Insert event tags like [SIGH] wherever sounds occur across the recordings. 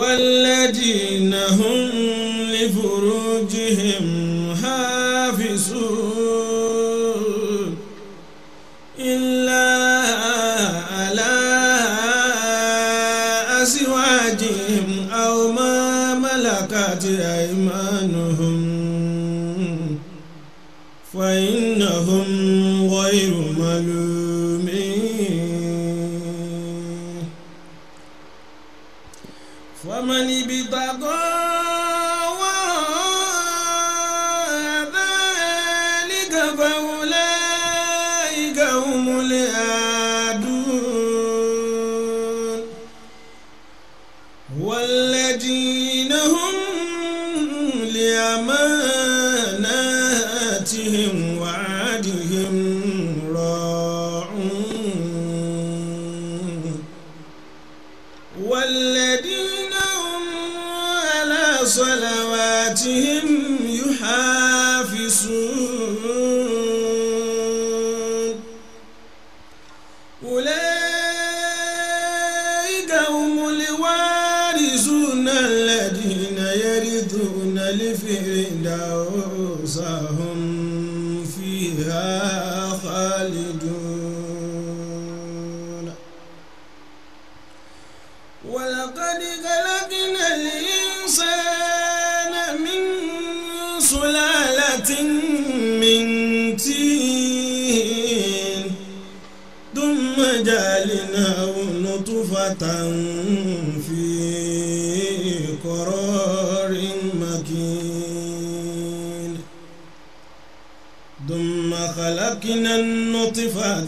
والذين هم لفروجهم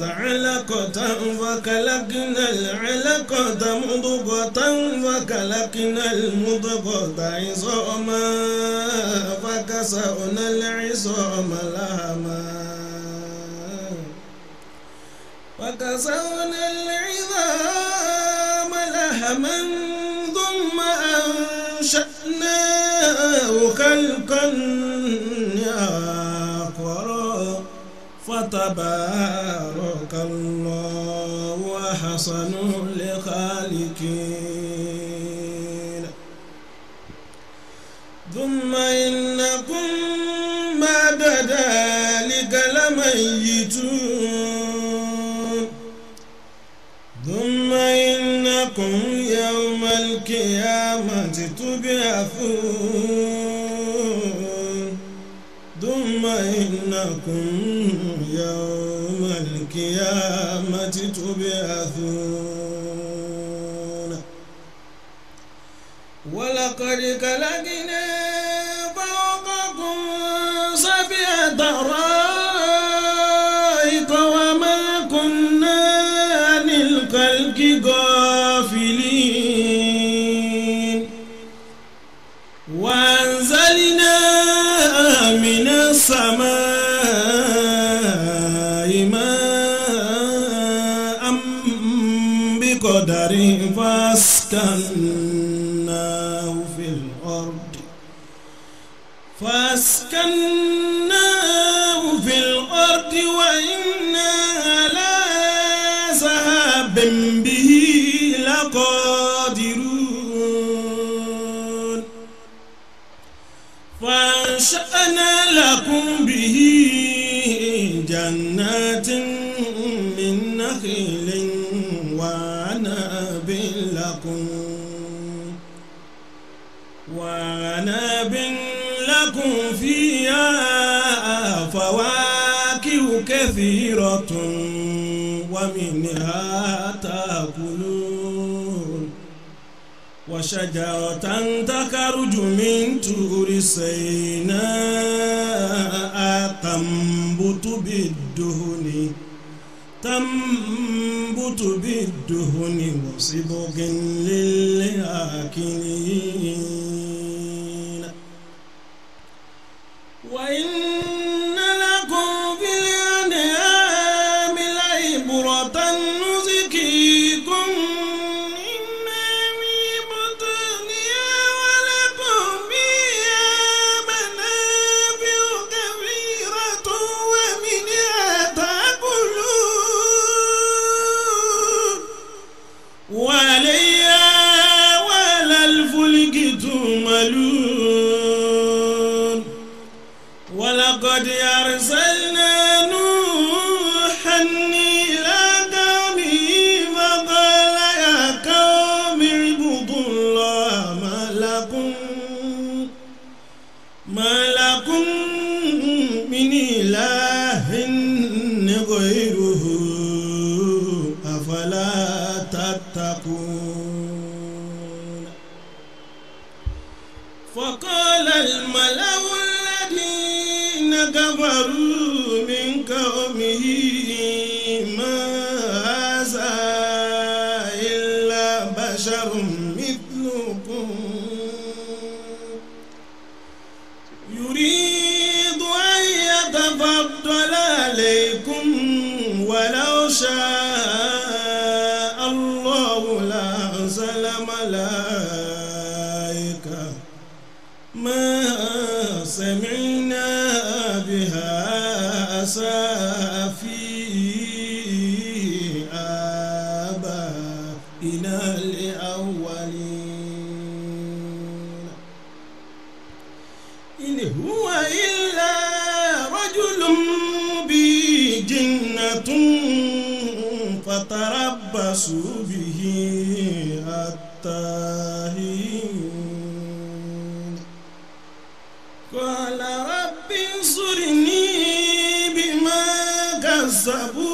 علقة فكلكنا العلقة مضغة فكلكنا المضغة عظاما فكسونا العظام لهما فكسونا العظام لهما ثم أنشأنا خلقا تبارك الله وحسن لخالقين ثم إنكم ما ذلك لميتون ثم إنكم يوم القيامة تبعثون ثم إنكم يوم القيامة تبعثون ولقد كلقنا فوقكم سبع طرائق وما كنا عن الخلق غافلين وأنزلنا من السماء فاسكناه في الأرض فاسكناه في الأرض وإنا على ذهب به لقادرون فأنشأنا لكم به جنات من نخيل أعناب لكم فيها فواكه كثيرة ومنها تأكلون وشجرة تخرج من طور سيناء تنبت بالدهن تنبت بالدهن وصبغ للآكلين لكم من إله غيره أفلا تتقون يلبس به الطاهرين قال رب انصرني بما كذبوا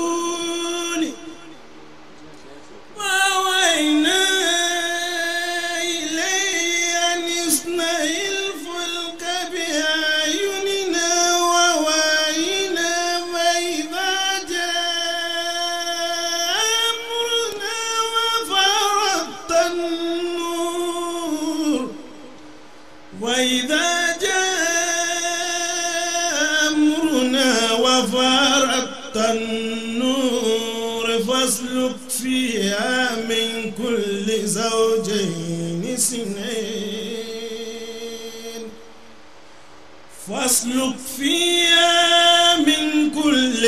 واسلك فيها من كل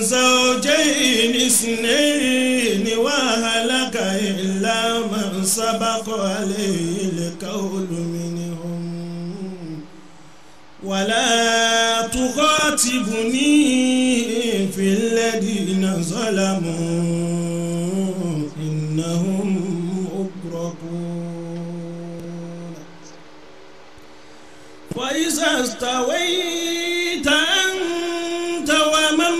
زوجين اثنين وهلك إلا من سبق عليه القول منهم ولا تخاطبني في الذين ظلموا استويت أنت ومن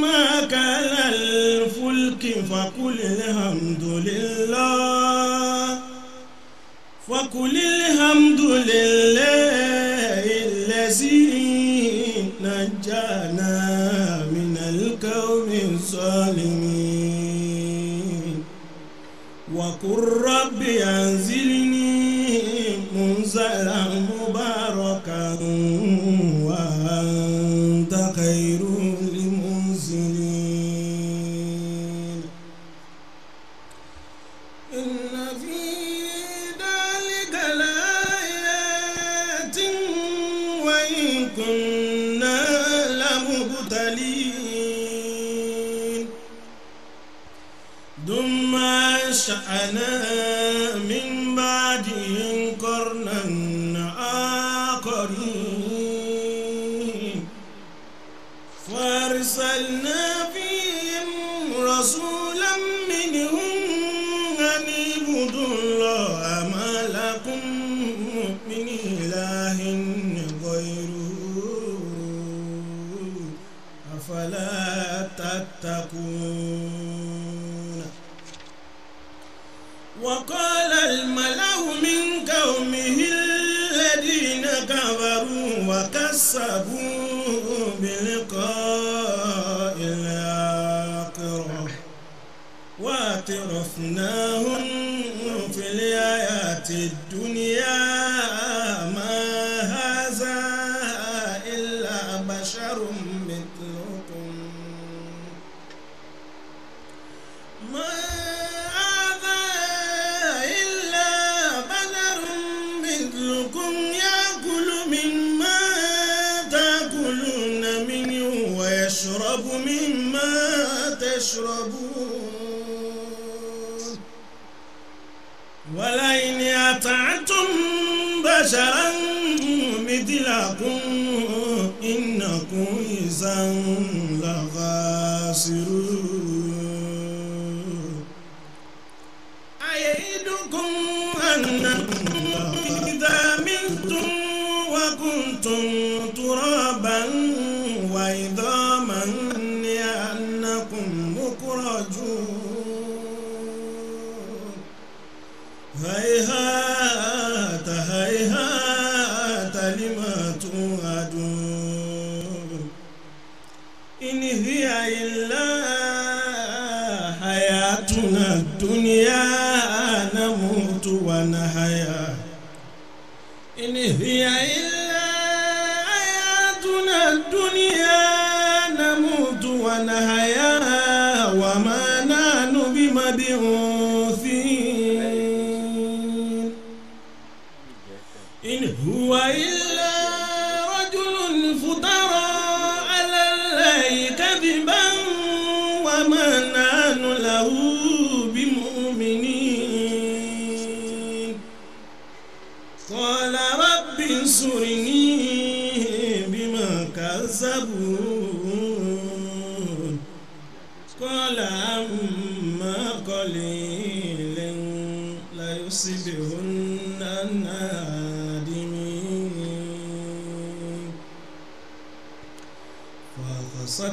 معك على الفلك فقل الحمد لله فقل الحمد لله الذي نجانا من القوم الظالمين وقل رب أنزل now بشرا مثلكم إنكم إذا لخاسرون الدنيا نموت ونحيا إن هي إلا حياتنا الدنيا نموت ونحيا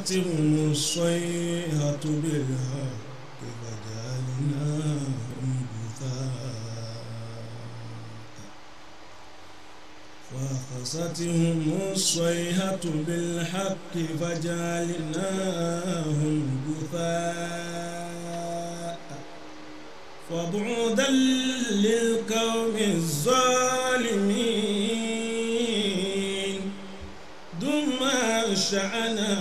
تأتهم الصيحة بالحق فجعلناهم جثاء فأخذتهم الصيحة بالحق فجعلناهم جثاء فبعدا للقوم الظالمين ثم شعنا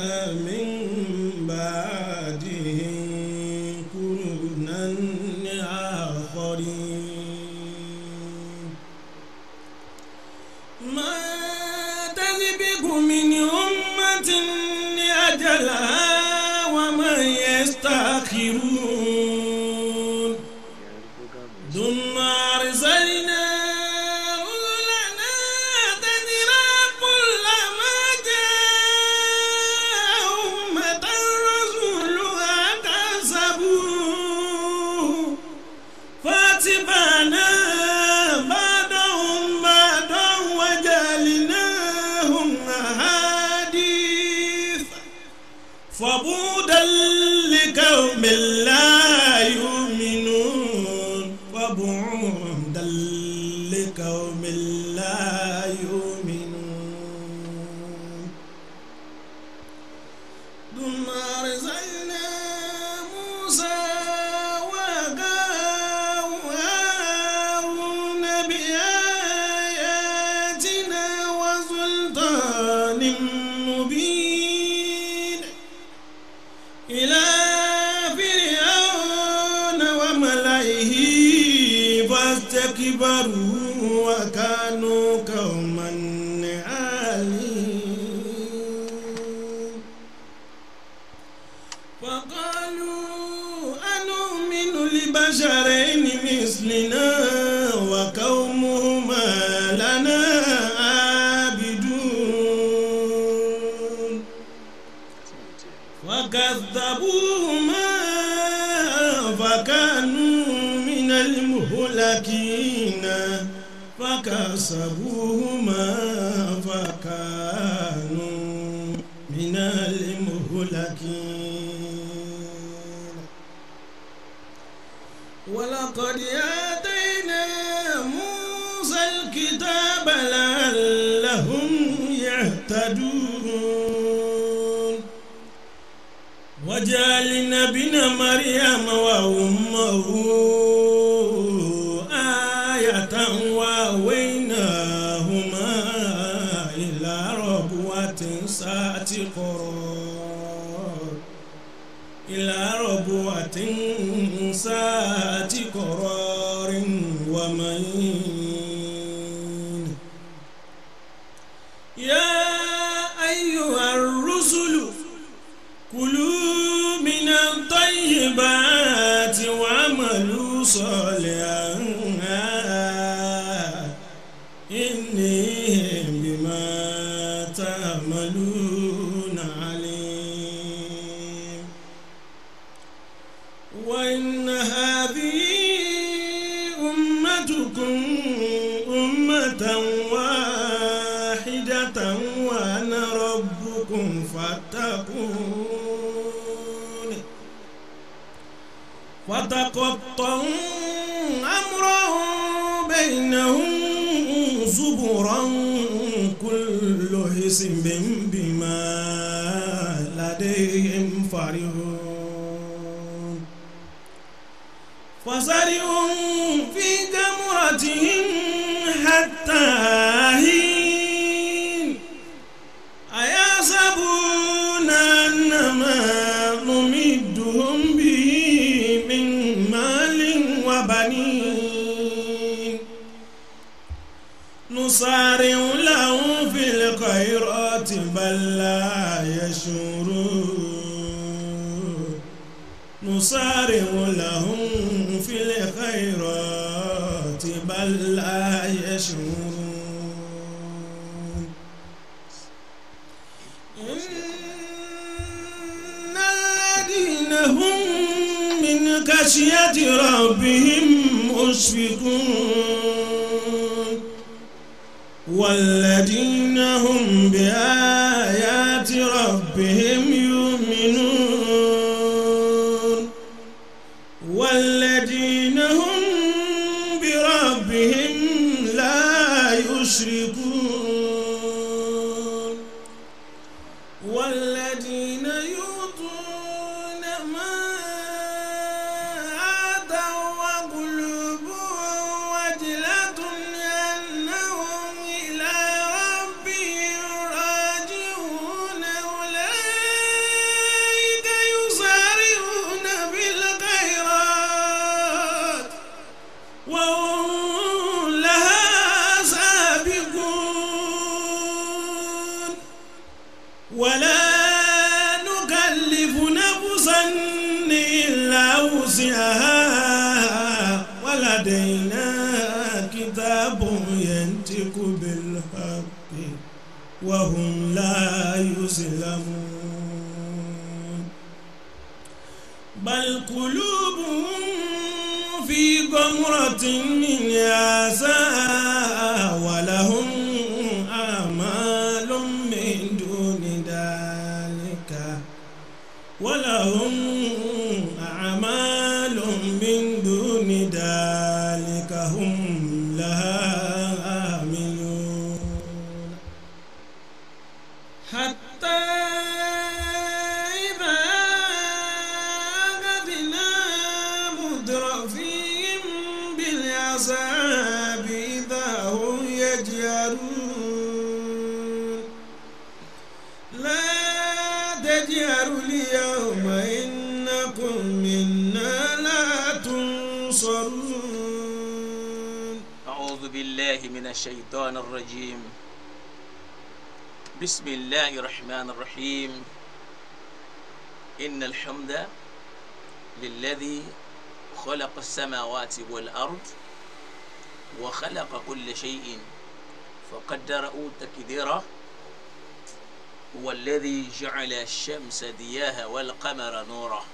يهتدون وجعل نبينا مريم وأمه آية وأويناهما إلى ربوة ساعة قرار إلى ربوة ساعة قرار ومن بقسم بما لديهم فرحون فسرهم في جمرتهم الرحيم إن الحمد للذي خلق السماوات والأرض وخلق كل شيء فقدره تقديره والذي جعل الشمس دياها والقمر نورا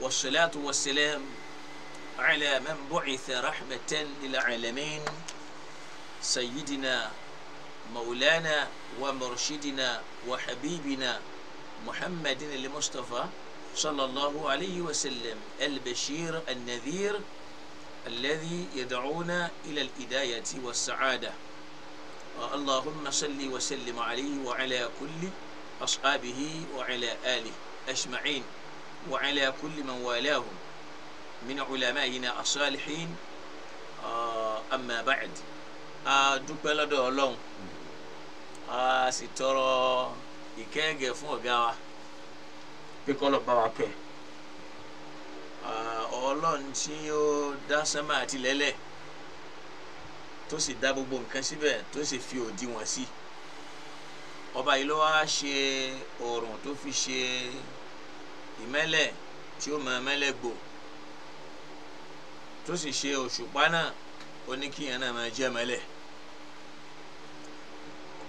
والصلاة والسلام على من بعث رحمة للعالمين سيدنا مولانا ومرشدنا وحبيبنا محمد المصطفى صلى الله عليه وسلم البشير النذير الذي يدعونا إلى الإداية والسعادة اللهم صل وسلم عليه وعلى كل أصحابه وعلى آله أجمعين وعلى كل من والاهم من علمائنا الصالحين آه، أما بعد أدوك آه، بلد a sì tọrọ ìkẹ́gẹ́ fún ọ̀gá wa pé kọ́ lọ bá wa pẹ́ ọlọ́run tí ó dá sánmà àti lẹ́lẹ̀ tó sì dá gbogbo nǹkan síbẹ̀ tó sì fi òdiwọ̀n sí ọba yìí ló wá ṣe oòrùn tó fi ṣe ìmẹ́lẹ̀ tí ó mọ mẹ́lẹ̀ gbò tó sì ṣe òṣùpá náà ó ní kíyàn náà máa jẹ́ mẹ́lẹ̀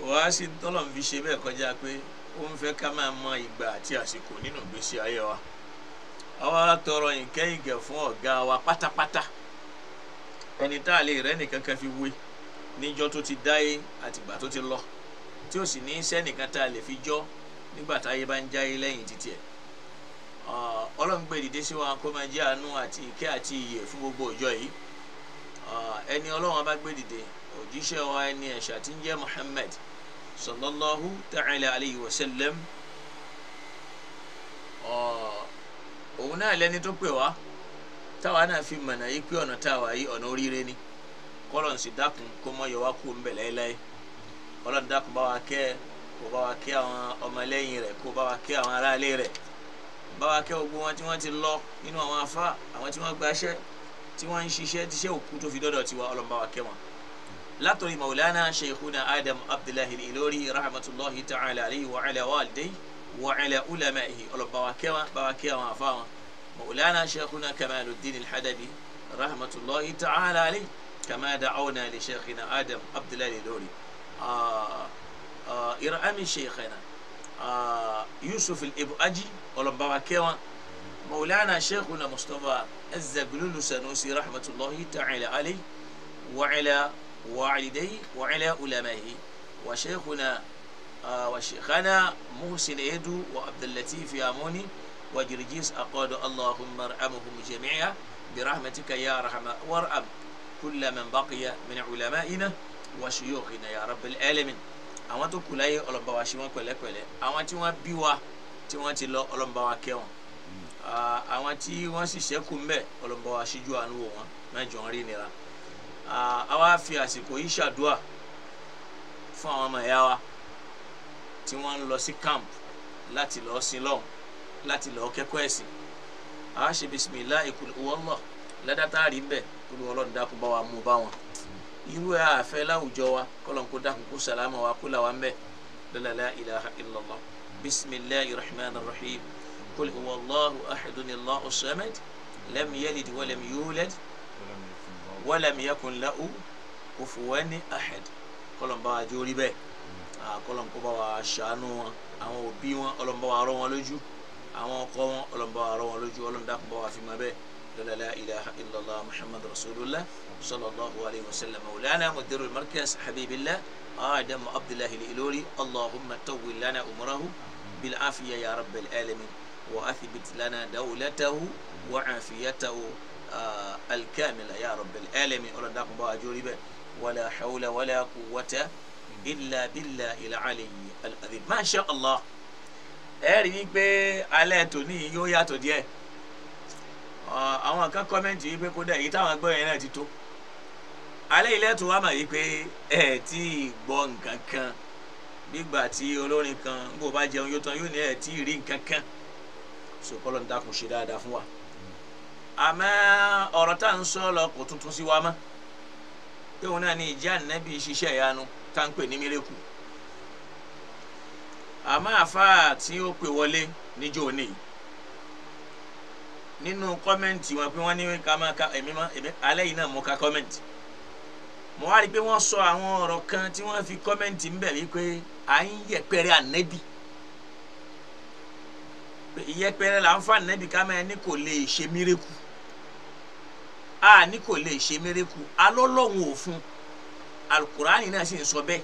wàá sì tọ́lọ̀ fi ṣe bẹ́ẹ̀ kọjá pé ó ń fẹ́ ká máa mọ ìgbà àti àsìkò nínú ìgbésí ayé wa àwa tọrọ ìkẹ́ ìgẹ̀ fún ọ̀gá wa pátápátá ẹni tá a lè rẹ́ nìkan kan fi wé níjọ́ tó ti dáyé àtìgbà tó ti lọ tí ó sì ní sẹ́nìkan tá a lè fi jọ́ nígbà táyé bá ń jáyé lẹ́yìn títí ẹ̀ ọlọ́ngbè dìde sí wa kó máa jẹ́ àánú àti ìkẹ́ àti ìyè fún gbogbo ọjọ́ yìí ẹni ọlọ́run bá gbé dìde òjíṣẹ́ wa ẹni ẹ̀ṣà tí ń jẹ́ Muhammad sallallahu ta'ala alayhi wa sallam òun náà lẹni tó pè wá táwa náà fi mọ̀nà yìí pé ọ̀nà táwa yìí ọ̀nà oríire ni kọ́lọ̀n sì dákun kó mọ́ yọ wá kú ń bẹ̀ láéláé kọ́lọ̀n dákun bá wa kẹ́ kó bá wa kẹ́ àwọn ọmọlẹ́yìn rẹ̀ kó bá wa kẹ́ àwọn aráalé rẹ̀ bá wa kẹ́ gbogbo wọn tí wọ́n ti lọ nínú àwọn afá àwọn tí wọ́n gbaṣẹ́ tí wọ́n ń ṣiṣẹ́ tíṣẹ́ òkú tó fi dọ́dọ̀ tiwa ọlọ́run bá wa kẹ́ wọn látọ̀rí maulana sheikhuna adam abdullahi ilori rahmatulahi ta'ala alayhi wa ala walidai wa ala ulama'ihi ọlọ́bàwákẹ́wà bàwákẹ́wà àfáwọn maulana sheikhuna kamaluddin alhadabi rahmatulahi ta'ala alayhi kama da'awna li sheikhina adam abdullahi ilori irami sheikhina yusuf al-ibaji ọlọ́bàwákẹ́wà مولانا شيخنا مصطفى الزبلول سنوسي رحمة الله تعالى عليه وعلى وعليه وعلى علمائه وشيخنا وشيخنا محسن إيدو وعبد اللطيف ياموني وجرجيس أقاد اللهم ارحمهم جميعا برحمتك يا رحمة وارحم كل من بقي من علمائنا وشيوخنا يا رب العالمين àwọn tó kù láyé ọlọ́mba wa ṣe wọ́n pẹ̀lẹ́pẹ̀lẹ́ àwọn tí wọ́n bí wa tí wọ́n ti lọ ọlọ́mba wa kẹ́ àwọn tí wọ́n sì ṣẹ́kù ń bẹ̀ ọlọ́mba wa ṣíjú àánú wò wọ́n ń rí nira a wá fi àsìkò yìí ṣàdúà fún àwọn ọmọ ìyá wa tí wọ́n ń lọ sí camp láti lọ sin lọ́hùn láti lọ kẹ́kọ̀ọ́ ẹ̀sìn a ṣe bisimilá ìkùlùwọ́lọ̀ ládàtàrí ń bẹ̀ olùwọ́lọ́ ní dákun bá wa mú bá wọn irú ẹ̀ àfẹ́ láwùjọ wa kọ́lọ́n dákun kó sàlámà wa kó làwa ń bẹ̀ lọ́lá ilaha bisimilá irahman rahim kul huwa allahu ahadun allahu samad lam walam yakun lahu kufuwani ahad kọlọmba wa jẹ orí bẹ́ẹ̀ kọlọmba wa wa ṣàánú wọn àwọn òbí wọn ọlọmba wa rọ wọn lójú àwọn ọkọ wọn ọlọmba wa rọ wọn lójú ọlọmdàkùnbà wa fi mọ bẹ́ẹ̀ lọlọlá ilaha illallah muhammadu rasulillah sallallahu alayhi wa sallam maulana mudiru markaz habibillah adam abdullahi ilori allahumma tawwi lana umrahu bil'afiya ya rabbil alamin wa athbit lana dawlatahu wa afiyatahu alikamila ya rabbil alamin ọlọ́dà kún bá wa jórí bẹ́ẹ̀ wala hawla wala quwwata illa billahi al-ali al-azim masha allah ẹ rí i pé alẹ́ tòní yóò yàtọ̀ díẹ̀ àwọn kan kọ́mẹ́ǹtì yìí pé kódà èyí táwọn gbọ́ yẹn náà ti tó alẹ́ ilẹ̀ tó wá mà yìí pé ẹ tí ì gbọ́ nǹkan kan nígbà tí olórin kan ń bò bá jẹun yóò tán yóò ní ẹ tí ì rí nǹkan kan sòkòlò ń dákun ṣe dáadáa fún wa. So, àmọ́ ọ̀rọ̀ tá à ń sọ lọ kò tuntun sí wa mọ́ pé òun náà ní ìjà ànábì ṣiṣẹ́ ìyanu tá à ń pè ní mírèkù àmọ́ àfáà tí ó pè wọlé níjọ́ òní nínú kọ́mẹ́ǹtì wọn pé wọ́n ní ká máa ka èmi mọ́ alẹ́ yìí náà mo ka kọ́mẹ́ǹtì mo wá rí i pé wọ́n sọ àwọn ọ̀rọ̀ kan tí wọ́n fi kọ́mẹ́ǹtì ń bẹ̀ wípé à ń yẹpẹrẹ ànábì ìyẹpẹrẹ là ń fa ànábì ká máa ní kò lè ṣe mírèkù a ní kò lè ṣe mérekù alọ́lọ́hun òfun alukurani náà sì ń sọ bẹ́ẹ̀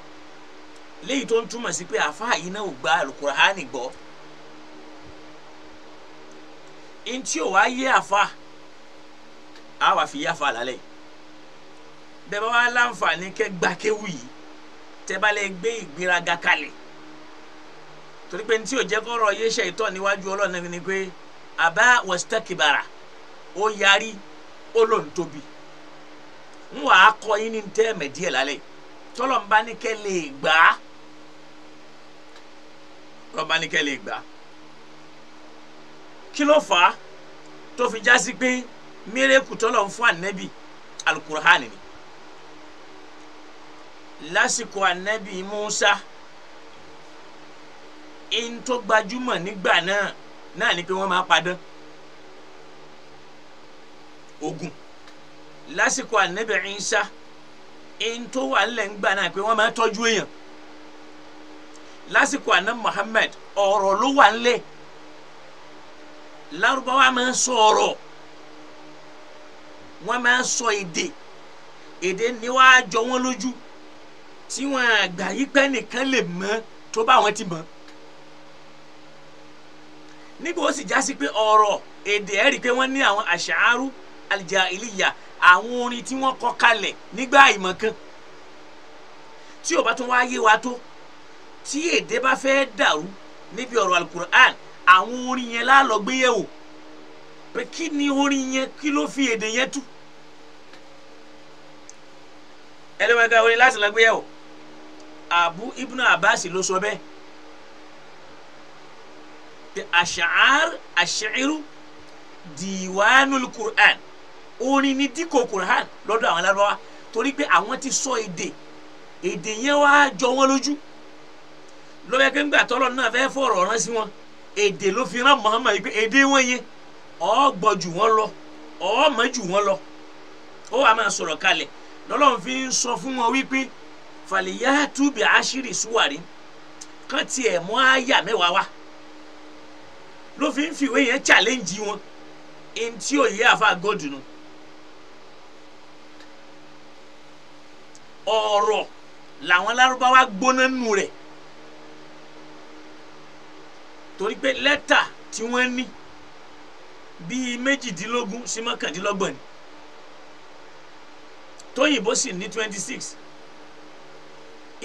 léyìí tó ń túmọ̀ sí pé àfáà yìí náà ò gba alukurani gbọ́ ntí ò wá yé àfáà a wà fi yá àfáà lálẹ́ bẹ́ẹ̀ bá wà láǹfààní kẹ́ gbàkéwì yìí tẹ́ gbé ìgbéraga kalẹ̀ torí pé ntí ò jẹ́ kọ́rọ̀ yé ìtọ́ níwájú ọlọ́run ni pé àbá wọ́sítẹ́kìbàrà ó yarí o loun tobi nwaa ko yi n'ihe ntere mme di elalai tolomba nikele igba? kọbanikele igba? ki lo faa to fi jasi kpe mere eku tolomfuannebi alukurani ne lasi ko annabi moosa in to gbajumo nigba naa ni pe won ma padan ogun lásìkò ànábì Ìsá ń tó wà ńlẹ̀ ń gbà náà pé wọ́n máa tọ́jú èèyàn lásìkò ànábì Muhammad ọ̀rọ̀ ló wà ńlẹ̀ lárúbáwá máa ń sọ ọ̀rọ̀ wọ́n máa ń sọ èdè èdè ni wàá jọ wọ́n lójú tí wọ́n àgbà yí pẹ́ nìkan lè mọ̀ tó bá wọn ti mọ̀ nígbà ó sì já sí pé ọ̀rọ̀ èdè ẹ̀rí pé wọ́n ní àwọn àṣàárú aljahiliya àwọn orin tí wọ́n kọ kalẹ̀ nígbà ìmọ̀kan tí ó bá tún wáá yé wa tó tí èdè bá fẹ́ dàrú níbi ọ̀rọ̀ alukur'an àwọn orin yẹn lálọ́ gbé yẹ̀ wò pé kí ni orin yẹn kí ló fi èdè yẹn tú ẹlẹ́wọ̀n orin láti lọ́gbé abu ibnu abbas ló sọ bẹ́ẹ̀ pé àṣàr àṣàrú diwanul qur'an orin ni díkò Quran lọ́dọ̀ àwọn alárúbáwá torí pé àwọn ti sọ èdè èdè yẹn wá jọ wọn lójú lọ́wọ́ pé ńgbà tọ́lọ́ náà fẹ́ fọ̀rọ̀ rán sí wọn èdè ló fi rán Muhammad pé èdè wọn yẹn ó gbọ́ jù wọn lọ ó mọ̀ jù wọn lọ ó wàá máa sọ̀rọ̀ kalẹ̀ lọ́lọ́run fi ń sọ fún wọn wípé fàlìyà túbẹ̀ àṣírí súwárí kán tiẹ̀ mọ́ àyà mẹ́wàá wá ló fi ń fìwé yẹn challenge wọn ntí òye àfa gòdùnú. No ọ̀rọ̀ làwọn lárúbáwá gbóná nù rẹ̀ torí pé lẹ́tà tí wọ́n ní bíi méjìdínlógún sí mọ́kàndínlọ́gbọ̀n ni tóyìnbó sì ní twenty six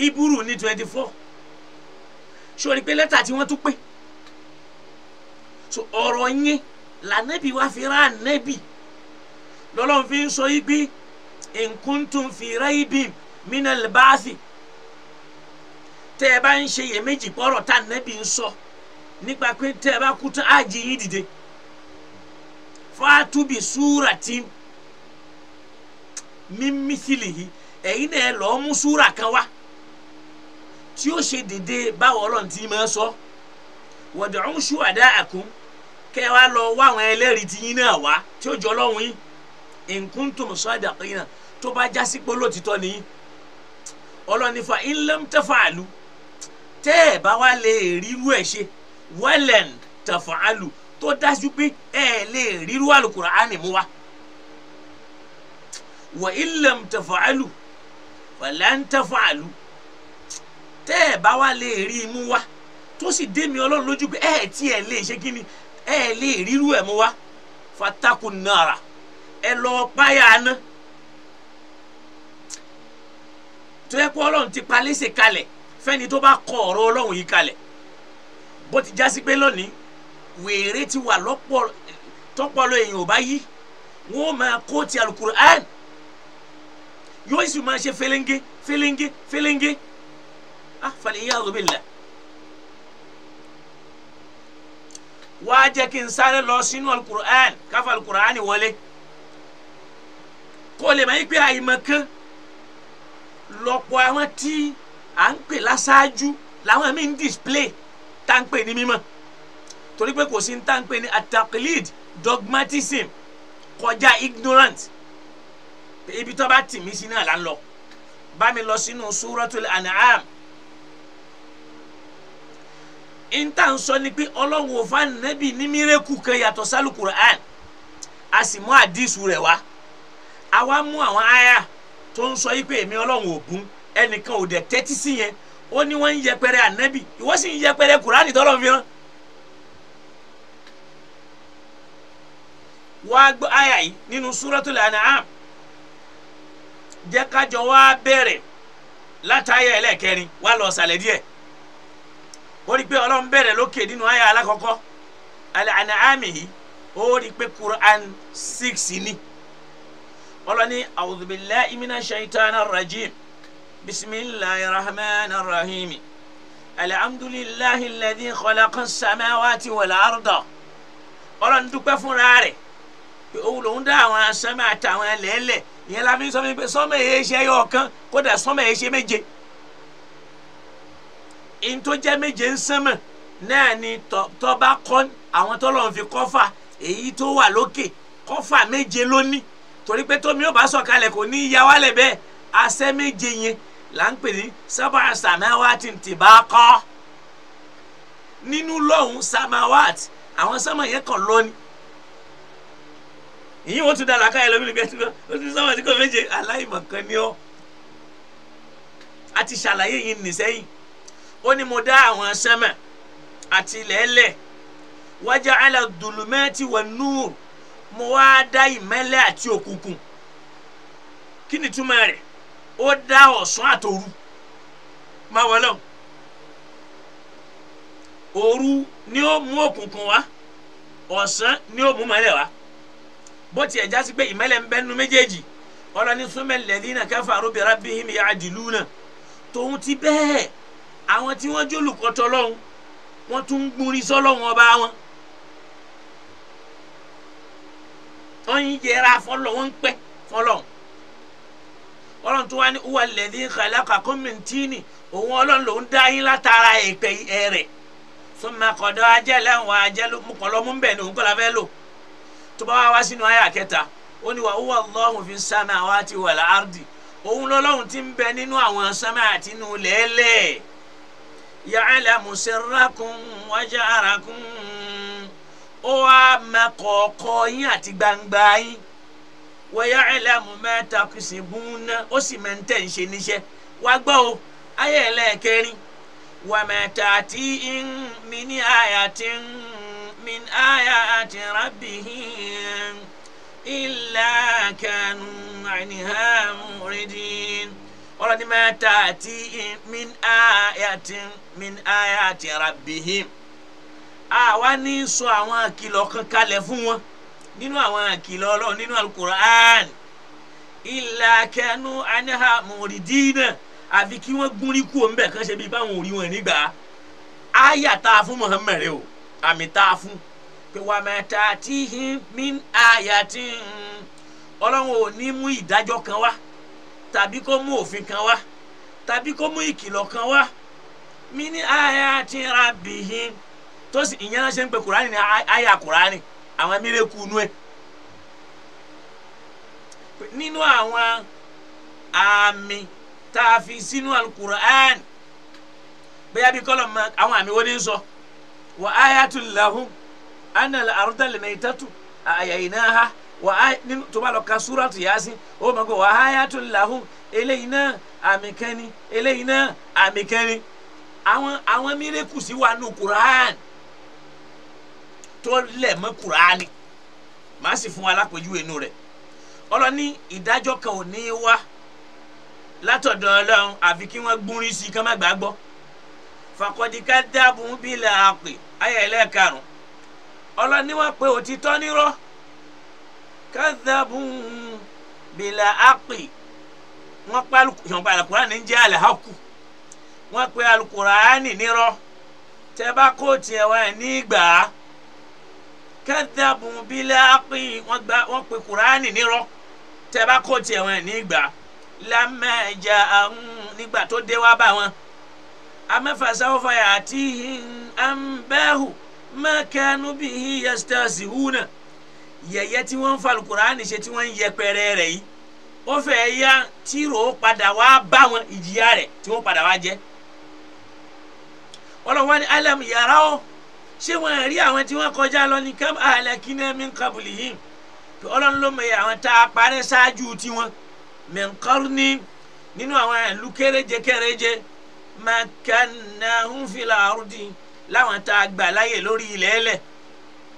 iburu ní twenty four sori pé lẹ́tà tí wọ́n tún pé so ọ̀rọ̀ yẹn lànàbí wá fi rán ànàbí lọ́lọ́run fi ń sọ yí pé in kuntum fi raibim minal baasi tẹ ẹ bá ń ṣe iyèméjì pọ̀rọ̀ tá nẹ́bí ń sọ nípa pé tẹ ẹ bá kú tán á jí yín dìde fatubi súrati mímísìlìhì ẹ̀yin náà lọ́ọ́ mú súra kan wá tí ó ṣe dédé báwo ọlọ́run ti máa sọ wọ̀dọ̀ọ́n ṣùwádà àkún kẹ́ lọ wá àwọn ẹlẹ́rìí ti yín náà wá tí ó jọ ọlọ́run yín in kuntum sadiqina tó bá jásí pé lóòtítọ́ nìyí ọlọ́ni fa ilẹ̀ ń tẹ́fà àlù tẹ́ ẹ̀ bá wá lè ríru ẹ̀ ṣe wẹ́lẹ̀n tẹ̀fà àlù tó dájú pé ẹ̀ lè ríru àlùkùránì mú wa wà ilẹ̀ ń tẹ̀fà àlù wẹ̀lẹ̀ ń tẹ̀fà àlù tẹ́ ẹ̀ bá wá lè rí i wa tó sì dé mi ọlọ́run lójú pé ẹ̀ tí ẹ̀ lè ṣe kí ẹ̀ lè ríru ẹ̀ mú wa fatakun ẹ lọ́ọ́ páyà náà. tó yẹ pé ọlọ́run ti pa léṣe kalẹ̀ fẹ́ni tó bá kọ ọ̀rọ̀ ọlọ́run yìí kalẹ̀ bó ti já sí pé lónìí wèrè ti wà lọ́pọ̀ tọ́pọ̀lọ́ èèyàn ò bá yí wọ́n máa kó ti alukur'an yóò sì máa ṣe fẹlẹ́ngé fẹlẹ́ngé fẹlẹ́ngé ah fal'iyyadhu billah wá jẹ́ kí n sáré lọ sínú alukur'an káfa alukur'an wọlé kó lè máa yí pé àyè máa kán lọ́pọ̀ àwọn tí à ń pè láṣáájú làwọn míì ń display tá ń pè ní mímọ́ torí pé kò sí ní tá ń pè ní ataklid dogmatism kọjá ignorant ibi tó bá tì mí sí náà là ń lọ bá mi lọ sínú suratul an'am ìntà ń sọ ni pé ọlọ́run òfa nẹ́bì ní mírẹ́kù kan yàtọ̀ sálù Qur'an a sì mú àdìsù rẹ̀ wá a wá mú àwọn àyà. tó ń sọ yìí pé èmi ọlọ́run ò bùn ẹnìkan ò dẹ̀ tẹ́tí sí yẹn ó ní wọ́n ń yẹpẹrẹ ànábì ìwọ sì ń yẹpẹrẹ kùránì tọ́lọ́run fi rán. wàá gbọ́ àyà yìí nínú Suratul An'am jẹ́ kájọ wá bẹ̀rẹ̀ látàyà ẹlẹ́kẹrin wá lọ sàlẹ̀ díẹ̀ ó rí i pé ọlọ́run bẹ̀rẹ̀ lókè nínú àyà alákọ̀ọ́kọ́ Al-An'am yìí ó rí i pé ni. ọlọ́ni a'udhu billahi minash shaitanir rajim bisimilahi rahmanir rahim alhamdulilahi alladhi khalaqa samawati wal arda ọlọ́ni dúpẹ́ fúnra rẹ̀ pé òun lòún dá àwọn sánmà àtàwọn ẹlẹ́lẹ̀ ìyẹn la fi sọ fún mi pé sánmà èyí ṣe ẹyọ kan kódà sánmà èyí ṣe méje ìtọ́jẹ́ méje ń sánmà náà ni tọ́ba kọ́ àwọn tọ́lọ́run fi kọ́fà èyí tó wà lókè kọ́fà méje lónìí torí pé tómi ò bá sọ̀kalẹ̀ kò ní ya wálẹ̀ bẹ́ẹ̀ asẹ́ méje yẹn là ń pè ní sábà samawati tibaqa nínú lọ́hùn samawati àwọn sámà yẹn kàn lọ́ni ìyín wọn tún dára káyọ̀ lómi nígbà tí wọ́n ti sábà tí kò méje aláìmọ̀kan ni ọ́ a ti ṣàlàyé yìí nì sẹ́yìn ó ní mo dá àwọn sámà àti ilẹ̀ ẹlẹ̀ wájà ala dùlùmẹ́ẹ̀tì wà núùrù mo wá dá ìmẹ́lẹ̀ àti òkùnkùn kí ni túmọ̀ rẹ̀ ó dá ọ̀sán àtòru máa wọlé o òru ni ó mú òkùnkùn wá ọ̀sán ni ó mú mọ́lẹ̀ wá bó tiẹ̀ já sí pé ìmẹ́lẹ̀ ń bẹ nínú méjèèjì ọlọ́ni súnmẹ́ lẹ́dínà kafaru bi rabbihim ya'diluna tòun ti bẹ́ẹ̀ àwọn tí wọ́n jólùkọ́ tọ́lọ́hún wọ́n tún ń gbúrin sọ́lọ́hún ọba wọn. tó ń yẹra fọlọ́ wọn ń pẹ́ fọlọ́ ọlọ́run tó wá ní huwa alladhi khalaqakum min tini òun ọlọ́run lòún dá yín látara èpè ẹ̀rẹ̀ summa qada ajalan wa ajalu kọlọ́mú bẹ̀ ni òun kọ́ la fẹ́ lò tó bá wá sínú àyà kẹta ó ní wa huwa Allahu fi samawati wal ardi òun lọ́lọ́run ti ń bẹ nínú àwọn sánmà àti inú lẹ́lẹ́ẹ̀ ya'lamu sirrakum wa ja'rakum ó wá máa kọ̀ọ̀kọ̀ yín àti gbangba yín wọ́yá ẹlẹ́mu mẹ́ta kìsì bùn náà ó sì máa ń tẹ̀ ń ṣe níṣẹ́ wá gbọ́ o ayé ẹlẹ́ẹ̀kẹrin wàmẹ̀tà tí ń mi ní àyà tí ń mi ní àyà àti rábìhìn ilà kanu àníhà mùrìdìn ọlọ́ni mẹ́tà tí ń mi ní àyà tí ń mi ní àyà àti rábìhìn àwa ní sọ àwọn àkìlọ̀ kan kalẹ̀ fún wọn nínú àwọn àkìlọ̀ ọlọ́run nínú alukur'an ìlà kẹnu anáhà mọ̀rìndínà àfi kí wọ́n gúnrí kú òun bẹ̀ kán ṣe bí báwọn ò rí wọn nígbà áyà tá a fún Muhammad rẹ o àmì tá a fún pé wà má ta tí min àyà tí ọlọ́run ò ní mú ìdájọ́ kan wá tàbí kó mú òfin kan wá tàbí kó mú ìkìlọ̀ kan wá min àyà tí rabihim tó sì ìyẹn náà ṣe ń pe kùránì ní àyà kùránì àwọn mírèkù inú ẹ nínú àwọn àmì tá a fi sínú alukur'an bẹ́ẹ̀ bí kọ́lọ̀ mọ àwọn àmì wọ́n ní sọ wa ayatul lahum anna al-arda al-maytatu ahyaynaha wa nínú tó bá lọ ka suratu yasin ó mọ̀ kó wa ayatul lahum eléyìí náà àmì kẹ́ni eléyìí náà àmì kẹ́ni àwọn àwọn mírèkù sí wà nù kur'an tó lẹ̀ mọ́ kùránì màá sì fún wa lápèjúwe inú rẹ̀ ọlọ́ni ìdájọ́ kan ò ní í wá látọ̀dọ̀ ọlọ́run àfi kí wọ́n gbúrin sí i kán má gbà á gbọ́ fàkọ́díkà dábùn bílẹ̀ àpè ayé ẹlẹ́ẹ̀karùn ọlọ́ni wọ́n pe òtítọ́ nírọ́ kádàbùn bílẹ̀ àpè wọ́n pa alukurani jẹ́ alahaku wọ́n pe alukurani nírọ́ tẹ́ bá kóòtù ẹ̀ wá ẹ̀ ní ìgbà á kẹ́ńtàbù bíláàpín wọ́n gba wọ́n pe kuraani nírọ́ tẹ́ bá kó tiẹ̀ wọn nígbà lámẹ́jà àrùn nígbà tó dé wá bá wọn amẹ́fàsáwọ́fà àti ẹ̀ńbẹ́hù mẹ́kẹ́nu bíi yẹ́sítẹ́sì húnà yẹ̀yẹ́ tí wọ́n ń fa Al-Kùránì ṣe tí wọ́n ń yẹpẹrẹ rẹ̀ yìí ó fẹ́ ya tírò padà wá bá wọn ìjìyà rẹ̀ tí wọ́n padà wá jẹ́ ọlọ́wọ́n ni alam yàrá o ṣé wọn rí àwọn tí wọn kọjá lọ ní kam ahlakina min qablihim tó ọlọ́run ló mọ̀ àwọn tá a parẹ́ ṣáájú tiwọn min qarni nínú àwọn ìlú kéréje kéréje makannahum fil ardi láwọn tá a gbà láyè lórí ilẹ̀ ẹlẹ̀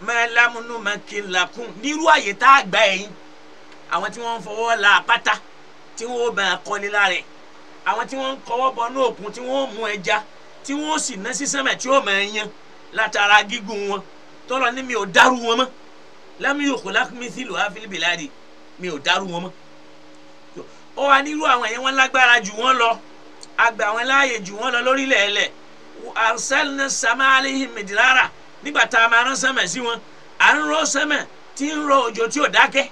mẹ́lámúnú makinlakun nírú àyè tá a gbà ẹ̀yìn àwọn tí wọ́n ń fọwọ́ la àpáta tí wọ́n bẹ̀ kọ́lé lára ẹ̀ àwọn tí wọ́n ń kọwọ́ bọ̀ ní òkun tí wọ́n mú ẹja tí wọ́n sì ná sísẹ́mẹ̀ tí ó máa yan. látara gígùn wọn tọ́lọ̀ ní mi ò dárú wọn mọ́ lámì yòókù lákùnmí sí lùhá fílíbìláàdì mi ò dárú wọn mọ́ ó wà nírú àwọn yẹn wọn lágbára jù wọn lọ àgbà àwọn láàyè jù wọ́n lọ lórílẹ̀ ẹ̀lẹ̀ arsalna sama alihim midrara nígbà tá a máa rán sẹ́mẹ̀ sí wọn à ń rọ sẹ́mẹ̀ tí ń rọ òjò tí ò dákẹ́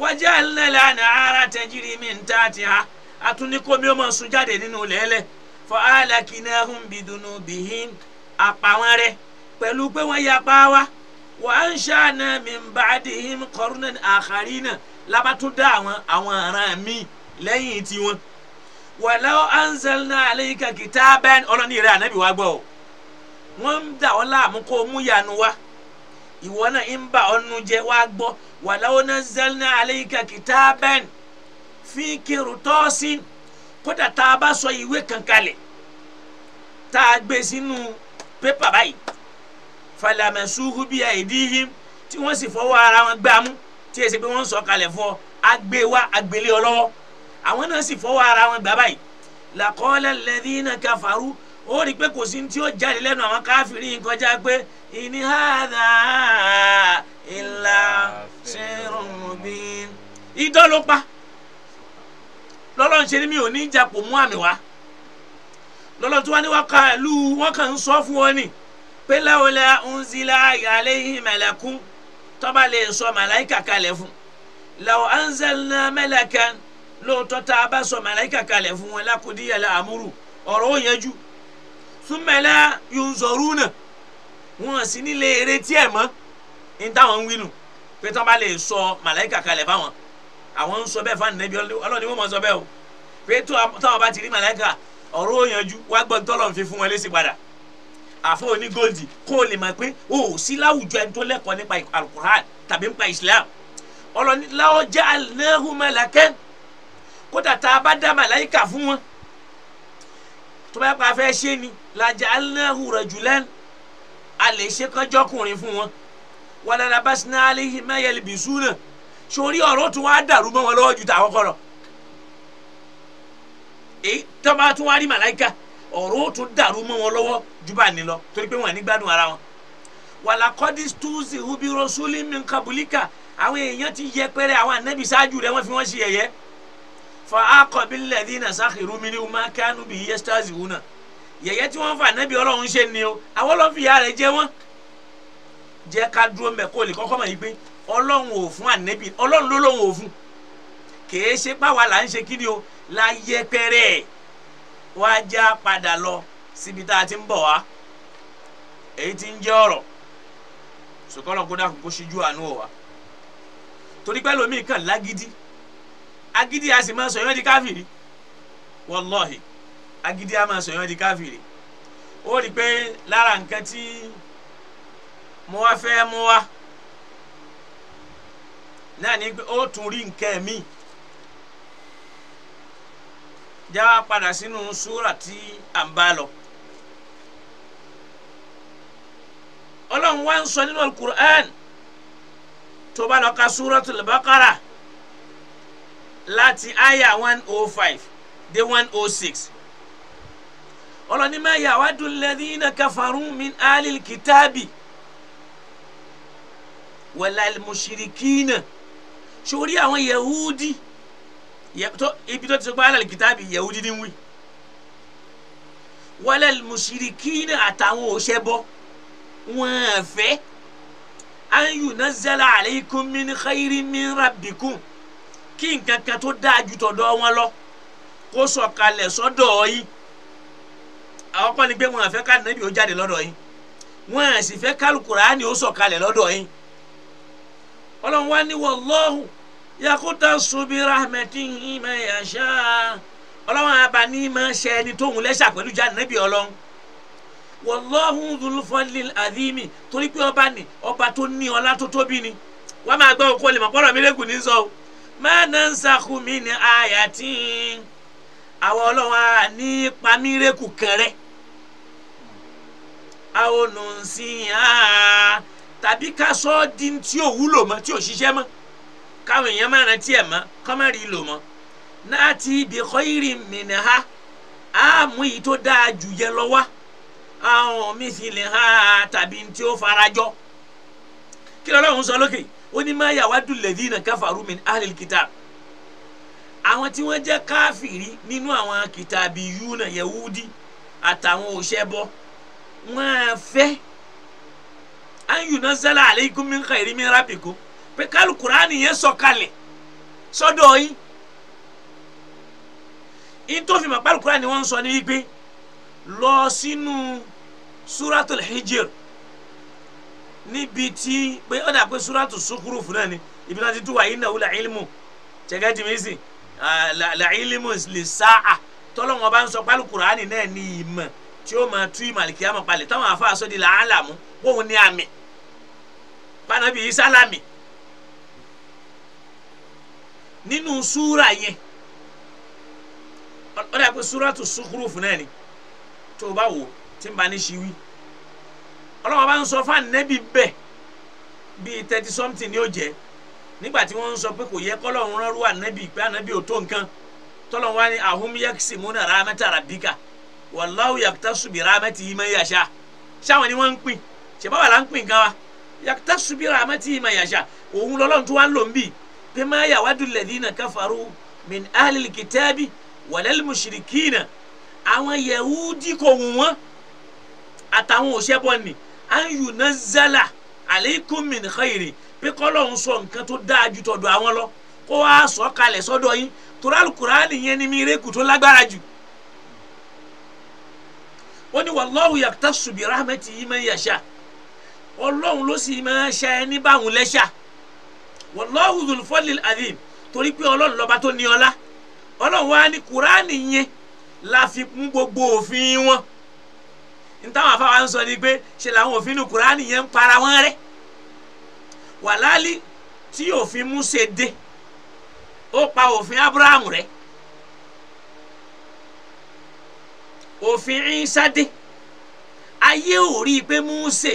wajalna lanhara tajri min tahtiha àtúnikómi ó máa sun jáde nínú lẹ́lẹ̀ fa alakinahum bihin. àpàwọn rẹ pẹ̀lú pé wọ́n yapa wa wa ansha'na min ba'dihim qarnan akharina labatúndà àwọn àwọn aràn míì lẹ́yìn tiwọn walaw anzalna alayka kitaban ọlọ́ni rẹ̀ ànábì wa gbọ́ wọ́n ń dà ọ́ láàmú kó mú yanu wa ìwọ náà ń bà ọ́nu jẹ́ wá gbọ́ walaw nazzalna alayka kitaban fi qirtasin kódà tá a bá sọ ìwé kankalẹ̀ tá a gbé sínú pépà báyìí falamasuhu bi aidihim tí wọ́n sì fọwọ́ ara wọn gbá mú tí èsì pé wọ́n sọ kalẹ̀ fọ agbé e wa agbélé e ọlọ́wọ́ àwọn náà sì fọwọ́ ara wọn gbá báyìí laqala alladhina kafaru ó rí i pé kò sí ní tí ó jáde lẹ́nu àwọn káfíìrì yìí kọjá pé in hadha illa sirrun mubin idán ló pa lọ́lọ́run ṣe ni mi ò ní ìjà pò mú àmì wá lọ́lọ́run tí wọ́n ní wọ́n ka ìlú wọ́n kàn ń sọ fún wọn ni pé lawla unzila alayhi malakun tó lè sọ màláìkà kalẹ̀ fún law anzalna malakan lóòótọ́ tá a bá sọ màláìkà kalẹ̀ fún wọn lakudiya al-amru ọ̀rọ̀ ó yanjú thumma la yunzaruna wọn sì ní lè retí ẹ̀ mọ́ ní táwọn ń wínú pé tó bá lè sọ màláìkà kalẹ̀ fáwọn àwọn ń sọ bẹ́ẹ̀ fáwọn nẹ́bí ọlọ́ọ̀ni wọ́n mọ̀ sọ bẹ́ẹ̀ o pé táwọn ti rí màláìkà ọ̀rọ̀ ó yanjú wá gbọ́n tọ́lọ̀ fi fún wọn lésì padà àfọ oní góòdì kó o lè mọ̀ pé o ò sí láwùjọ ẹni tó lẹ́kọ̀ọ́ nípa alukur'an tàbí nípa islam ọlọ́ni láwọ́ jẹ́ alẹ́hùnmẹ́lẹ́kẹ́ kódà tá a bá dá màláyíkà fún wọn tó bá pa afẹ́ ṣe ni làjà alẹ́hùnrẹ̀jùlẹ́n a lè ṣe kánjọ́kùnrin fún wọn wàlálàbàṣínà alẹ́hìnmẹ́yẹlẹ́bìṣúnà sórí ọ̀rọ̀ tó wá dàrú mọ́ wọn lọ́wọ́ ju tàwọn kọ́ tọ́ba tó malaika tún wá rí màláìka ọ̀rọ̀ ó wọn lọ́wọ́ jù bá ní lọ torí pé wọn ní gbádùn ara wọn. wàlàkọ́dí stúùsì hubi rọ́súlì min kabulika àwọn èèyàn ti yẹpẹrẹ àwọn ànábì ṣáájú rẹ wọ́n fi wọ́n ṣe yẹ̀yẹ́. fa akọbi dínà sáxìrú mi ni wọ́n máa kánú bí yẹ stasi wù náà tí wọ́n fa ṣe ni o àwọn kèé ṣe páwa là ń ṣe kí ni o la yẹpẹrẹ wá já padà lọ síbi tá a ti ń bọ̀ wá èyí ti ń jẹ́ ọ̀rọ̀ sùkọ́lọ̀ kó dákun kó ṣíjú àánú wa torí pẹ́ lómi kan lágídí agídí a sì máa sọ yọ́n di káfìrí wọ́lọ́hì agídí a máa sọ yọ́n di káfìrí ó rí i pé lára nǹkan tí mo wá fẹ́ mú wá náà ni ó tún rí nǹkan míì. já wa padà sínú súrà tí à ń bá lọ. ọlọ́run wá ń sọ nínú alukur'an tó bá lọ ka súratul Baqara láti àyà one oh five dé one oh six ọlọ́ni ma yawadu alladhina kafaru min alil kitabi wala al mushrikina sórí àwọn yahudi ibi tó ti sọ pé alẹ́ kìtàbí yahudi ni wí wálẹ̀ mùsùlùkìnì àtàwọn òṣèbọ wọn fẹ́ an yunazzala alaykum min khairin min rabbikum kí nǹkan kan tó dáa ju tọ̀dọ̀ wọn lọ kó sọ̀kalẹ̀ sọ́dọ̀ yín àwọn kan ní pé wọn fẹ́ ká nàbí ó jáde lọ́dọ̀ yín wọn sì fẹ́ kálukùránì ó sọ̀kalẹ̀ lọ́dọ̀ yín ọlọ́run wá ní wallahu yakutas bi rahmatihi ma yasha ọlọ́wọ́n abani ní ma ṣe ẹni tóun lẹ́ṣà pẹ̀lú jáde níbi ọlọ́run wallahu dhul fadlil adhimi torí pé ọba ni ọba tó ní ọlá tó tóbi ni wọ́n máa gbọ́ òkú olèmọ̀ pọ́nrọ̀ mi lẹ́kùn ní sọ o ma nansakhu min ayatin àwọn ọlọ́wọ́n à ní pamírẹ́kù kẹrẹ́ àwọn nùnsìn yá tàbí ká sọ ọ́ di tí ò mọ́ tí ò mọ́ káwọn èèyàn máa rántí ẹ̀ mọ́ kọ́ má rí lò mọ́ náà ti ibi khairin minha á mú èyí tó dáa jù yẹ lọ wá àwọn mísìlì ha tàbí tí ó farajọ kí lọ́lọ́run sọ lókè ó ní ma yawaddu alladhina kafaru min ahlil kitab àwọn tí wọ́n jẹ́ káfìrí nínú àwọn kìtàbí yúnà yẹwúdí àtàwọn òṣèbọ wọ́n fẹ́ an yunazzala alaykum min khairin min rabbikum pé kálukùránì yẹn sọ̀kalẹ̀ sọ́dọ̀ yín ìtòfin mọ̀ kálukùránì wọ́n ń sọ ní wípé lọ sínú suratul hijr níbi tí pé ó dà pé suratu sukurufu náà ni ibi náà ti tú wa yín náà ilmu tẹ̀gẹ́ ti mi sìn la ilmu lè sáà tọ́lọ́wọ́n bá ń sọ kálukùránì náà ní ìmọ̀ tí ó máa tú ìmọ̀ àlìkíyàmọ̀ palẹ̀ táwọn afáàsọ́ di làálàmú wọ́n ní àmì pànàbí ìsálàmì nínú súra yẹn ó dà pé súra tó sukuru fún náà ni tó o bá wò tí n bá ní ṣi ọlọ́wọ́ bá ń sọ fún ànẹ́bí bẹ́ẹ̀ bíi thirty something ni ó jẹ́ nígbà tí wọ́n ń sọ pé kò yẹ kọ́lọ́run rán rú ànẹ́bí pé ànẹ́bí ò tó nǹkan tọ́lọ́run wá ní ahum yaksimuna rahmata rabbika wallahu yaktasu bi rahmatihi man yasha ṣáwọn ni wọ́n ń pín ṣèbáwá là ń pín nǹkan wa yaktasu bi rahmatihi man yasha òun lọ́lọ́run tó wá ń lò ń bì bima yawadu alladhina kafaru min ahlil kitabi walal mushrikina àwọn yahudi kò wù wọ́n àtàwọn òṣèbọ ni an yunazzala aleikum min khayri pé kọ́lọ́hún sọ nǹkan tó dáa ju tọ̀dọ̀ àwọn lọ kó wá sọ kalẹ̀ sọ́dọ̀ yín torí alukuraani yẹn ni mireku tó lágbára jù wọ́n ní wallahu yaktasu bi rahmatihi man yasha ọlọ́run ló sì máa ṣe ẹni báwọn lẹ́ṣà wallahu dhul fadlil azim torí pé ọlọ́run lọ́ba tó ní ọlá ọlọ́run wa ní kuraani yẹn la fi kún gbogbo òfin wọn ntàwọn afáwa ń sọ ni pé ṣe làwọn òfin ní kuraani yẹn ń para wọn rẹ́ wàláàlì tí òfin Mósè dé ó pa òfin Abrahamu rẹ́ òfin Ìsá dé ayé ò rí i pé Mósè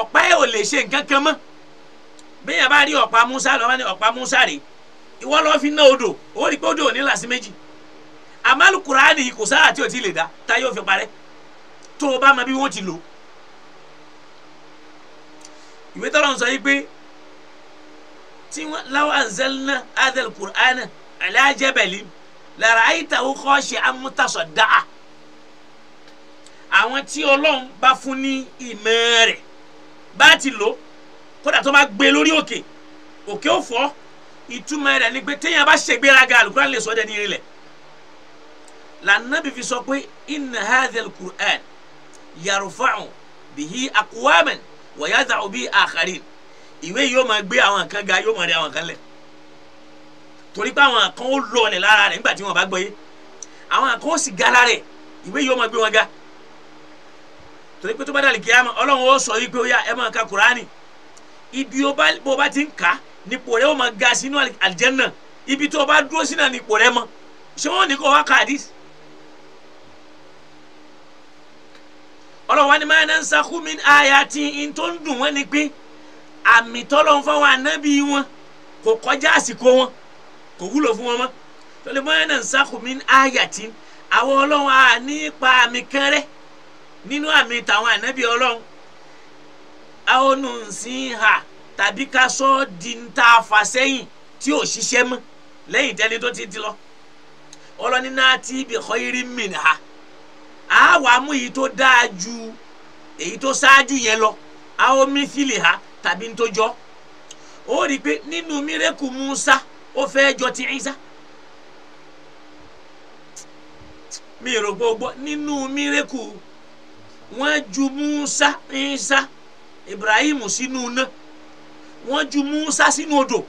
ọ̀pá ẹ̀ ò lè ṣe nǹkan kan mọ́ bẹ́ẹ̀ bá rí ọ̀pá musa lọ́ bá ní ọ̀pá musa rè ìwọ lọ́ fi ná odò ó rí pé odò ò ní làsí méjì àmàlù kùránì kò sáà tí o ti lè dá tá yóò fi parẹ́ tó o bá mọ bí wọ́n ti lò ìwé tọ́lọ̀ ń sọ yìí pé tí wọ́n láwọn anzalna adal kùránì ala jabalin la ra'aytahu khashi'an mutasaddi'a àwọn tí ọlọ́run bá fún ní ìmọ̀ rẹ̀ bá ti lò kódà tó bá gbé lórí òkè òkè ò fọ́ ìtumọ̀ rẹ̀ ni pé téèyàn bá ṣègbéraga alukur'an lè sọ ọ́ dẹni rilẹ̀ lànàbí fi sọ pé inna hadha alukur'an yarufa'u bihi aqwaman wa yada'u bihi akharin ìwé yóò máa gbé àwọn kan ga yóò máa rí àwọn kan lẹ̀ torí pé àwọn kan ó lọ ọ̀nẹ̀ lára rẹ̀ nígbà tí wọ́n bá gbọ́ yé àwọn kan ó sì ga lára rẹ̀ ìwé yóò máa gbé wọn ga torí pé tó bá dàlí kíyàmá ọlọ́run ó sọ yí pé ó yá ẹ máa ka kùránì ibi bó o bá ti ń kà á nípò rẹ ó máa ga sínú àlìjẹ́nà ibi tó o bá dúró sínú nípò rẹ mọ́ ṣé wọ́n ní kó wá ka àdìs. ọlọ́wọ́ ni máa ń sakú mi àyà tí n tó ń dùn wọ́n ni pé àmì tọ́lọ́ ń fọwọ́ ànábì wọn kò kọjá àsìkò wọn kò wúlò fún wọn mọ́ tọ́lẹ̀ máa ń sakú mi àyà tí àwọn ọlọ́wọ́ à nípa àmì kan nínú àmì tàwọn ànábì ọlọ́run àwọn ònsìn hà tàbí ká sọ ọ́ di ń ta fà sẹ́yìn tí ò ṣiṣẹ́ mọ́ lẹ́yìn tẹ́ni tó ti di lọ ọlọ́ni náà ti ibi khayri minha á wà á mú èyí tó dáa ju èyí tó ṣáájú yẹn lọ á ó ha tàbí ń ó rí i pé nínú mírèkù Musa ó fẹ́ jọ ti Isa mi ò gbogbo nínú mírèkù wọ́n ju Musa Isa. Ibrahim sínú iná wọ́n ju Musa sínú odò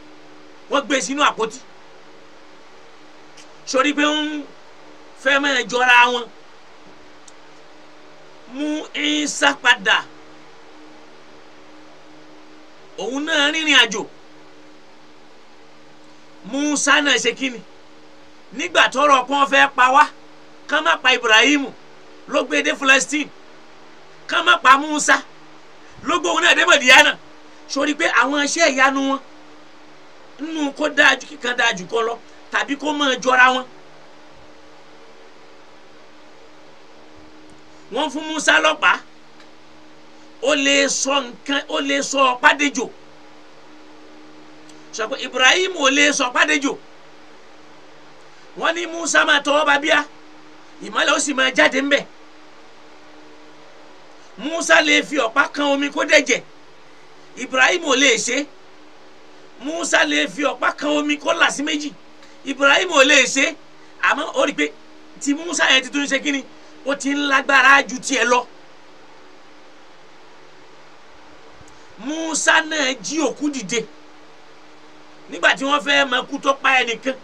wọ́n gbé e sínú àpótí sori pé ń fẹ́ máa jọra wọn mú Isa padà òun náà rìnrìn àjò Musa náà ṣe kíni nígbà tọrọ kan fẹ́ pa wá kán má pa Ibrahim ló gbé dé Palestine kán má pa Musa ló gbóhùn náà dé Màdíyánà sórí pé àwọn iṣẹ́ ìyanu wọn nínú kó dáa ju kíkan dáa jù kọ lọ tàbí kó máa jọra wọn. wọ́n fún Musa lọ́pàá ó lè sọ nǹkan ó lè sọ ọ̀pá dejò Ibrahim ò lè sọ ọ̀pá dejò wọ́n ní Musa máa tọwọ́ bá bíà ìmọ̀lẹ̀ ó sì máa jáde ńbẹ̀ musa lè fi ọ̀pá kan omi kó dẹ̀jẹ̀ ibrahim ò lè ṣe musa lè fi ọ̀pá kan omi kó là sí méjì ibrahim ò lè ṣe àmọ́ ó rí i pé ti musa yẹn ti tún ṣe kí ni ó ti ń lágbára ju tiẹ̀ lọ musa náà jí òkú dìde nígbà tí wọ́n fẹ́ mọ kú tó pa ẹnìkan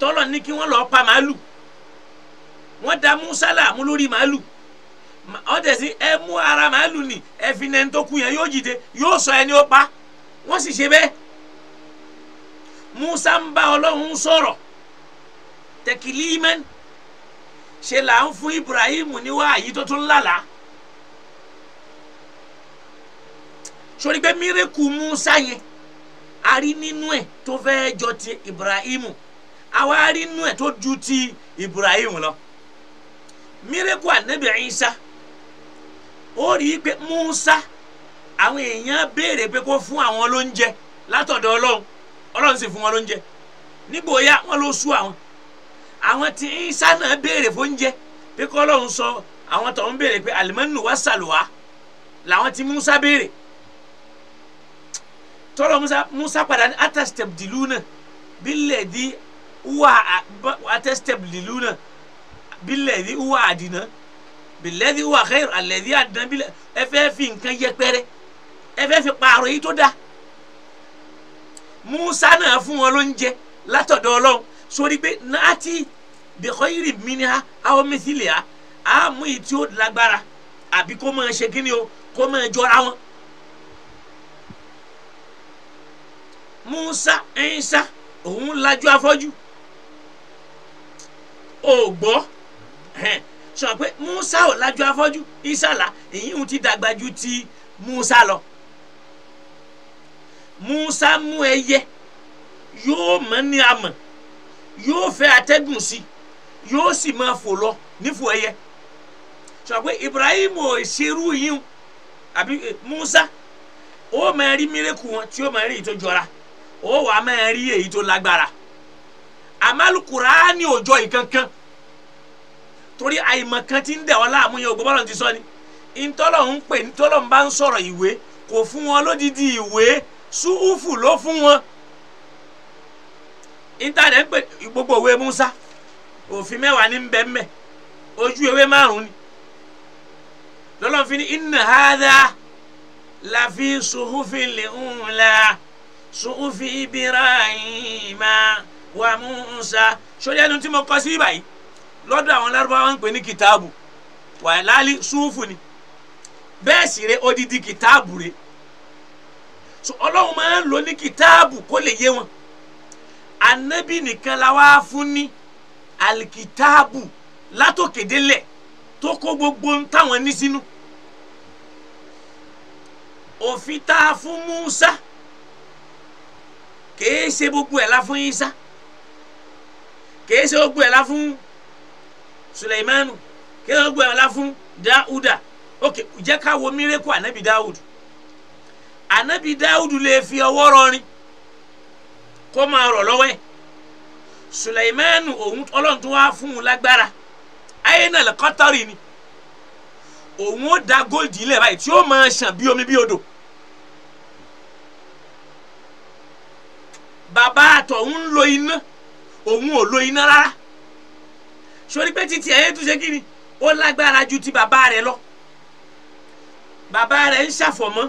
tọ́lọ̀ ní kí wọ́n lọ́ọ́ pa màálù wọ́n da musa láàmú lórí màálù ọ tẹ̀sí ẹ mú ara màálù ni ẹ fi nẹni tó kú yẹn yóò jìde yóò sọ ẹni ó pa wọ́n sì ṣe bẹ́ẹ̀ Musa ń bá Ọlọ́run sọ̀rọ̀ tẹkìlímẹ́n ṣe là ń fún Ibrahim níwá àyí tó tún lálàá sori pé mírèkù Musa yẹn a nínú ẹ̀ tó fẹ́ jọ ti Ibrahim àwa a nínú ẹ̀ tó ju ti Ibrahim lọ mírèkù anabi Isa ó rí i pé Musa àwọn èèyàn béèrè pé kó fún àwọn lóúnjẹ látọ̀dọ̀ Ọlọ́run Ọlọ́run sì fún wọn lóúnjẹ nígbòóyá wọn ló sú àwọn àwọn tí Isa náà béèrè fóúnjẹ pé kọ́ Ọlọ́run sọ àwọn tó ń béèrè pé alimẹ́nu wa sàlùwà làwọn tí Musa béèrè tọ́lọ̀ Musa Musa padà ní atastabdiluna billadhi huwa atastabdiluna billadhi huwa adina bilẹ́dí wà xeyir alẹ́dí àdánbílẹ̀ ẹ fẹ́ fi nǹkan yẹpẹrẹ ẹ fẹ́ fi pààrọ̀ yìí tó da musa náà fún wọn ló ń jẹ látọ̀dọ̀ ọlọ́run sórí pé nàátì bìkọ́yìrì mìíràn àwọn mẹ́sìlẹ̀ á àmú yìí tí ó lágbára àbí kó máa ṣe kíni o kó máa jọra wọn. musa ẹ̀ńsá òun lajú afọ́jú ògbọ́. Oh, sọ pé Musa ò lajú afọ́jú isala èyí ń ti dàgbà ju ti Musa lọ Musa mú ẹyẹ yóò mọ ní amọ̀ yóò fẹ́ atẹ́gùn sí yóò sì máa fò lọ nífò ẹyẹ sọ pé Ibrahim ò ṣerú yìí àbí eh, Musa ó máa rí mírèkù wọn tí ó máa rí èyí tó jọra ó wàá máa rí èyí tó lágbára àmàlùkùrá ní òjò ìkankan torí àìmọ̀ kan ti ń dẹ̀ wọ́n láàmú yẹn ògbó bọ́lọ̀ ti sọ ni ntọ́lọ̀ ń pè ntọ́lọ̀ ń bá ń sọ̀rọ̀ ìwé kò fún wọn lódìdí ìwé súúfù ló fún wọn intanet ń pè gbogbo òwe Musa òfin mẹ́wàá ní bẹ́ẹ̀mẹ́ ojú ewé márùn-ún ni lọ́lọ́run fi ní inna hadha la fi suhufin li'ula suhufi Ibrahima wa Musa sórí ẹnu tí mo kọ sí báyìí lọ́dọ̀ àwọn lárúbáwá ń pè ní kìtáàbù wàhálàlí súnfù ni bẹ́ẹ̀ sì rẹ odidi kìtáàbù rẹ so ọlọ́run máa ń lò ní kìtáàbù kó lè yé wọn anabi nìkan la wá fún ní alikitaabu látòkèdélẹ̀ tó kó gbogbo ń táwọn ní sínú òfin tá a fún Musa kèé ṣe gbogbo ẹ̀ la fún Isa kèé ṣe gbogbo ẹ̀ la fún. Fun suleimanu kí wọ́n gbé ọlá fún dáúdà ok jẹ́ ká wo mírẹ́kù anabi dáúdù anabi dáúdù lè fi ọwọ́ rọrin kó máa rọ̀ lọ́wọ́ ẹ̀ suleimanu òun ọlọ́run wá fún un lágbára ayé náà lè kọ́tọ́rì ni òun ó da góòdì ilẹ̀ báyìí tí ó máa ṣàn bí omi bí odò. bàbá àtọ̀ ń lo iná òun ò lo iná rárá sori pe titi ẹ̀yẹ́ tún ṣe kí ni ó lágbára ju ti bàbá rẹ̀ lọ bàbá rẹ̀ ń ṣàfọ̀mọ́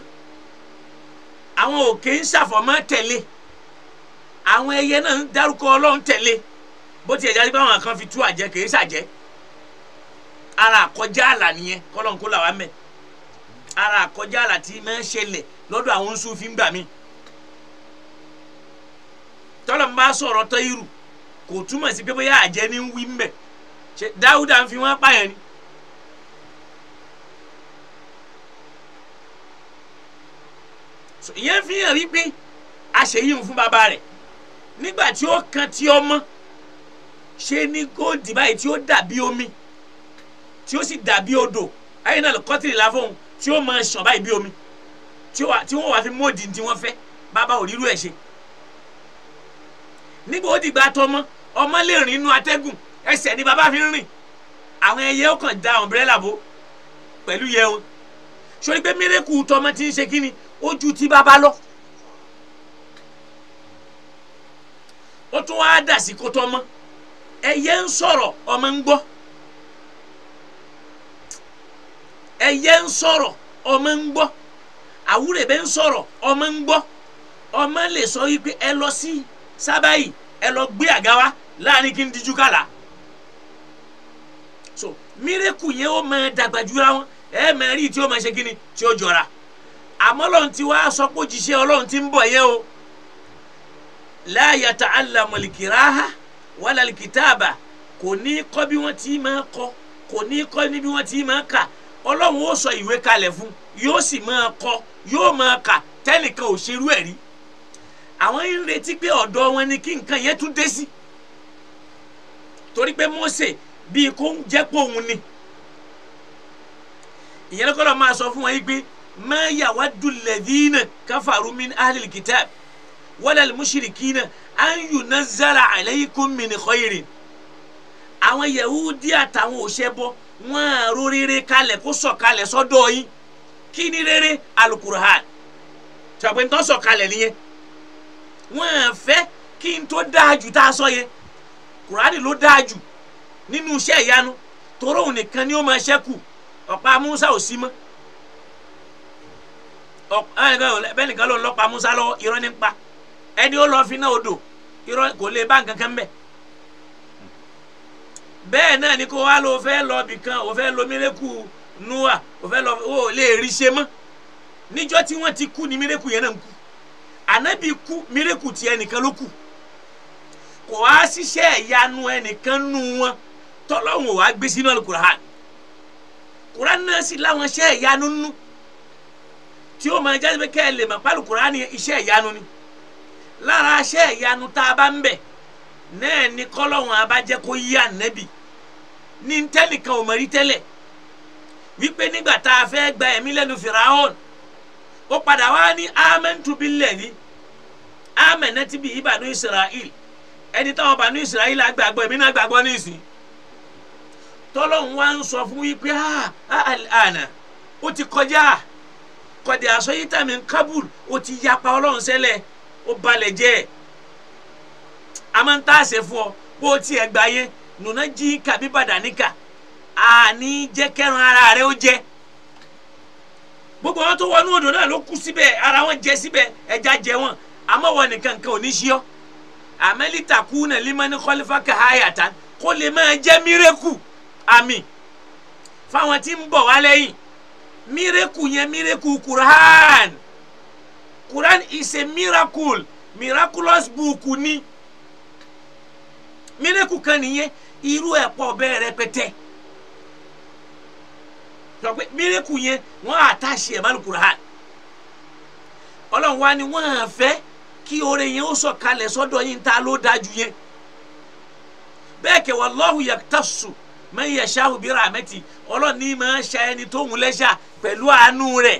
àwọn òkè ń ṣàfọ̀mọ́ tẹ̀lé àwọn ẹyẹ náà ń dárúkọ ọlọ́run tẹ̀lé bó ti ẹ̀ jáde pé àwọn kan fi tú àjẹ kì í ṣàjẹ́ ara àkọjá àlà nìyẹn kọ́lọ́n kó là wá mẹ́ ara àkọjá àlà tí máa ń ṣẹlẹ̀ lọ́dọ̀ àwọn oṣù fi ń gbà mí tọ́lọ́ ń bá sọ̀rọ̀ tọ́ irú kò túmọ̀ sí pé bóyá àjẹ́ ní ń wí ń ṣe dáúdà ń fi wọ́n pààyàn ni. ìyẹn fi hàn wípé àṣeyí ń fún bàbá rẹ̀ nígbà tí ó kan ti ọmọ ṣe ní góòdì báyìí tí ó dàbí omi tí ó sì dàbí odò ayé náà kọ́tìrì láfọ̀hún tí ó máa ṣàn báyìí bí omi tí wọ́n wá fi móòdì tí wọ́n fẹ́ bàbá ò rírú ẹ̀ ṣe nígbà ó dìgbà tọmọ ọmọ lè rìn inú atẹ́gùn ẹsẹ̀ ni bàbá fi ń rìn àwọn ẹyẹ ó da ọ̀nbrẹ́là bò pẹ̀lú yẹ wọn sori pé mírèkù tọmọ ti ń ṣe kí ni ojú ti bàbá lọ ó tún wá dà sí kó tọmọ ẹyẹ ń sọ̀rọ̀ ọmọ ń gbọ́ ẹyẹ ń sọ̀rọ̀ ọmọ ń gbọ́ àwúrẹ̀ bẹ́ẹ̀ ń sọ̀rọ̀ ọmọ ń gbọ́ ọmọ lè sọ wípé ẹ lọ sí sábàyì ẹ lọ gbé àga wa láàrin kí n díjú kàlà mírèkù yẹn ó máa dàgbà jura wọn ẹ máa rí tí ó máa ṣe kíni tí ó jọra àmọ́ lọ́n ti wá sọ pé òjíṣẹ́ ọlọ́run ti ń bọ̀ yẹn o la yata'allamu al wala al-kitaba kò ní kọ́ bí wọ́n ti máa kọ́ kò ní kọ́ ní bí wọ́n ti máa kà ọlọ́run ó sọ ìwé kalẹ̀ fún yóò sì máa kọ́ yóò máa kà tẹ́nìkan ò ṣerú ẹ̀ rí àwọn ń retí pé ọ̀dọ̀ wọn ni kí nǹkan yẹn tún dé sí torí pé Mósè bíi kó ń jẹ́ pọ̀ òun ni ìyẹn lọ́kọ́lọ́ máa sọ fún wọn yìí pé ma yawaddu alladhina kafaru min ahlil kitab walal mushrikina an yunazzala alaykum min khairin àwọn yahudi àtàwọn òṣèbọ wọn àrò rere kalẹ̀ kó sọ̀ kalẹ̀ sọ́dọ̀ yín kí ni rere alukur'an tọ́pẹ́ ń tọ́ kalẹ̀ nìyẹn wọn fẹ́ kí n tó dáa jù tá a sọ yẹn kur'an ló dáa jù nínú iṣẹ́ ìyanu toró òun nìkan ni ó máa ṣẹ́kù ọ̀pá Musa ò sí mọ́ bẹ́ẹ̀ nìkan ló ń lọ́pàá Musa lọ́wọ́ irọ́ ní pa ẹni ó lọ fi náà odò irọ́ kò lè bá nǹkan kan mbẹ́ bẹ́ẹ̀ náà ni kó wá lọ fẹ́ lọ bìkan ò fẹ́ lọ mírẹ́kù Noah ò fẹ́ lọ ò lè rí ṣe mọ́ níjọ́ tí wọ́n ti kú ni mírẹ́kù yẹn náà ń kú ànábì kú mírẹ́kù tiẹ̀ nìkan ló kù kò wá ṣiṣẹ́ ìyanu ẹnìkan nù wọn. tọ́lọ́hún wa gbé sínú alukur'an kur'an náà sì láwọn iṣẹ́ ìyanu nínú tí ó máa jáde kẹ́ ẹ lè ni lára iṣẹ́ ìyanu tá a bá ń bẹ̀ náà ni kọ́lọ́hún abájẹ́ kó yí ànábì ní tẹ́nìkan ò mọ̀rí tẹ́lẹ̀ wípé nígbà tá a fẹ́ gba ẹ̀mí lẹ́nu ó padà wá ní ni amẹ́nẹ́tìbí ìbànú Israel ẹni táwọn Israel àgbàgbọ́ ẹ̀mí náà tọ́lọ́hún wá ń sọ fún wípé ah, ah, a àlànà ó ti kọjá kọ̀dé àsọyítà min kábùl ó ti yapa ọlọ́run sẹ́lẹ̀ ó balẹ̀ jẹ́ a máa ń tà àṣẹ fún ọ bó o tiẹ̀ gbà yẹn nùnà jí kàbí bàdàníkà àní jẹ́ kẹran ara rẹ ó jẹ́ gbogbo àwọn tó wọnú odò náà ló kú síbẹ̀ ara wọn jẹ síbẹ̀ ẹja jẹ wọn àmọ́ wọn nìkan kan ò ní ṣíọ́ àmẹ́lítà kú náà límọ́ ní kọ́lífà kàháyà tán kó lè máa jẹ́ mírẹ́kù àmì fáwọn tí ń bọ̀ wá lẹ́yìn mírèkù yẹn mírèkù Quran Quran is a miracle miraculous book ni mírèkù kan nìyẹn irú ẹ̀ pọ̀ bẹ́ẹ̀ rẹpẹtẹ sọ pé mírèkù yẹn wọ́n àtàṣe ẹ̀ mánu Quran ọlọ́run wa ni wọ́n hàn fẹ́ kí oore yẹn ó sọ̀kalẹ̀ sọ́dọ̀ yín ta ló dájú yẹn bẹ́ẹ̀ kẹ́ wallahu yaktasu man yashahu bi rahmati ọlọ́run ní máa ṣa ẹni tó ń lẹ́ṣà pẹ̀lú àánú rẹ̀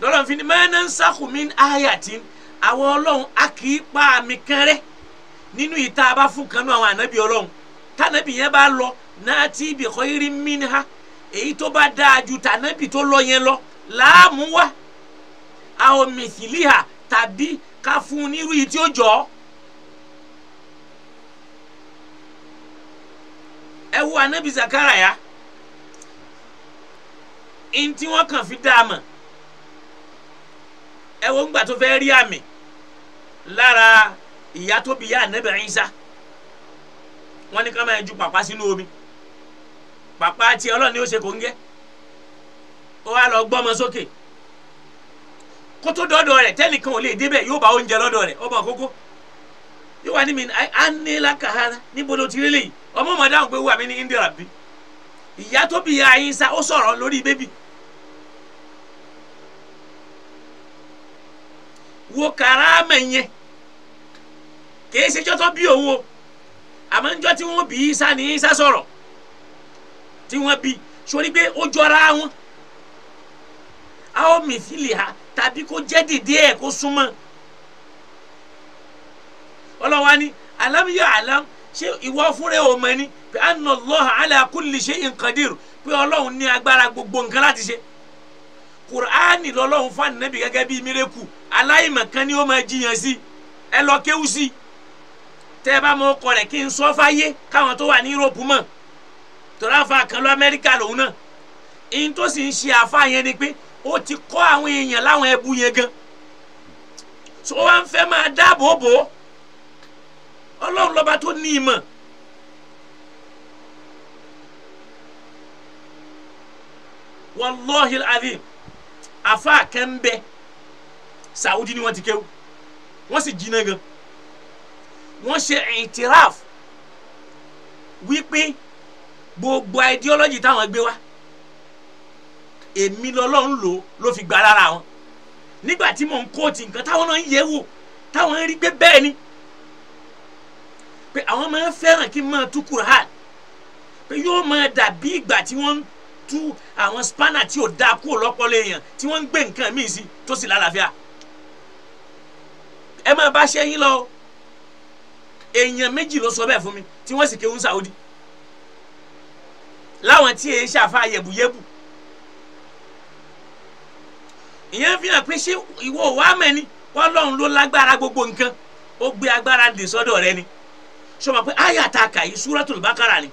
lọ́lọ́run fi ni ma nansakhu min ayatin àwọn ọlọ́run a kì í pa àmì kan rẹ́ nínú ìta a bá fún kanú àwọn ànábì ọlọ́run tánábì yẹn bá lọ nati bi khairin minha èyí tó bá dáa ju tànábì tó lọ yẹn lọ láàmú wá àwọn mìsìlíhà tàbí ká fún un nírú yìí tí ó jọ ẹ wo anabi zakaraya ntí wọn kàn fi dáa mọ ẹ wo ńgbà tó fẹ́ rí àmì lára ìyá tó bí ìyá anabi Isa wọn ní ká máa ju pàpà sínú omi pàpà tiẹ̀ ọlọ́run ni ó ṣe kò ń gẹ́ ó wá lọ gbọ́mọ sókè kótó dọ́dọ̀ rẹ̀ tẹ́nìkan ò lè débẹ̀ yóò bá oúnjẹ lọ́dọ̀ rẹ̀ ọmọ kókó yóò wá ní mi ní lákàá níbo ló ti rí lèyìí ọmọ mọ̀ dáhùn pé wà mí ní India bí ìyá tó bí ya yín sá ó sọ̀rọ̀ lórí bébì wo kàrámẹ̀ yẹn kìí ṣe jọ́tọ́ bí òun o àmọ́ ń jọ́ tí wọ́n bí sá ní sá sọ̀rọ̀ tí wọ́n bí sórí pé ó jọra wọn a ó mì ha tàbí kó jẹ́ dìde ẹ̀ kó súnmọ́ ọlọ́wà ni alámúyọ̀ alámú ṣé ìwọ fúnra ò mọ̀ ni pé anna Allah ala kulli shay'in qadir pé ọlọ́run ní agbára gbogbo nǹkan láti ṣe kùránì lọ́lọ́run fún ànábì gẹ́gẹ́ bíi mírèkù aláìmọ̀kan ni ó máa jiyàn sí ẹ lọ kéwú sí tẹ́ ẹ bá mọ ọkọ rẹ̀ kí n sọ fáyé káwọn tó wà ní yúròpù mọ̀ tọ́lá fa kan lọ amẹ́ríkà lòun náà ìyìn tó sì ń ṣe àfa yẹn ni pé ó ti kọ́ àwọn èèyàn láwọn ẹbú yẹn gan so wọ́n fẹ́ máa dáàbò ọlọ́run lọ́ba tó ní ìmọ̀ wàlọ́hìl azim afa kẹ́ńbẹ́ saudi ni wọ́n ti kéwù wọ́n sì jiná gan wọ́n ṣe ìtiraf wípé gbogbo ideology táwọn gbé wá èmi lọ́lọ́run lò ló fi gba lára wọn nígbà tí mò ń kóòtì nǹkan táwọn náà ń yẹ̀ wò táwọn ń rí gbé bẹ́ẹ̀ ni pé àwọn máa ń fẹ́ràn kí n máa tú Qur'an pé yóò máa dà bí ìgbà tí wọ́n ń tú àwọn spanner tí ò dáa kúrò lọ́pọ̀lọ́ èèyàn tí wọ́n ń gbé nǹkan míì sí tó sì lálàáfíà ẹ máa bá ṣe yín lọ èèyàn méjì ló sọ bẹ́ẹ̀ fún mi tí wọ́n sì kéwọ́n Saudi láwọn tí èyí ṣàfà yẹ̀bùyẹ̀bù ìyẹn fi hàn pé ṣé ìwọ wàá mẹ́ni wọ́n lọ́run ló lágbára gbogbo nǹkan ó gbé agbára dè sọ́dọ̀ rẹ ni sọmọ pé àyà tá a kà yìí suratul bakara ni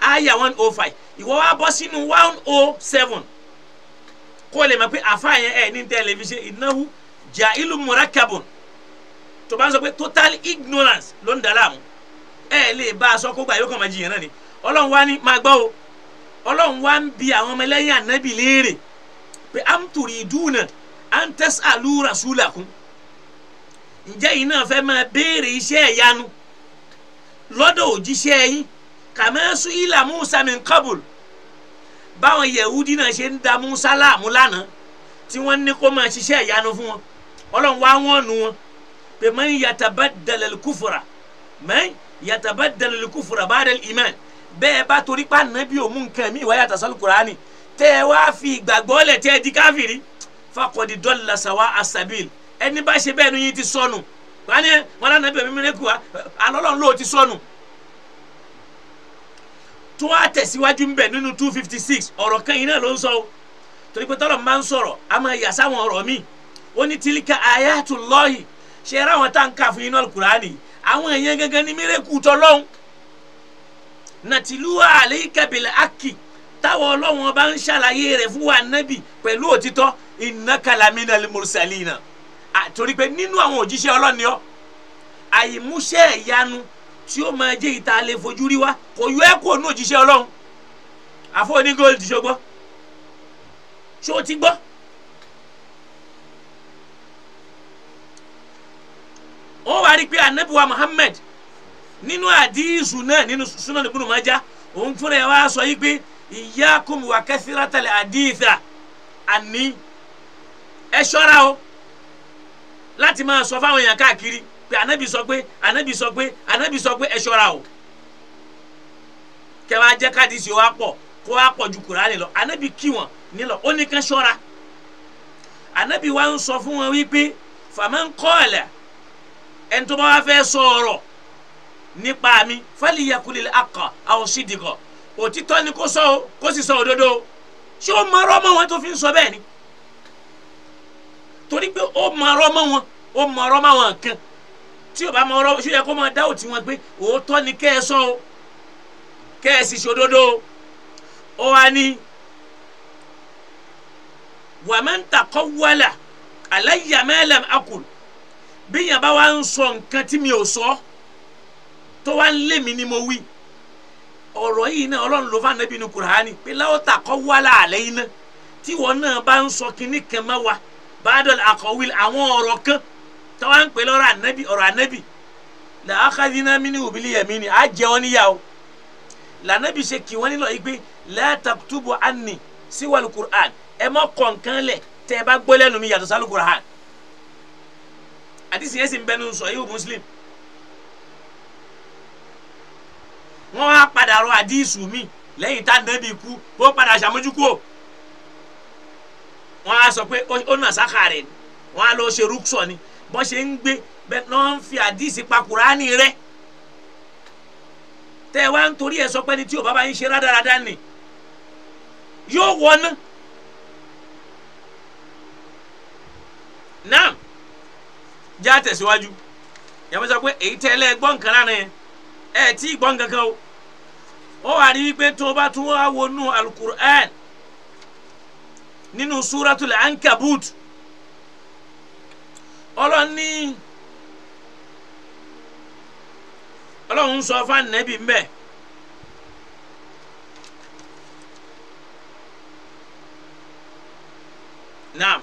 àyà one oh five ìwọ wa bọ́ sínú one oh seven kó lè mọ̀ pé àfa yẹn ẹ̀ ní tẹlifíṣẹ́ ìnáwó jà ìlú murakkabun tó bá ń sọ pé total ignorance ló ń dàlámù ẹ̀ lè bá a sọ kó gba yóò kàn máa jiyàn náà ni ọlọ́run wa ni máa gbọ́ o ọlọ́run wa ń bi àwọn ọmọ ẹlẹ́yìn ànábì léèrè pé am turiduna an tas'alu rasulakum ǹjẹ́ yìí náà fẹ́ máa béèrè iṣẹ́ ìyanu lọ́dọ̀ òjíṣẹ́ yín kàmẹ́sù ilà musa min kabul báwọn yẹ̀wúdí náà ṣe ń da musa láàmú lánàá tí wọ́n ní kó máa ṣiṣẹ́ ìyanu fún wọn ọlọ́run wá wọ́n nu wọn pé man yatabaddal al-kufra man yatabaddal al-kufra ba'da al-iman bẹ́ẹ̀ bá torí pa nàbí òmu nǹkan mi ìwáyà tàṣà al-Qur'ani tẹ́ ẹ wá fi ìgbàgbọ́ lẹ̀ tẹ́ ẹ di káfìrí faqad dalla sawa asabil, sabil ẹni bá ṣe bẹ́ẹ̀ nu yín ti sọnù. So wọn ni wọn lànà bẹ̀rẹ̀ mímírẹ́ kù wa alọ́lọ́run ló ti sọnù tó a tẹ̀síwájú ń bẹ̀ nínú two fifty six ọ̀rọ̀ kan yìí náà ló ń sọ o torí pé tọ́lọ̀ máa ń sọ̀rọ̀ a máa yà sáwọn ọ̀rọ̀ mi ó ní tilika ayatullahi ṣe é ráwọn tá à ń kà fún iná alukurani àwọn èèyàn gangan ní mírèkù tọ́lọ́hún nàtìlúwà àlẹ́yìká bìlẹ̀ ákì táwọn ọlọ́wọ́n bá ń ṣàlàyé rẹ̀ fún wa nábì pẹ̀lú òtítọ́ innaka laminal torí pé nínú àwọn òjíṣẹ́ ọlọ́ni ọ àìmúṣẹ ìyanu tí ó máa jẹ́ ìta lè fojú rí wa kò yọ ẹ́ kó nù òjíṣẹ́ ọlọ́run àfọwọ́ni gold ṣogbọ́ ṣé o ti gbọ́. ó wá rí i pé anabiwa Muhammad nínú àdíìsù náà nínú Sunan Ibn Majah òun fúnra ẹ̀ wá sọ yìí pé iyyakum wa kathratal haditha àní ẹ ṣọ́ra o láti máa sọ fáwọn èèyàn káàkiri pé anabi sọ pé anabi sọ pé anabi sọ pé ẹ ṣọ́ra o kẹwàá jẹ kádìsí wa pọ̀ kó wa pọ̀ ju Kùránì lọ anabi kí wọn nílọ ó ní kán ṣọ́ra anabi wa ń sọ fún wọn wípé faman qala ẹni tó bá wá fẹ́ sọ̀rọ̀ nípa mi falyakulil haqqa aw sidqa òtítọ́ ni kó sọ kó sì sọ òdodo ṣé ó mọ ọ̀rọ̀ ọmọ wọn tó fi ń sọ bẹ́ẹ̀ ni torí pé ó mọ ọ̀rọ̀ mọ́ wọn ó mọ ọ̀rọ̀ mọ́ wọn kan tí o bá mọ ọ̀rọ̀ ṣó yẹ kó máa dáwọ́ tí wọn pé òótọ́ ni kẹ́ ẹ sọ o kẹ́ ẹ sì ṣòdodo ó wá ní wàmẹ́ ń ta kọ́ wálà aláyàmẹ́lẹ̀ akùn bí yẹn bá wá ń sọ nǹkan tí mi ò sọ tó wá ń lé mi ni mo wí ọ̀rọ̀ yìí náà ọlọ́run ló fà nẹ́bí ní kùránì pé láwọ́ ta kọ́ wálà àlẹ́ yìí náà tí wọn náà bá ń sọ kinní kan máa wá bàdàl àkọ́wìl àwọn ọ̀rọ̀ kan táwa ń pè lọ́rọ̀ ànábì ọ̀rọ̀ ànábì là á kàdí náà mí ní òbílí yẹ̀mí ni á jẹ́ wọn níyà o lànàbì ṣe kì wọ́n nílò igbe lẹ́tàkùtùbù àní síwájú Qur'an ẹ mọ́ kọ̀ǹkan lẹ̀ tẹ́ ẹ bá gbọ́ lẹ́nu mi yàtọ̀ sálù Qur'an àdìsí yẹn sì Muslim wọ́n á padà rọ àdìsù mi lẹ́yìn tá ànábì kú ó padà ṣàmójúkú o wọ́n á sọ pé ó nà sáka rẹ̀ ni wọ́n á lọ ṣe rúksọ̀ ni bọ́n ṣe ń gbé bẹ́ẹ̀ náà ń fi àdìsí pa kùránì rẹ̀ tẹ́ ẹ wá ń torí ẹ̀ sọ pé ní tí o bàbá yín ṣe rádaràda ni yóò wọná náà já tẹ̀síwájú yàtọ̀ sọ pé èyí tẹ́ ẹ lẹ́ gbọ́ nǹkan lára yẹn ẹ tí ì gbọ́ nǹkan o ó wà ní wípé tó o bá tún wá wọnú alukur'an nínú suratul ankabut ọlọ́ni ọlọ́run sọ fún anabi mbẹ́ naam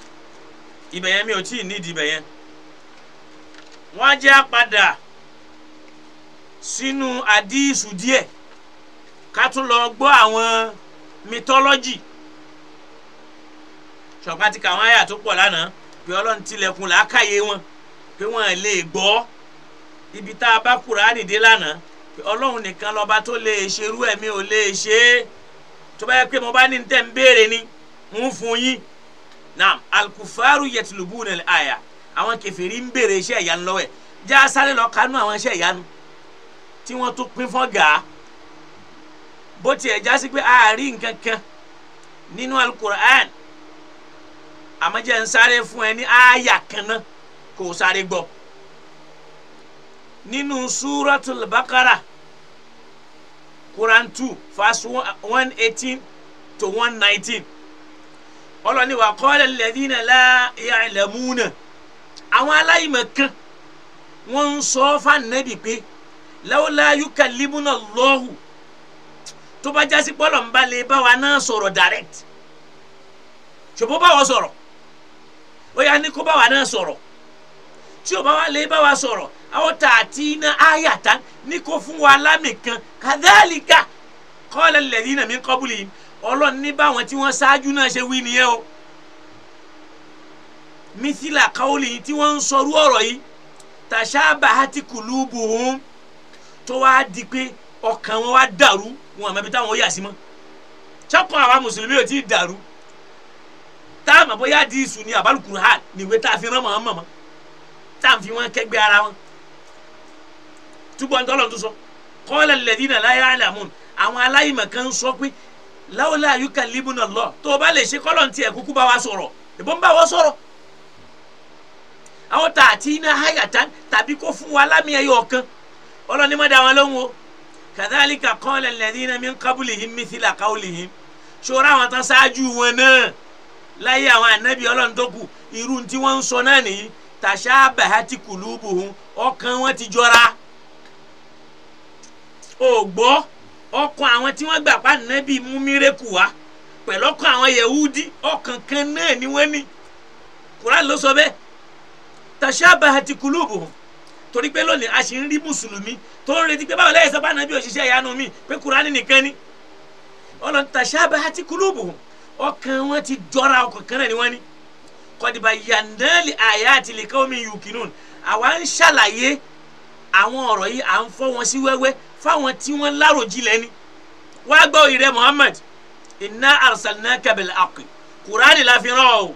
ibẹ̀ yẹn mi ò tí ì nídìí ibẹ̀ yẹn wọ́n á jẹ́ àpadà sínú àdísù díẹ̀ ká tún lọ gbọ́ àwọn mythology ṣọ̀pá ti kà wọ́n àyà tó pọ̀ lánàá pé ọlọ́run tilẹ̀kùn làákàyè wọn pé wọ́n lè gbọ́ ibi tá a bá Kùránì dé lánàá pé ọlọ́run nìkan lọ́ba tó lè ṣerú ẹ̀mí ò lè ṣe é tó bá yẹ pé mo bá ní tẹ̀ ń béèrè ni ń fún yín naam alkufaru yẹtulubu nílẹ aya àwọn kèfèrí ń béèrè iṣẹ́ ìyanu lọ́wọ́ ẹ̀ já sáré lọ kánú àwọn iṣẹ́ ìyanu tí wọ́n tún pín fún gàá bó tiẹ̀ já sí pé a rí nǹkan kan nínú àmọ́jẹ́ ń sáré fún ẹ ní àyà kò sáré gbọ́ nínú suratul bakara quran two verse one eighteen to one nineteen ọlọ́ni wa qala alladhina la ya'lamuna àwọn aláìmọ̀ kan wọ́n ń sọ fáànẹ́bì pé lawla yukallimuna Allahu tó bá jásí pọ́lọ̀ ń bá lè bá wa náà sọ̀rọ̀ direct ṣùgbọ́n báwo sọ̀rọ̀ ó yà ní kó bá wa náà sọ̀rọ̀ tí o bá wa lè bá wa sọ̀rọ̀ àwọn tààtì iná ayàtá ní kó fún wa lámì kan kadhalika qala alladhina min qablihim ọlọ́run ní báwọn tí wọ́n ṣáájú náà ṣe wí nìyẹn o mithila qawli tí wọ́n ń sọrú ọ̀rọ̀ yìí tashabahati kulubuhum tó wá di pé ọkàn wọn wá dàrú wọn àmọ́ ibi táwọn ó yà sí mọ́ sọ́kàn àwa mùsùlùmí ò tí ì dàrú tá a mọ̀ bóyá àdìsù ni àbálùkùrù hàn níwèé tá a fi rán mọ̀ ọ́n mọ̀ mọ́ tá a fi wọn kẹgbẹ́ ara wọn túbọ̀ ní tọ́lọ̀ tó sọ kọ́lẹ̀ lẹ́dínà láyé àlàmùn àwọn aláìmọ̀ kan sọ pé láwùlẹ̀ àyùkà líbùnà lọ tó o bá lè ṣe kọ́lọ̀ tiẹ̀ kúkú bá wa sọ̀rọ̀ ìbọn bá wa sọ̀rọ̀ àwọn tá àti iná háyàtá tàbí kó fún wa lámì ẹyọ kan ọlọ́ni má da wọn lóhùn o kàdálíkà kọ́lẹ̀ lẹ́dínà min qablihim mithla qawlihim ṣòro àwọn tán ṣáájú wọn náà láyé àwọn ànábì ọlọ́run tó kù irú tí wọ́n ń sọ náà nìyí tàṣà bàhátì kùlùbùhùn ọkàn wọn ti jọra ògbọ́ ọkàn àwọn tí wọ́n gbà pa ànábì mú mírèkù wá pẹ̀lú ọkàn àwọn yẹ̀wúdí ọkàn kan náà ni wọ́n ní Kùránì ló sọ bẹ́ẹ̀ tàṣà bàhátì kùlùbùhùn torí pé lónìí a sì ń rí mùsùlùmí tó ń retí pé báwo lẹ́yìn sọ ànábì òṣìṣẹ́ ìyanu mi pé Kùránì nìkan ni ọlọ́run tàṣà bàhátì kùlùbùhùn ọkàn wọn ti jọra ọkàn kan náà ni wọn ní kọdìbà yandali ayati likawmi yukinun àwa ń ṣàlàyé àwọn ọ̀rọ̀ yìí à ń fọ́ wọn sí wẹ́wẹ́ fáwọn tí wọ́n láròjìlẹ̀ ni wá gbọ́ ìrẹ́ Muhammad inna arsalnaka bil haqq kùránì la fi rán o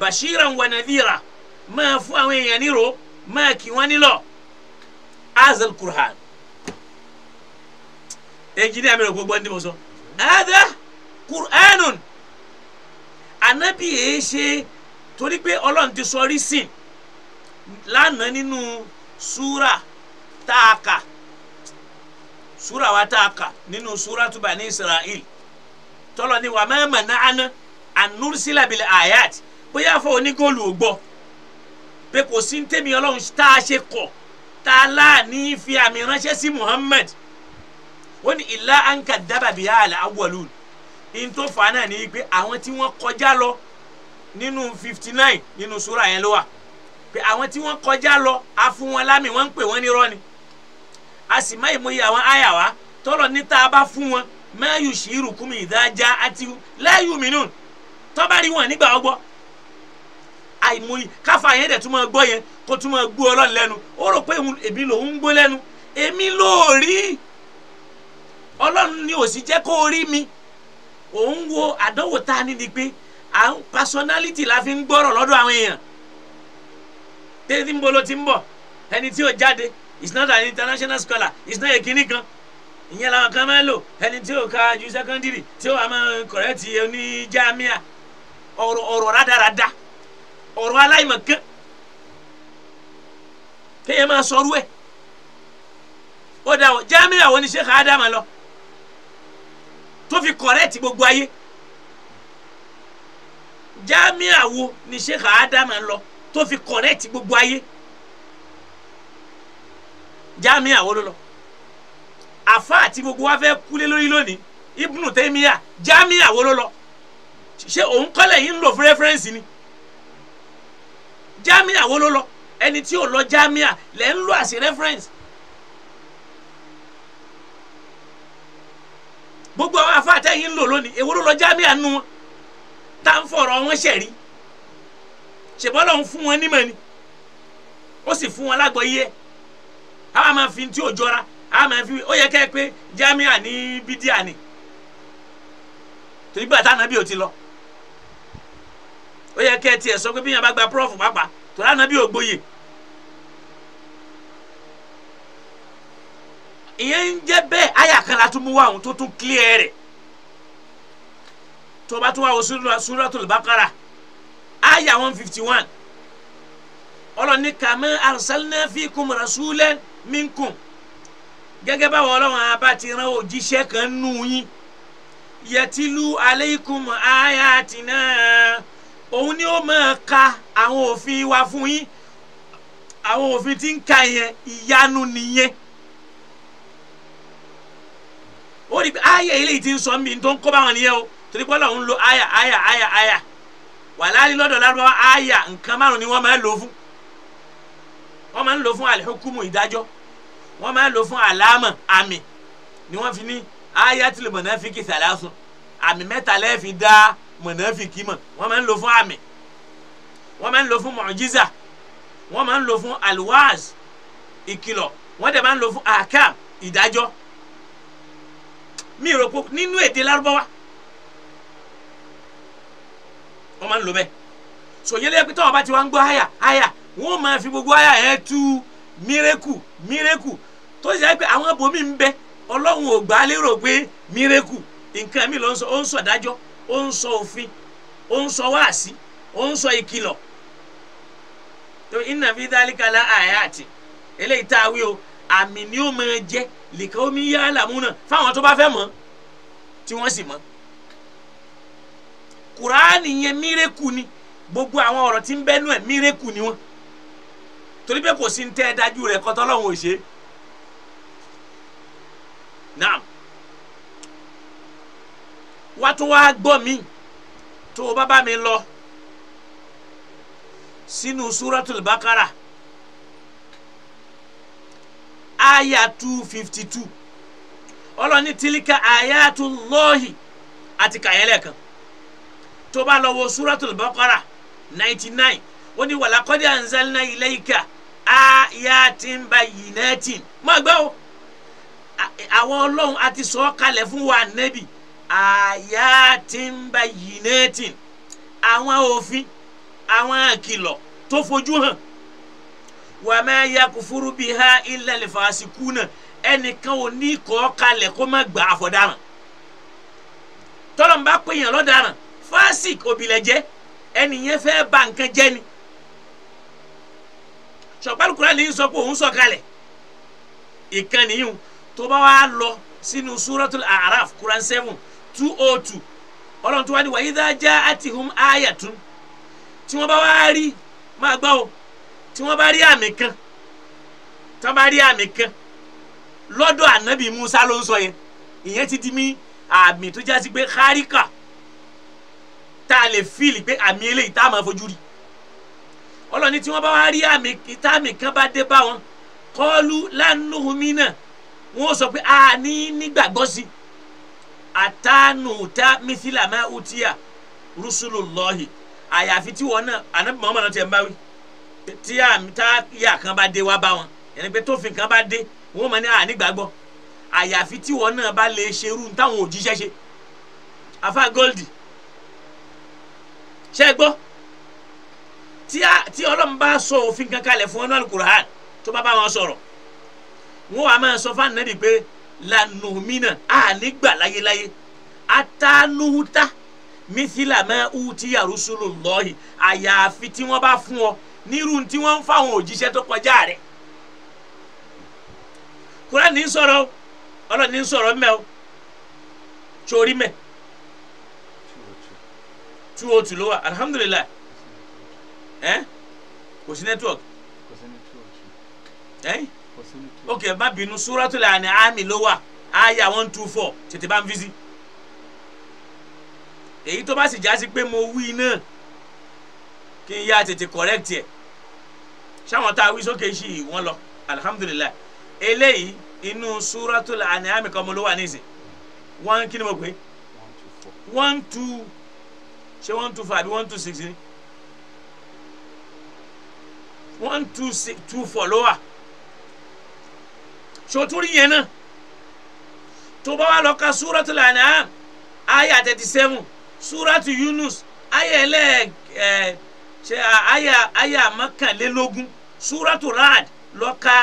bashiran wa nadhira máa fún àwọn èèyàn níro máa kì wọ́n nílọ̀ azal kurhan èjì ní àmì rẹ̀ gbogbo ẹni tí mo sọ. Qur'anun anabi yìí ṣe torí pé ọlọ́run ti sọ rí sìn lánàá nínú súra tá a kà súra wa tá a kà nínú súra tu Bani Israil tọ́lọ̀ ni wà mẹ́mẹ́ nàánà ànúrísílà bìlẹ̀ àyàt bóyá fọ onígòlù ògbọ́ pé kò sí tẹ́mi ọlọ́run tá a ṣe kọ̀ tá a láàní fi àmì ránṣẹ́ sí Muhammad ó ní ìlà ànkà dábàbí yà awọ́lùn into náà ní pé àwọn tí wọ́n kọjá lọ nínú fifty nine nínú sura yẹn ló wà pé àwọn tí wọ́n kọjá lọ a fún wọn lámì wọ́n ń pè wọ́n ní rọ́ni a sì má ìmọ̀ye àwọn àyà wa tọ́lọ̀ níta a bá fún wọn ma yushirukum idha ja'atuhum la yu'minun tọ́ba rí wọn nígbà ọgbọ́ àìmọye káfa yẹn dẹ̀ tún máa gbọ́ yẹn kó tún máa gbọ́ ọlọ́run lẹ́nu ó rò pé èmi lòún ń gbọ́ lẹ́nu èmi lóò rí ọlọ́run ni ò sì jẹ́ kó rí mi òun wo àdánwò tá a ní ni pé àwọn personality la fi ń gbọ́rọ̀ lọ́dọ̀ àwọn èèyàn tẹ́tí ń bolo ti ń bọ̀ ẹni tí ò jáde is not an international scholar is not a kinní kan ìyẹn làwọn kan máa ń lò ẹni tí ò ka ju secondary tí ó wà máa kọ̀rẹ́tì oní jamia ọ̀rọ̀ ọ̀rọ̀ rádaràda ọ̀rọ̀ aláìmọ̀kan kéèyàn máa sọrú ẹ̀ ó dà wọ jamia wo ni sheikh adama lọ tó fi kọ̀rẹ́ẹ̀tì gbogbo ayé jámíà wo ni Sheikh Adam lọ tó fi kọ̀rẹ́ẹ̀tì gbogbo ayé jámíà wo ló lọ àfa àti gbogbo wa fẹ́ kúlé lórí lónìí Ibnu Taymiya jámíà wo ló lọ ṣé òun kọ́lẹ̀ yìí ń lò fún rẹ́fẹ́rẹ́nsì ni jámíà wo ló lọ ẹni tí ò lọ jámíà lẹ́ ń lò àṣì rẹ́fẹ́rẹ́nsì gbogbo àwọn àfáà tẹ́yìn ń lò lónìí èwo lọ jámíà nu wọn tá ń fọ̀rọ̀ wọn ṣẹ̀rí ṣèbọ́lọ̀ ń fún wọn nímọ̀ ni ó sì fún wọn lágbọ́yé àwọn máa fi tí ò jọra àwọn máa fi ó yẹ kẹ́ pé jámíà ní ni torí bàtà nàbí ò ti lọ ó yẹ kẹ́ tiẹ̀ sọ pé bí yàn bá gba pàápàá ò ìyẹn ń jẹ́ bẹ́ẹ̀ àyà kan la mú wá tó tún clear rẹ̀ tó bá tún wá wo suratul Baqara àyà one fifty one ọlọ́ni kàmá arsalna fikum rasulan minkum gẹ́gẹ́ báwo ọlọ́run abá ti rán òjíṣẹ́ kan nù yín yẹtìlú aleikum ayatina òun ni ó máa ka àwọn òfin wa fún yín àwọn òfin tí ń ka yẹn ìyanu nìyẹn ó rí i pé ayé eléyìí ti ń sọ mí tó ń kó báwọn nìyẹn o torí pé Ọlọ́run lo aya aya aya aya wàláàhí lọ́dọ̀ lárúbáwá aya nǹkan márùn ni wọ́n máa ń lò fún wọ́n máa ń lò fún alihukumu ìdájọ́ wọ́n máa ń lò fún àlámà àmì ni wọ́n fi ní ayatul mọ̀nàfíkì sàlásùn àmì mẹ́ta lẹ́ẹ̀fi dá mọ̀nàfíkì mọ̀ wọ́n máa ń lò fún àmì wọ́n máa ń lò fún mọ̀jísà wọ́n máa ń lò fún alwaz ìkìlọ̀ wọ́n dẹ̀ máa ń lò fún àkàm ìdájọ́ mi rò pé nínú èdè lárúbáwá wọ́n máa ń lò bẹ́ẹ̀ sòyẹ́lẹ́ pé táwọn bá ti wá fi gbogbo àyà yẹn tú mireku tozi tó awọn pé àwọn abòmí ń bẹ ọlọ́run ò gbà á lérò pé mírèkù nǹkan mi ló ń sọ ó ń sọ ìdájọ́ ó ń sọ o àmì ni ó lèkà omi yá làmúnà fáwọn tó bá fẹ́ mọ̀ tí wọ́n sì mọ̀ kùránì yẹn mírèkù ni gbogbo àwọn ọ̀rọ̀ tí ń bẹ́nu ẹ̀ mírèkù ni wọ́n torí pé kò sí ń tẹ́ ẹ dájú rẹ̀ kọ́ tọ́lọ́hún ò naam wá tún wá gbọ́ mi tó o bá bá mi lọ sínú súrọ́tùl bákàrà aya two fifty two ọlọ́ni tilika ayatullahi àti kàyẹ́lẹ̀ kan tó bá lọ wo suratul baqara ninety nine ó ní walaqad anzalna ilayka ayatin bayyinatin máa gbọ́ o àwọn ọlọ́run a ti sọ ọ́ kalẹ̀ fún wa nẹ́bì ayatin bayyinatin àwọn òfin àwọn àkìlọ̀ tó fojú hàn wa ma yakufuru biha illa al-fasikuna ẹnìkan ò ní kọ́ kalẹ̀ kó má gbà àfọ̀daràn tọ́lọ̀ ń bá pè yàn lọ́daràn fásik òbílẹ̀jẹ́ ẹnìyẹn fẹ́ ba nǹkan jẹ́ ni sọ̀pálùkùrá lè sọ pé òun sọ̀kalẹ̀ ìkànnì yìí tó bá wà lọ sínú suratul araf quran seven two oh two ọlọ́run tó wá ní wa idha ja'atuhum ayatun tí wọ́n bá wá rí máa gbọ́ o tí wọ́n bá rí àmì kan tí wọ́n bá rí àmì kan lọ́dọ̀ ànábì Musa ló ń sọ yẹn ìyẹn ti di mí àmì tó jásí pé kárìkà tá a lè fíìlì pé àmì eléyìí tá a máa fojú rí ọlọ́ni tí wọ́n bá wá rí àmì tá àmì kan bá dé bá wọn kọ́ọ́lù lánàáhùnmí náà wọ́n sọ pé a ní nígbàgbọ́ sí i àtànùtà mísílámà ùtíyà rúṣùlùlọ́hì àyàfi tí wọn náà ànábì Muhammad náà ti ẹ̀ ń báwí tí àmì táyà kan bá dé wá bá wọn ẹni pé tófin kan bá dé wọn mọ ní ànígbàgbọ́ àyàfi tí wọn náà bá lè ṣerú táwọn òjíṣẹ́ ṣe afa gold ṣe gbọ́ tí ọlọ́run bá sọ òfin kan kalẹ̀ fún ọlọ́run kùrán tó bá bá wọn sọ̀rọ̀ wọn wà máa sọ fáwọn nàbì pé lanùmínà ànígbà láyéláyé atanuhuta mísílà máa hu ti yàrá sùlù lọ́ọ̀hì àyàfi tí wọ́n bá fún ọ nírú tí wọ́n ń fáwọn òjíṣẹ́ tó kọjá rẹ̀ Kùránì ń sọ̀rọ̀ ọlọ́ni ń sọ̀rọ̀ mẹ́ o torí mẹ́ two oh two ló wà alhamdulilayi ẹ kò sí network ẹ ok má bínú Suratul An'am ló wà aya one two four tètè bá ń fi sí èyí tó bá sì já sí pé mo wí náà kí n yá tètè correct yẹ sáwọn tá a wí sókè sí i wọ́n lọ alihamudulilayi eléyìí inú suratul an'am kan mo ló wà one kí ni mo pè one two ṣé one two five one two six ni one two six two four ló wà soturi yẹn náà tó bá wà lọ ka suratul an'am aya thirty seven suratu yunus aya ẹlẹ́ẹ̀ ẹ̀ ṣe àyà àyà mọ́kànlélógún suratu rad lọ́ka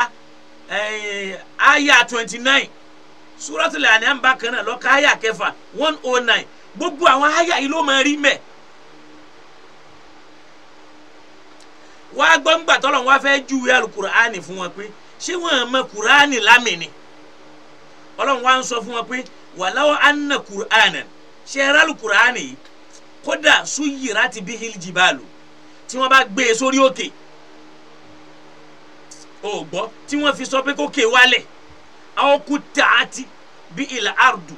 àyà twenty nine suratu lànà bákan náà lọ́ka àyà kẹfà one oh nine gbogbo àwọn àyà yìí ló máa rí mẹ́ẹ̀. wá gbọ́ngbà tọ́lọ̀ wá fẹ́ júwe alukuraani fún wọn pé ṣé wọn mọ kuraani lámìnì ọlọ́run wá ń sọ fún wọn pé wàláwọ́ anna kuraani ṣe rálukuraani kódà suyi láti bí hil jibalu tí wọ́n bá gbé e sórí òkè o gbọ́ tí wọ́n fi sọ pé kó kè wálẹ̀ àwọn kú tààtì bí ìlà àrùdù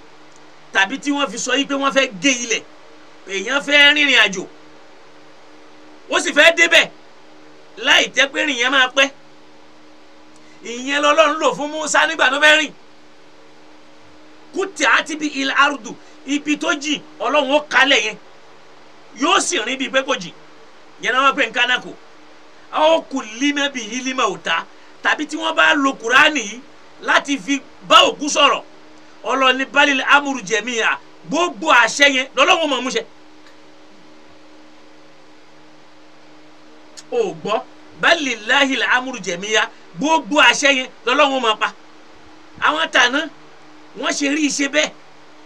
tàbí tí wọ́n fi sọ yìí pé wọ́n fẹ́ gé ilẹ̀ èèyàn fẹ́ rìnrìn àjò ó sì fẹ́ débẹ̀ láì jẹ́ pé rìn yẹn máa pẹ́ ìyẹn lọ́lọ́run lò fún Musa nígbà tó fẹ́ rìn kú tààtì bí ìlà àrùdù ibi tó jì ọlọ́run ó kalẹ̀ yẹn yóò sì rìn bíi pé kò jì ɲɛnama pɛ nkana ko aw kò lima bi hilimaw ta tàbí tí wọ́n bá lo kuraani láti fi bá òkú sọ̀rọ̀ ọlọ́ni balil amúru jẹ̀míyà gbogbo àṣẹ yẹn lọ́lọ́wọ́ mọ̀ múṣẹ. o gbọ́ balilahil amúru jẹ̀míyà gbogbo àṣẹ yẹn lọ́lọ́wọ́ mọ̀ pa. àwọn tàná wọ́n ṣe rí iṣẹ́ bẹ́ẹ̀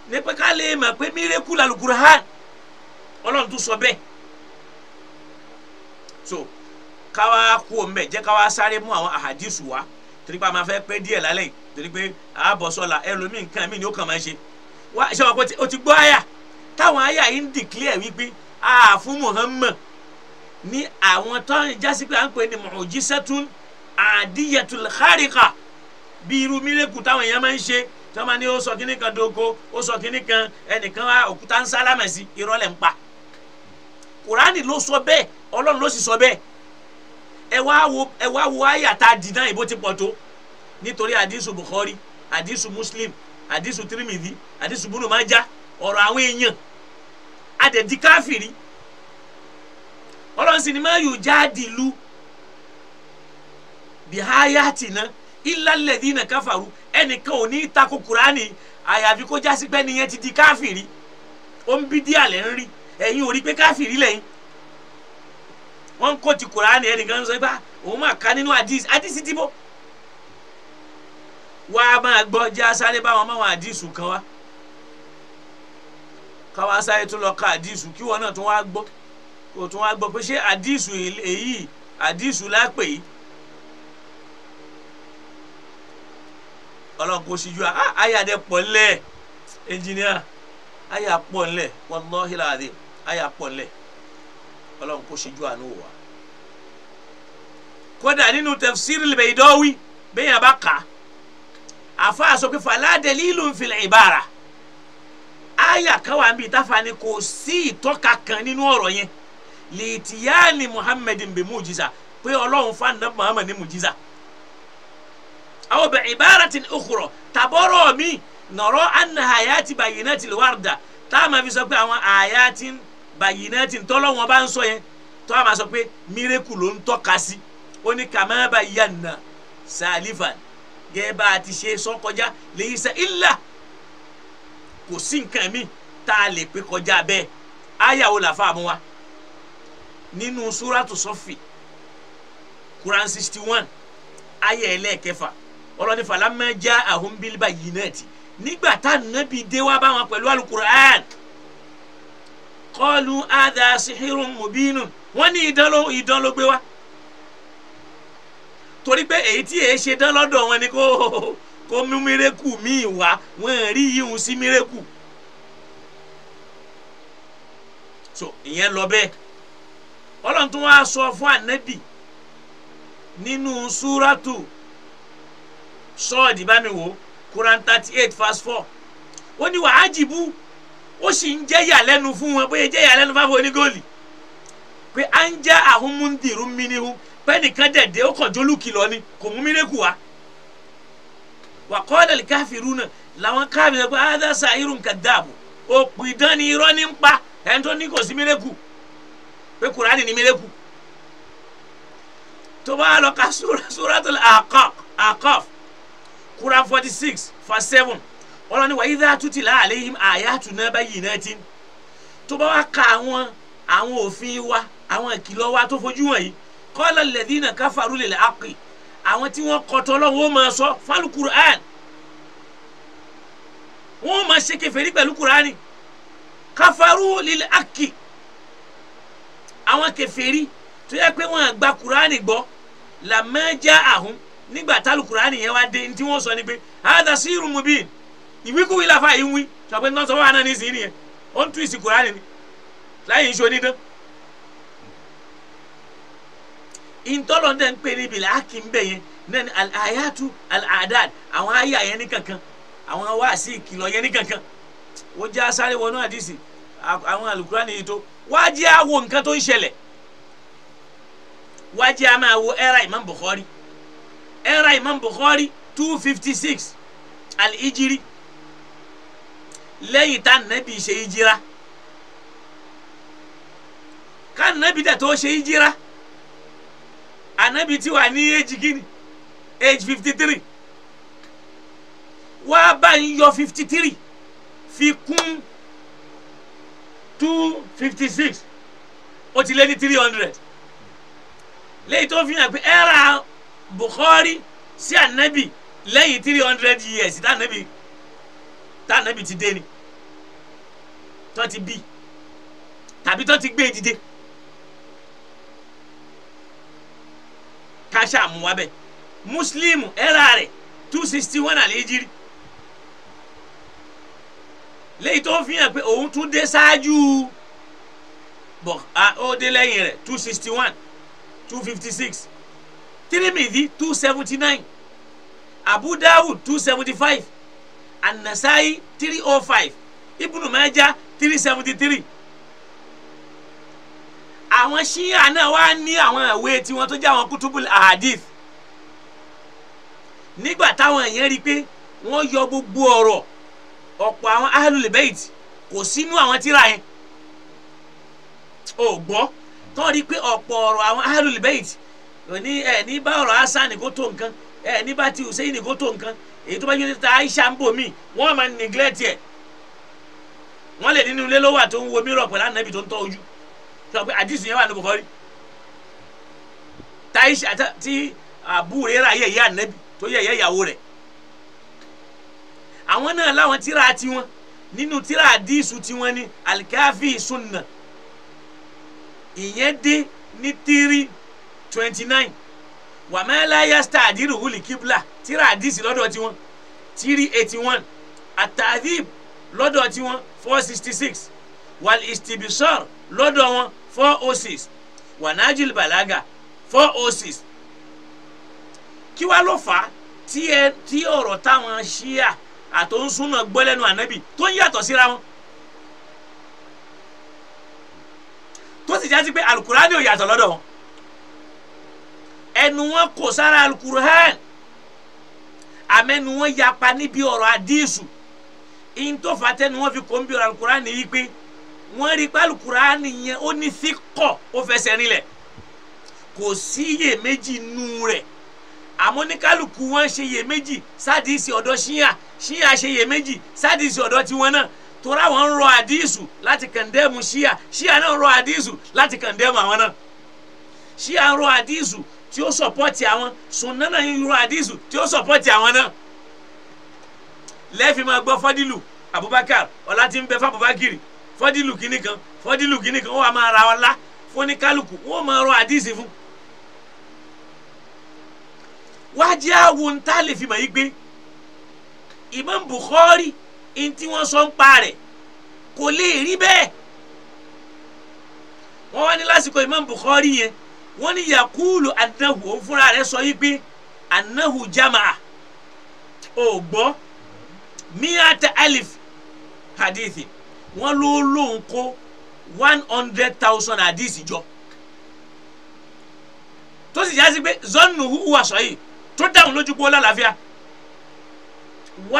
ní pé ká lè mọ̀ pé mírèkù làlùkùrọ̀ hàn ọlọ́run tún sọ bẹ́ẹ̀ so káwá kú ombẹ jẹ́ káwá sáré mú àwọn àhàdísù wá torí pé a máa fẹ́ pé díẹ̀ lálẹ́ yìí torí pé àbọ̀ sọ́la ẹlòmíì nǹkan mi ni ó kàn máa ṣe wá ṣe wọn pé o ti gbọ́ àyà táwọn àyà yìí ń dìklẹ̀ wípé a fún Muhammad ní àwọn tán jásí pé à ń pè ní mu'jizatun adiyatul khariqa bí irú mílẹ̀kù táwọn èèyàn máa ń ṣe tí wọ́n máa ní ó sọ kíní kan dóko ó sọ kíní kan ẹnìkan òkúta ń sálámẹ̀ sí irọ́ lẹ̀ ń pa kùránì ló sọ bẹ́ẹ̀ ọlọ́run ló sì sọ bẹ́ẹ̀ ẹ wá wo ẹ wá wo àyà tá a dì náà ìbò ti pọ̀ tó nítorí àdísù bukhari àdísù muslim àdísù tirimidi àdísù bunumaja ọ̀rọ̀ àwọn èèyàn adẹ̀dí káfìrí ọlọ́run sì ni máa yóò jáde ìlú bihayatina ilalẹ̀dínà káfàrú ẹnìkan ò ní tako kùránì àyàfi kó jásí pé nìyẹn ti di káfìrí ó ń bí díà lẹ́ ń rí ẹ̀yin ò rí pé káfíìrì lẹ́yìn wọ́n ń kó ti kùránì ẹnìkan sọ pé òun máa ka nínú àdìs àdìsí dìbò wá a máa gbọ́ jẹ́ asáré báwọn máwọn àdìsù kan wá káwọn asáré tún lọ ka àdìsù kí wọn náà tún wá gbọ́ kò tún wá gbọ́ pé ṣé àdìsù èyí àdìsù lápè yìí ọlọ́run kò síjú a ayé ah, adé pọ̀ ńlẹ̀ ẹnjìníà ayé àpọ̀ ńlẹ̀ wallahi láàdín àyà pọ̀ ńlẹ̀ ọlọ́run kò ṣíjú àánú wà kódà nínú tafsir al-Baydawi bẹ́ẹ̀ yẹn bá kà á àfa àsopé fala dalilun fil ibara àyà káwa ń bi táfa ni kò sí ìtọ́ka kan nínú ọ̀rọ̀ yẹn lìtìyáni muhammadin bi mujiza pé ọlọ́run fa nàbí muhammad ní mujiza aw bi ibaratin ukhra tàbọ̀rọ̀ mi nọ̀rọ̀ anna hayati bayyinatil warda táwọn máa fi sọ pé àwọn àyà ti ń bàyìnà tí ntọ́lọ́ wọn bá ń sọ yẹn tó a máa sọ pé mírèkù ló ń tọ́ka sí ó ní kàmá bayanna sàlífà gẹ́gẹ́ bá ti ṣe sọ kọjá laysa illa kò sí nǹkan mi tá a lè pé kọjá bẹ́ẹ̀ áyàwó làfa àmú wa nínú súrátù sọ́fì Quran sixty one ayé ẹlẹ́ẹ̀kẹfà ọlọ́ni falamma ja'ahum bil bayyinati nígbà tá a nàbí dé wá bá wọn pẹ̀lú alukur'an kọ́ọ̀lù àdá sihirun mubinun wọ́n ní ìdánló ìdánló gbé wá torí pé èyí tí èyí ṣe dán lọ́dọ̀ wọn ni kó kó mú mírẹ́kù míì wá wọ́n rí yíhun sí mírẹ́kù so ìyẹn lọ bẹ́ẹ̀ ọlọ́run tó wá sọ fún ànẹ́bì nínú súrátù sọ́ọ̀dì bá mi wò Quran thirty eight verse four ó ní wàá jìbú ó sì ń jẹ́ yàlẹ́nu fún wọn bóyá jẹ́ yàlẹ́nu fáwọn onígóòlì pé à ń já àhún múndìrú mímíhún pẹ́ẹ́nìkan dẹ̀dẹ̀ ó kàn jólùkì lọ ni kò mú mílẹ̀kù wá. wà kọ́ọ̀dà lè káfíìrú náà làwọn káfíìrú pé àdásá irú nǹkan dáàbò òpò ìdán ni irọ́ ní ń pa ẹni tó ní kò sí mílẹ̀kù pé kùránì ní mílẹ̀kù. tó bá lọ ka súra súratul Aqaf Aqaf Quran forty six verse seven ọlọ́ni wà idha tutila alayhim ayatuna bayyinatin tó bá wá ka àwọn àwọn òfin wa àwọn ìkìlọ̀ wa tó fojú wọ̀nyí qala alladhina kafaru lil haqqi àwọn tí wọ́n kọtọ́ lọ́wọ́ ó máa sọ fal Qur'an wọ́n máa ṣe kèfèrí pẹ̀lú Qur'ani kafaru lil haqqi àwọn kèfèrí tó yẹ pé wọ́n gba Qur'ani gbọ́ làmájá àhún nígbà tálù Qur'ani yẹn wá dé ní tí wọ́n sọ ni pé hadha sirrun mubin ìwíkúwí làfa yìí ń wí sọ pé ntọ́ sọ fún wa náà ní sìn nìyẹn ó ń tú ìsìn Kùránì ni láyé ń sọ ní dán. ìtọ́lọ̀ dẹ̀ ń pè níbi làákì ń bẹ̀ yẹn náà ni àyàtú àdáàd àwọn àyà yẹn ní kankan àwọn wáàsí ìkìlọ̀ yẹn ní kankan wọ́n jẹ́ asáré wọnú àdìsí àwọn àlùkùránì yìí tó wá jẹ́ àwo nǹkan tó ń ṣẹlẹ̀ wá jẹ́ a máa ẹ̀rà Imam Bukhari ẹ̀rà Imam Bukhari two fifty six al lẹ́yìn tá nàbì ṣe ìjira ká nàbì dẹ̀ tó ṣe ìjira ànàbì ti wà ní age gini age fifty three wá bá ń yọ fifty three fi kún two fifty six ó ti lé ní three hundred léyìí tó fi hàn pé ẹ́ra Bukhari sí ànábì lẹ́yìn three hundred years tí ànábì tá ànábì ti dé ni tó ti bí tàbí tó ti gbé e dìde káṣá mú muslim ẹ̀rà rẹ̀ two sixty one àlejiri léyìí tó fi hàn pé òun tún dé ṣáájú bọ̀ ó dé lẹ́yìn rẹ̀ two sixty one two fifty six tirimidi two seventy nine abu dawud two seventy five anasai three oh five ibùdó mẹ́jà three seventy three àwọn ṣíyà náà wá ní àwọn ìwé tiwọn tó jẹ́ àwọn kútùbù ahadith nígbà táwọn èèyàn rí i pé wọ́n yọ gbogbo ọ̀rọ̀ ọ̀pọ̀ àwọn ahlul bayt kò sínú àwọn tíra yẹn ò gbọ́ tó rí i pé ọ̀pọ̀ ọ̀rọ̀ àwọn ahlul bayt ní ẹ̀ ní bá ọ̀rọ̀ hasan kó tó nǹkan ẹ̀ ní bá ti hussein kó tó nǹkan èyí tó bá yún títà Aisha ń bò mí wọ́n máa neglect ẹ̀ wọ́n lè nínú ilé lówà tó ń wo mírọ̀ pẹ̀lú ànábì tó ń tọ́ ojú sọ pé àdìsí yẹn wà ní Bukhari taisha ti Abu Hurairah yẹ ìyá ànábì tó yẹ ìyá ìyàwó rẹ̀ àwọn náà láwọn tíra tiwọn nínú tíra àdìsù tiwọn ni alikafi sunna ìyẹn dé ní tírí twenty nine wàmẹ́lá yasta àdìrú wuli kíbla. Tira àdìsí lọ́dọ̀ tiwọn Tiri eighty one àtàdìb lọ́dọ̀ tiwọn four sixty six wal istibisor lọ́dọ̀ wọn four oh six wanajil balaga four oh six kí wàá ló fà á tí ẹ tí ọ̀rọ̀ táwọn ṣíà àtọ̀nsúnà gbọ́lẹ́nu ànábì tó ń yàtọ̀ síra wọn tó sì jásí pé alukurani ò yàtọ̀ lọ́dọ̀ wọn ẹnu wọn amẹ́nu wọn yapa níbi ọ̀rọ̀ àdísù ìntòfàtẹ́ ni wọ́n fi kó ń bí ọ̀rọ̀ alukurani yìí pé wọ́n rí pé alukurani yẹn ó ní síkọ̀ ó fẹsẹ̀ rinlẹ̀ kò sí iyèméjì nù rẹ̀ àmọ́ ní kálukú wọn ṣe iyèméjì sádìsì ọ̀dọ̀ ṣíyà ṣíyà ṣe iyèméjì sádìsì ọ̀dọ̀ tiwọn náà torí àwọn rọ àdísù láti kàndẹ́mù ṣíyà ṣíyà náà rọ àdísù láti kàndẹ́mù àwọn náà ṣíyà rọ àdísù tí ó sọ̀pọ́tì àwọn sunna náà ń ro àdísù tí ó sọ̀pọ́tì àwọn náà lẹ́ẹ̀fì máa gbọ́ fọ́dílù Abubakar ọlá tí ń bẹ fábùbákiri fọ́dílù kìíní kan fọ́dílù kìíní kan ó wà máa ra ọlá fóníkálùkù ó máa ro àdísì fún. wájú àwo ń tá lè fi mọ̀ yìí gbé Imam Bukhari ń tí wọ́n sọ ń pa rẹ̀ kò lè rí bẹ́ẹ̀ wọ́n wá ní lásìkò Imam Bukhari yẹn wọ́n ní yakulu anahu òun fúnra rẹ̀ sọ yìí pé anahu jamaa ò gbọ́ miata alif hadithi wọ́n ló lóun kó one hundred thousand hadithi jọ tó sì yáa sí pé zọ́nù hùwà sọ yìí tó dáhùn lójú pé ó lálàáfíà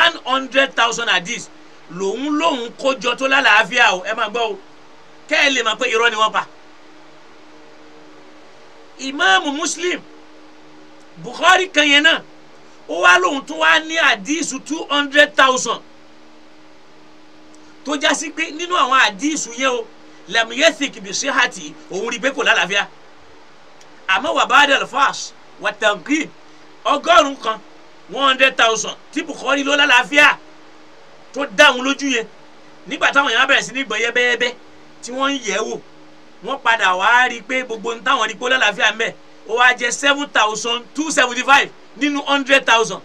one hundred thousand hadith lòun lòun kó jọ tó lálàáfíà o ẹ máa gbọ́ o kẹ́ ẹ lè máa pé irọ́ ni wọ́n pa. Imam muslim bukhari kan yẹn náà ó wá lóhun tó wá ní àdísù two hundred thousand tó já sí pé nínú àwọn àdísù yẹn o lamiyethik bisihati òun rí i pé kò lálàáfíà àmọ́ wàbáàdà alfas wàtàngib ọgọ́rùn kan one hundred thousand tí bukhari ló lálàáfíà tó dáhùn lójú yẹn nígbà táwọn yẹn bẹ̀rẹ̀ sí ní gbọ̀n yẹ́bẹ́yẹ́bẹ́ tí wọ́n ń yẹ̀ wò wọ́n padà wá rí i pé gbogbo ní táwọn rí i pé lálàáfíà ń ó wá jẹ seven thousand two seventy five nínú hundred thousand.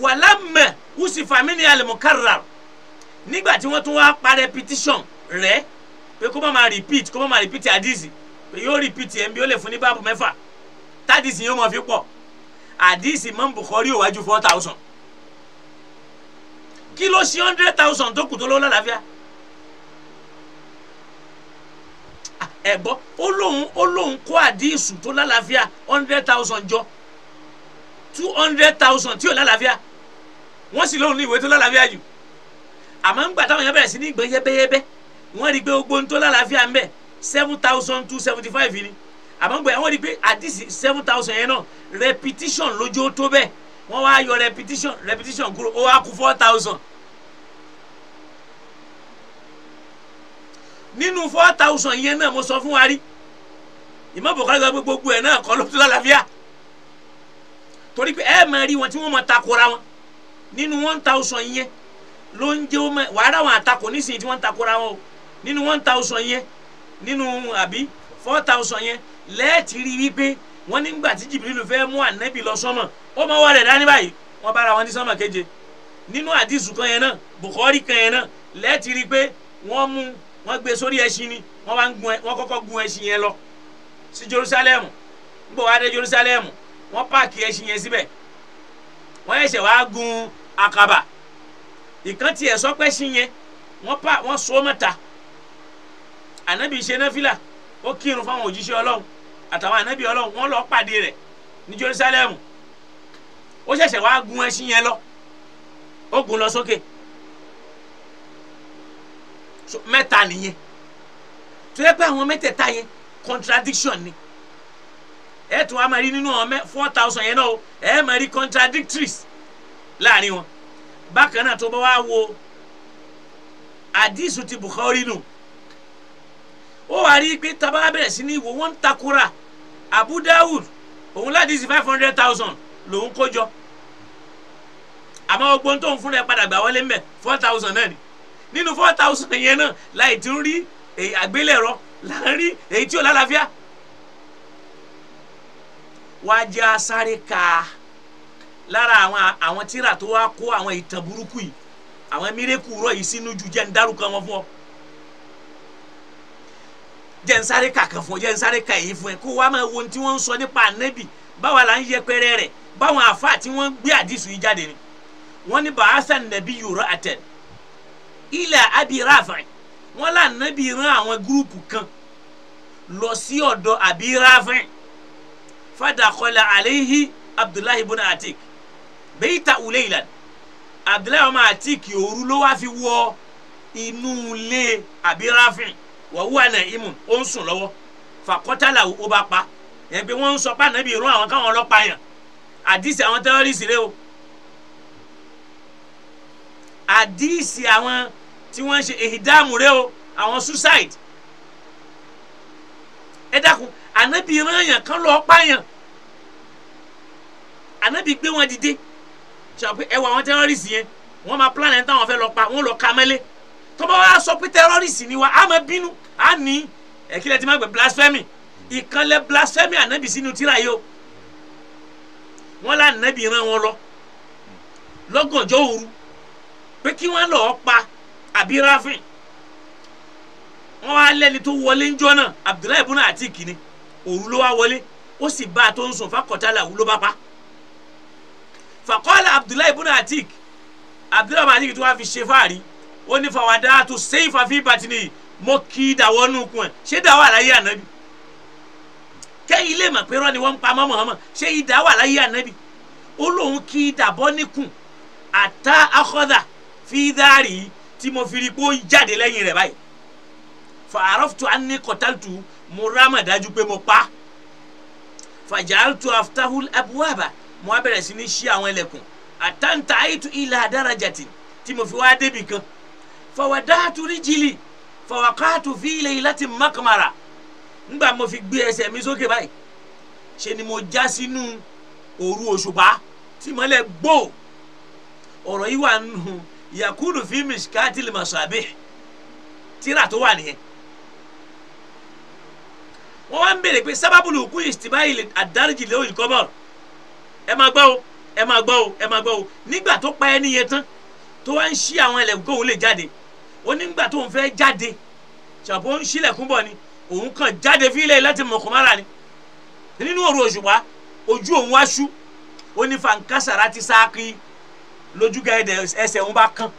wàlámẹ̀ wùsì fàmílì almukarrar nígbà tí wọ́n tún wá pa repetition rẹ̀ pé kó má máa repeat kó má máa repeat àdìsí pé yóò repeat ẹ̀ ń bí ó lè fún ní báàbù mẹ́fà tádìsí yóò máa fi pọ̀ àdìsí mọ́ Bukhari ó four thousand kí ló ṣe hundred thousand tó kù tó lọ́wọ́ lálàáfíà ah, ẹ gbọ́ ó lóun ó lóun kó àdíìsù tó lálàáfíà hundred thousand jọ two hundred thousand tí ò lálàáfíà wọ́n sì lóun ní ìwé tó lálàáfíà jù àmọ́ ń gbà táwọn yẹn bẹ̀rẹ̀ sí ní ìgbẹ́ yẹ́bẹ́yẹ́bẹ́ wọ́n rí i pé ó gbóhun tó lálàáfíà ń bẹ̀ seven thousand two seventy five ni àmọ́ ń gbà wọ́n rí i pé àdíìsì seven thousand yẹn náà repetition lójó tó bẹ́ẹ̀ wọ́n wá yọ repetition repetition kúrò ó wá kù four thousand nínú four thousand yẹn náà mo sọ fún wa rí Imam Bukhari sọ pé gbogbo ẹ̀ náà kọ́ ló tún lálàáfíà torí pé ẹ máa rí wọn tí wọ́n máa takora wọn nínú one thousand yẹn ló ń jẹ́ wàhálà wọn àtakò nísìnyí tí wọ́n takora wọn o nínú one thousand yẹn nínú àbí four thousand yẹn lẹ́ẹ̀tì rí wípé wọ́n nígbà tí Jibrilu fẹ́ mú ànábì lọ sọ́mọ̀ ó mọ wọ́ọ̀rẹ̀ dání báyìí wọ́n bára wọn ní sọ́mọ̀ keje nínú àdìsù kan yẹn náà Bukhari kan yẹn náà lẹ́ẹ̀tì rí pé wọ́n mú wọ́n gbé sórí ẹṣin ni wọ́n bá ń gun wọ́n kọ́kọ́ gun ẹṣin yẹn lọ sí Jerusalem nígbà wàá dé Jerusalem wọ́n páàkì ẹṣin yẹn síbẹ̀ wọ́n ẹ̀ṣẹ̀ wàá gun Akaba ìkan tiẹ̀ sọ pé ẹṣin yẹn wọ́n pa wọ́n so mọ́ta ànábì ṣe náfìlà ó kírun fáwọn òjíṣẹ́ Ọlọ́run àtàwọn ànábì Ọlọ́run wọn lọ pàdé rẹ̀ ní Jerusalem ó ṣẹ̀ṣẹ̀ wá gun ẹṣin yẹn lọ ó gun lọ sókè mẹ́ta nìyẹn tó yẹ pé àwọn mẹ́tẹ̀ẹ̀ta yẹn contradiction ni ẹ tún wá máa rí nínú ọmọ four thousand yẹn náà ẹ máa rí contradictories láàrin wọn bákan náà tó bá wá wo àdìsù ti Bukhari nù. No ó wàá rí i pé taba bẹ̀rẹ̀ sí ní ìwò wọ́n ń takora Abu Dawud òun láti sí five hundred thousand lòun kó jọ àmọ́ ọgbọ́n tó ń fún rẹ padà gbà wọlé mbẹ̀ four thousand náà ni nínú four thousand yẹn náà láì tí ń rí àgbélẹ̀rọ là ń rí èyí tí ò lálàáfíà wàá jẹ́ asáré ká lára àwọn àwọn tíra tó wá kó àwọn ìtàn burúkú yìí àwọn mírèkù rọ yìí sínú ju jẹ́ ń dárúkọ wọn fún ọ jẹ́ n sáré kàkàn fún jẹ́ n sáré ka èyí fún ẹ kó wàá máa wo ohun tí wọ́n ń sọ nípa ànábì báwa là ń yẹpẹrẹ rẹ̀ báwọn àfa tí wọ́n gbé àdìsù yìí jáde ni wọ́n ní bàásà nàbí yorùbá àtẹ ilẹ̀ abi rafi wọ́n là nàbí ran àwọn gúrùpù kan lọ sí ọ̀dọ̀ abi rafi fadakọlẹ̀ aleyhi abdullahi ibn atik bẹ́ẹ̀ ta ulẹ̀ ìlànà abdullahi ọmọ atik yòòrú ló wá fi wọ inú ilé abi rafi wà wúwa náà imu ó ń sùn lọ́wọ́ fàkọ́tàlà ó bá pa yẹn pé wọ́n ń sọ pàànà bí irun àwọn káwọn ọlọ́pàá yàn àdìsí àwọn tẹ́rọ́rìsì rẹ o àdìsí àwọn tí wọ́n ń ṣe ìdáàmú rẹ o àwọn suicide ẹ dákun ànábì irun yàn kán lọ́ọ́ pààyàn ànábì gbé wọn dìde ṣàpè ẹwà àwọn tẹ́rọ́rìsì yẹn wọ́n máa plan ẹ̀ ń táwọn fẹ́ lọ pa wọ́n lọ ka mẹ́lẹ́ tọ́ba wa sọ pé tẹ́rọ́rìsì ni wa a máa bínú a ní ẹ̀kílẹ̀ tí ma gbẹ blasphemy ìkànlẹ̀ blasphemy ànábì sínú tíra yìí o wọ́n lá ànábì rán wọn lọ lọ́gànjọ́ òru pé kí wọ́n lọ́ọ́ pa àbí ráfìn wọ́n wá lẹ́ni tó wọlé ńjọ́ náà abdullahi ibùnà àti ìkíni òru ló wá wọlé ó sì bá a tó ń sùn fakọ̀tàlà òru ló bá pa fàkọ́lá abdullahi ibùnà àti ìkíni abdullahi ibùnà àti ìkíni tó wá fi ṣe fáàrí ó ní fàwádà tó sẹ́yìn fàfi bàtìní mọ́ kí dàwọ́ nù kún ẹ̀ ṣé dàwọ́ àlàyé ànábì kẹ́yìn lè mọ̀ pé rọ́ ni wọ́n ń pa mọ́mọ́ ọmọ ṣé ìdá wà láyé ànábì ó lóun kí ìdàbọ́ níkùn àtà akọ́dà fídárì tí mo fi rí pé ó jáde lẹ́yìn rẹ̀ báyìí fàárọ̀tù àní kọ̀tàtù mo rámà dájú pé mo pa fàjàltù àfitahul abuwaba mo á bẹ̀rẹ̀ sí ní ṣí àwọn ẹlẹ́kùn àtàǹtà àìtú ilà àdárajà tì tí mo fi wá débi kan fawadatu rijili fawakatu fi laylati makamara ngba mo fi gbé ẹsẹ̀ mi sókè báyìí ṣe ni mo já sínú òru òṣùpá tí mọ́lẹ̀ gbó ọ̀rọ̀ yìí wà nù yakunu fi mishkati limasabi tíra tó wà nìyẹn wọ́n wá ń béèrè pé sábàbù lùkú ìsìtìmáyì àdáríjì lóyún kọ́bọ̀ ẹ máa gbọ́ o ẹ máa gbọ́ o ẹ máa gbọ́ o nígbà tó pa ẹ́ níyẹn tán tó wá ń ṣí àwọn ẹlẹ́gùn kó wọlé jáde ó nígbà tó ń fẹ́ jáde ṣàbó ń ṣílẹ̀kùn bọ̀ ni òun kàn jáde fílẹ̀ láti mọ̀kànmára ni nínú òru òṣùpá ojú òun wá ṣú ó ní fankásara ti sáàkì lójúgà ẹsẹ̀ òun bá kán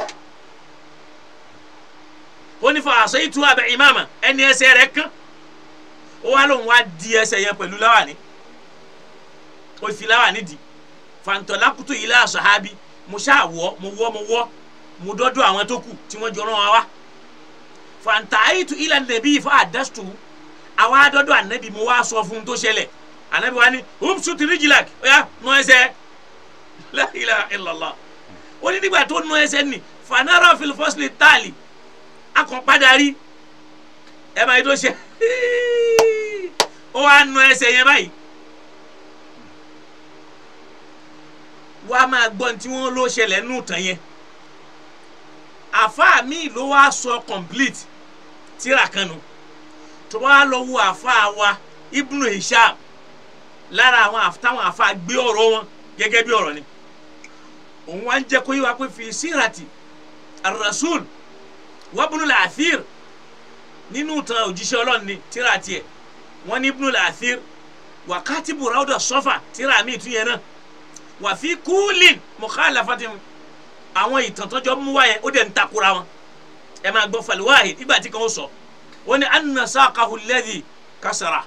ó ìtú abẹ ìmáàmà ẹni ẹsẹ̀ rẹ̀ kán ó wá lóun wá di ẹsẹ̀ yẹn pẹ̀lú láwàní ó láwàní di fàǹtọ̀lákùtù ilé àṣọ hábí mo ṣáà wọ́ mo wọ́ mo wọ́ mo dọ́dọ̀ àwọn tó kù tí wọ́n jọ̀rọ̀ wọn wá tu ilà nàbí fa àdásùtù àwa dọ́dọ̀ ànábì mo wá sọ fún tó ṣẹlẹ̀ ànábì wa ni umsu tirijilak ọ̀yà nù ẹsẹ̀ la ilaha illallah ó ní nígbà tó nù ẹsẹ̀ ni fanara filifosili taali akọ̀padàrí ẹ̀ máa yí tó ṣe [LAUGHS] ó wá nù ẹsẹ̀ yẹn báyìí. wàá máa gbọ́ ní tí ló ṣẹlẹ̀ nù tán yẹn àfa mi ló wá sọ complete tíra kan nu tó wá lọ wo àfa wa ibnu hisham lára àwọn àtàwọn àfa gbé ọ̀rọ̀ wọn gẹ́gẹ́ bí ọ̀rọ̀ ni òun wá ń jẹ́ kó yí wa pé fi sírati arasul wabnu laathir nínú tan òjíṣẹ́ ọlọ́run ni tíra tiẹ̀ wọ́n ní ibnu laathir wàkátí burawda sọ́fà tíra mi tún yẹn náà wàfi kúlìn mọ̀kálà fatim àwọn ìtàn tọjọ mú wáyé ó dẹ̀ ń takora wọn ẹ máa gbọ́ fal wahid nígbà tí kan ó sọ wọn ni anna saqahu alladhi kasara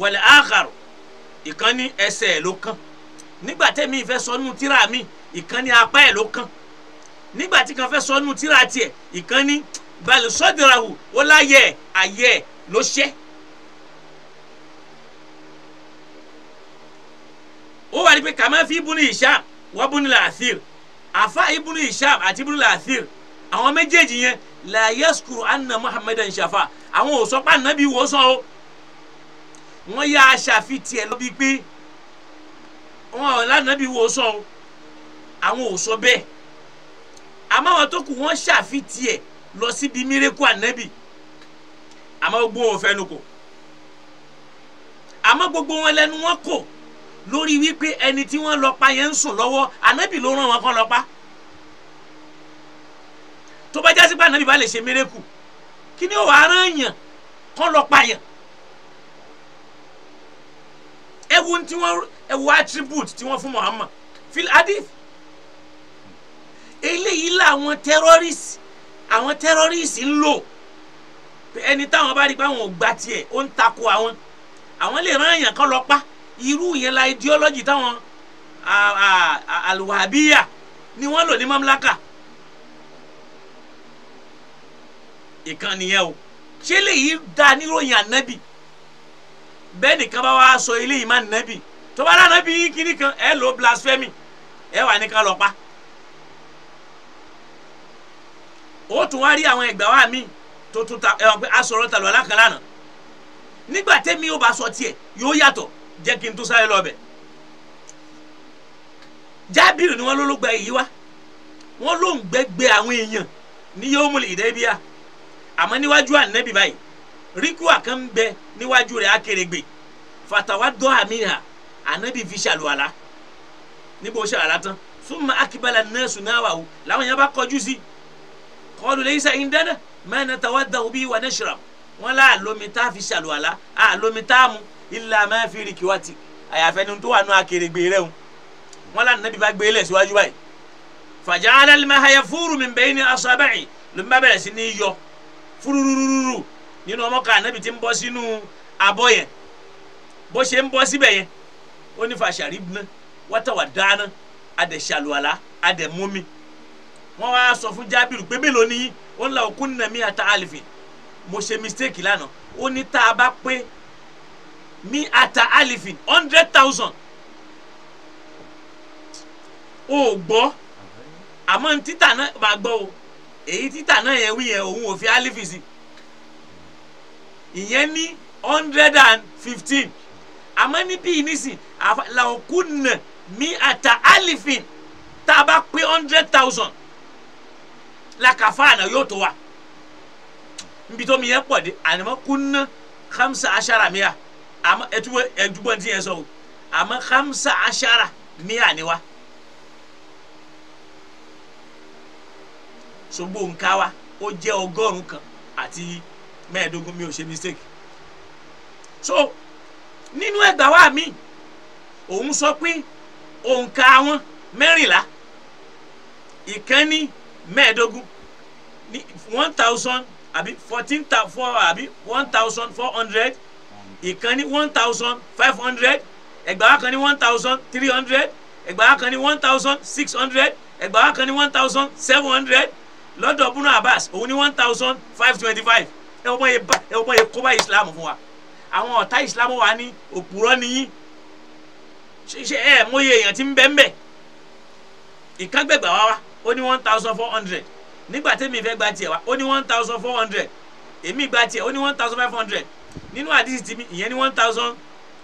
wal akhar ìkan ní ẹsẹ̀ ẹ̀ ló kán nígbà tẹ́mi ìfẹ́ sọ nù tíra mi ìkan ní apá ẹ̀ ló kán nígbà tí kan fẹ́ sọ nù tíra tiẹ̀ ìkan ní balẹ̀ sọ́dìràwù ó láyẹ̀ àyẹ̀ ló ṣẹ́ ó wà ní pé kàmáfi ibùnú ìṣá wàbùnú làásìrì afa ibnu hisham àti ibnu lathir àwọn méjèèjì yẹn la yaskuru anna muhammadan shafa àwọn ò sọ pé ànábì wò sàn o wọ́n yà aṣàfi tiẹ̀ lọ bíi pé wọn ò lànàbì wò sàn o àwọn ò sọ bẹ́ẹ̀ àmọ́ àwọn tó kù wọ́n ṣàfi tiẹ̀ lọ síbi mírèkù ànábì àmọ́ gbogbo wọn ò fẹnu kò àmọ́ gbogbo wọn lẹ́nu wọn kò lórí wípé ẹni tí wọ́n lọ pa yẹn ń sùn lọ́wọ́ ànábì ló rán wọn kán lọ pa tó bá jásí pé ànábì bá lè ṣe mérekù kí ni òwò arán yàn kán lọ pa yàn ẹ wo tí wọ́n attribute tí wọ́n fún Muhammad fil adif. eléyìí làwọn terrorists àwọn terrorist, ń lò ẹni táwọn bá rí pé àwọn ò gba tiẹ̀ ó ń takò àwọn àwọn lè rán èèyàn kan lọ pa irú yẹn la ideology táwọn alùwàbíyà ni wọ́n lò ní mamlaka ìkan nìyẹn o ṣé eléyìí da níròyìn ànábì bẹ́ẹ̀ nìkan bá wá sọ eléyìí má nàbì tó bá dáná bí kíní kan ẹ lò blasphemy ẹ wà ní ká lọ pa ó tún wá rí àwọn ẹgbẹ́ wa mi tó tún ta ẹ wọn pé a sọ̀rọ̀ ta lọ́la kan lánàá nígbà tẹ́mi ó bá sọ tiẹ̀ yóò yàtọ̀ jẹ́ kí n tó sáré lọ jábìrì ni wọ́n ló ló gba èyí wá wọ́n ló ń gbẹ́gbẹ́ àwọn èèyàn ní yomul ìdẹ́bíà àmọ́ níwájú ànẹ́bí báyìí ríkúà kan ń bẹ níwájú rẹ̀ akérègbè fatawa dọ́ àmì hà ànẹ́bí fi ṣàlùwàlá níbo ṣàlùwàlá tán súnmọ́ akíbalà náà sùn náà wà o làwọn yẹn bá kọjú sí kọlu lẹ́yìn sẹ́yìn dáná mẹ́rin tàwa dàwọ́ bí wà ní ṣìrà wọ́n lá àlómi tá a fi ṣàlùwàlá àlómi tá a mú illa ma fi rikiwati àyàfẹ́ ni tó wà nù akèrègbè rẹ̀ wọn wọn lànà nàbí bá gbé lẹ̀ síwájú báyìí fàjàlá lè máa hayà fúru min bayni asabi'i ló ń bá bẹ̀rẹ̀ sí ní yọ fúrúrúrúrú nínú ọmọ kan nàbí ti ń bọ́ sínú abọ́ yẹn bó ṣe ń bọ́ síbẹ̀ yẹn ó ní fàṣàrí bùnà wátàwà dáná adẹ̀ ṣàlùwàlá adẹ̀ mumi wọn wá sọ fún jábìrù pé mélòó ni ó ń la òkú nàmí àtàlìfì mo ṣe mistake lánàá ó ní tá a bá pé mi ata alifin hundred thousand o gbọ́ àmọ́ títà náà bá gbọ́ o èyí títà náà yẹn wí yẹn òun ò fi alifin sí ìyẹn ní hundred and fifteen àmọ́ ní bíi nísìn làókùnà mi ata alifin tá a bá pé hundred thousand làkàfáànà yóò tó wa nbí tó mi yẹn pọ̀ dé ànàmọ́ kùnà hamsa ashara miya ama etuwa edugbo nti yẹn sọ ama hamsa ashara ní àníwá sogbo nkawa ó jẹ́ ọgọ́rùn kan àti mẹ́ẹ̀ẹ́dógún mi ò ṣe mistake so nínú ẹgbà wa mi òun sọ pé òǹkà wọn mẹ́rìnlá ìkànnì mẹ́ẹ̀ẹ́dógún ní one thousand àbí fourteen four àbí one thousand four hundred ìkan ní one thousand five hundred ẹgbàá kan ní one thousand three hundred ẹgbàá kan ní one thousand six hundred ẹgbàá kan ní one thousand seven hundred lọ́dọ̀ Ibn Abbas òun ní one thousand five twenty five ẹ wọ́n yẹ ẹ wọ́n yẹ kó bá Islam fún wa àwọn ọ̀tá Islam wa ní òpùrọ́ nìyí ṣe ẹ mọye èèyàn ti ń bẹ́ ń bẹ́ ìkágbẹ́gbà wa wa ó ní one thousand four hundred nígbà tẹ́mi fẹ́ gba tiẹ̀ wa ó ní one thousand four hundred èmi gba tiẹ̀ ó ní one thousand five hundred nínú àdìsí tìmí ìyẹn ní one thousand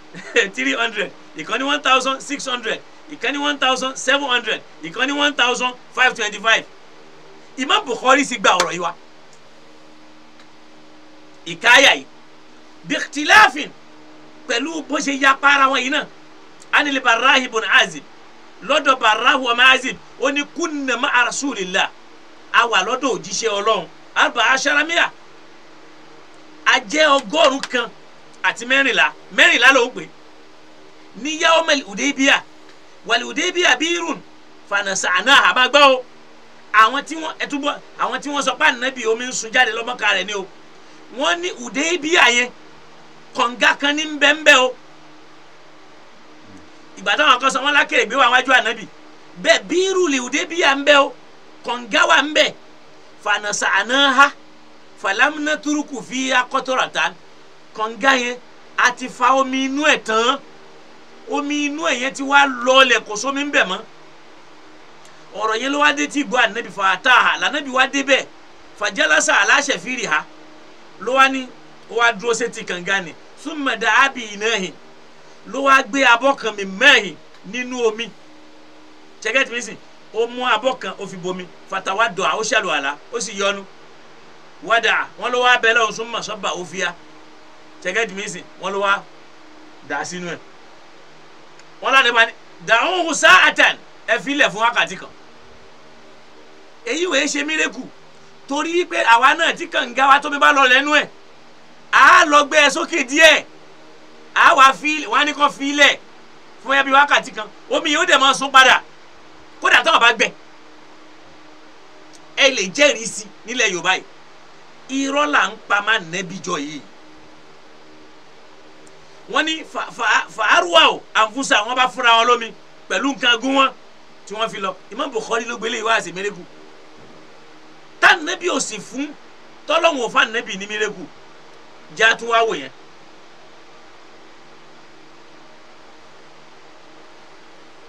[LAUGHS] three hundred ìkan ní one thousand six hundred ìkan ní one thousand seven hundred ìkan ní one thousand five twenty five Imam Bukhari sì gba ọ̀rọ̀ yìí wá ìkáyà yìí bìtìláfin pẹ̀lú bó ṣe ya para wọn yìí náà anil barahi bun azib lọ́dọ̀ barahi wa mazib ó ní kunna ma'a rasulillah a wà lọ́dọ̀ òjíṣẹ́ ọlọ́run arba asharamiya a jẹ́ ọgọ́rùn kan àti mẹ́rìnlá mẹ́rìnlá ló ń pè ní yaomel udebia wàlí udebia bírùn fanasa àná àbágbá o àwọn tí wọ́n ẹtúbọ àwọn tí wọ́n sọ pé ànábì omi ń sun jáde lọmọka rẹ̀ ni o wọ́n ní udebia yẹn kọ̀ǹga kan ní bẹ́ńbẹ́ o ìgbà táwọn kan sọ wọn lákèrè gbé wa wájú ànábì bẹ́ẹ̀ bírùlì udebia ń bẹ o kọ̀ǹga wà ń bẹ fanasa àná ha falamina turuku fi akọtọrata kànga yẹn a ti fa omi inú ẹ̀ tán omi inú ẹ̀ yẹn ti wá lọlẹ̀ kò sómi ń bẹ̀ mọ́ ọ̀rọ̀ yẹn ló wá dé tí fa ata ha lànàbì wá dé bẹ́ẹ̀ fàjálásà aláṣẹ fìrì ha ló wá ní ó wá dúró ni súnmọ̀dà ábì ìnáhìn ló wá gbé abọ́ kan mi mẹ́hìn nínú omi ṣẹ́gẹ́tì mi sìn ó mú abọ́ kan fi bomi fatawa dọ̀ ó ṣàlùwàlà ó sì yọnu wada wọn lọ wá bẹlẹ ọsùn mọ sọba òfìà tẹgẹ jùmísì wọn lọ wá dà sínú ẹ wọn lọ nípa dàhùn hùsà àtàn ẹ filẹ fún wákàtí kan èyí wòye ṣe mírèkù torí pé àwa náà tí kànga wa tómi bá lọ lẹ́nu ẹ a lọ gbé ẹ sókè díẹ̀ a wà filẹ wọn á ní kàn filẹ fún ẹbí wákàtí kan omi yìí ó dẹ̀ máa sún padà kódà táwọn bá gbẹ ẹ lè jẹ́rìí sí nílẹ̀ Yorùbá yìí irọ́ là ń pa má nẹ́bí jọ yìí wọ́n ní fàárùwà o àǹfùsà wọ́n bá fúnra wọn lómi pẹ̀lú nǹkan gún wọn tí wọ́n fi lọ Imam Bukhari ló gbélé ìwá àti mẹ́rẹ́gù tá nẹ́bí ò sì fún tọ́lọ́hún ò fà nẹ́bí ní mẹ́rẹ́gù já tún yẹn.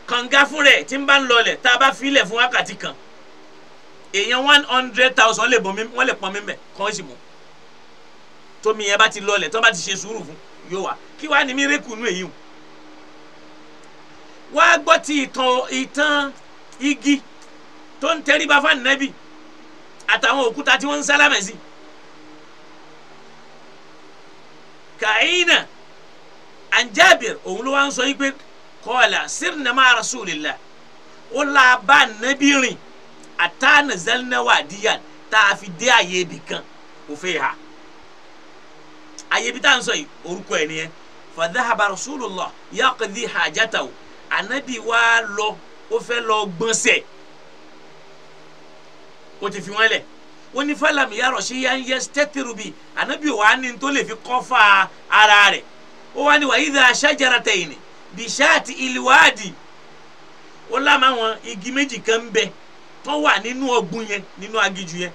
kànga fún rẹ̀ tí ń bá ń lọlẹ̀ tá a bá filẹ̀ fún wákàtí kan èèyàn one hundred thousand lè bọ̀ mí wọ́n lè pọn mí mẹ́ kàn sì mú tómi yẹn bá ti lọlẹ̀ tó bá ti ṣe sùúrù fún yóò wá kí wàá ní mírèkù nù èyí o wàá gbọ́ ti ìtàn ìtàn igi tó ń tẹríba fún ànábì àtàwọn òkúta tí wọ́n ń sálámẹ̀ sí kàyínà anjabir òun ló wá ń sọ yí pé kọ́ọ̀là sírìnàmà rasulillah ó là bá ànábì rìn àtàna zẹlẹnẹwà àdíyàn tá a fi dé àyè ibì kan òfin ha àyè ibi tá à ń sọ yìí orúkọ ẹ nìyẹn fàdáhàbà rasulullah yaqdi hajatahu anabi wa lọ ó fẹ́ lọ gbọ̀nsẹ̀ ó ti fi wọ́n lẹ̀ ó ní fàlàmì yàrá ṣe yá ń yẹ anabi wa ni tó lè fi kọ́fà ara rẹ̀ ó wá ní wa idha shajaratayn bìṣáàtì ìlúwàdì ó lámà wọn igi méjì kan bẹ́ẹ̀ tó wà nínú ọgbun yẹn nínú agiju yẹn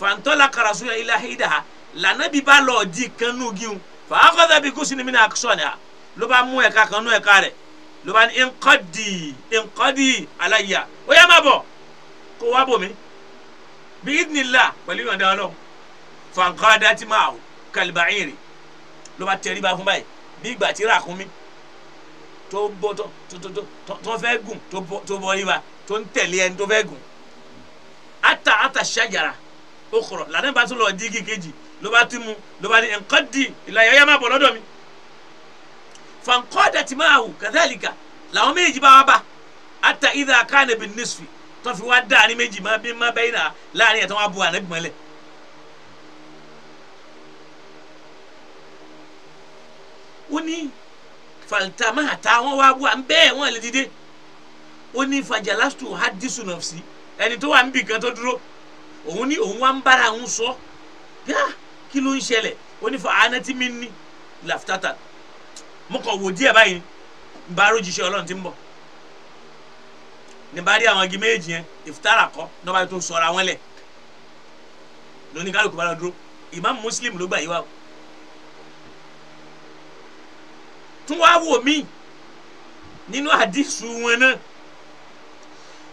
fàǹtọ́lá karasu yẹn ilá hídà ha lànà bí bá lọ di kanú gíw fàákọ́tà bí kùsùn mi náà sọ̀ ni ha ló bá mú ẹ̀ka kanú ẹ̀ka rẹ̀ ló bá ní nkọ́dì nkọ́dì aláyà ó yá má bọ̀ kó wá bò mí bí idinila pẹ̀lú ìyọ̀ǹda ọlọ́run fàǹkọ́dà ti máa wò kàlìbáyìnrì ló bá tẹrí ba fún báyìí bí ìgbà tí ràkúnmí tó bọ́ tó tó tó tó fẹ́ gùn tó bọ́ yí wa tó ń tẹ̀lé ẹni tó fẹ́ gùn ata ata ṣàjàrà ó kọ̀rọ̀ lànà bá tún lọ di igi kejì ló bá ti mu ló bá ní nǹkan di ìlàyà ọyá máa bọ̀ lọ́dọ̀ mi fankọ́dà tí máa hù kàtàlíkà làwọn méjì bá wá bá ata ìdá kánà bí nísfì tó fi wá dá ní méjì má bí má bẹ́yìn náà láàrin ẹ̀tọ́ wá bu àná bìmọ́lẹ̀. ó ní fàlítà máa ta wọn wá bu à ń bẹ́ẹ̀ wọn lè dìde ó ní fajalastu hadisu nafsi ẹni tó wà níbi kan tó dúró òun ní òun wá ń bára òun sọ bí a kí ló ń ṣẹlẹ̀ ó ní fa anati mi ní làfitata mo kàn wò díẹ̀ báyìí n bá rojíṣẹ́ ọlọ́run ti ń bọ̀ ní àwọn igi méjì yẹn ìfitara kọ́ náà bá tó sọ̀rọ̀ àwọn lẹ̀ lóní kálukú bá lọ dúró imam muslim ló gbà yí wa o tún wá wò mí nínú àdìsù wọn náà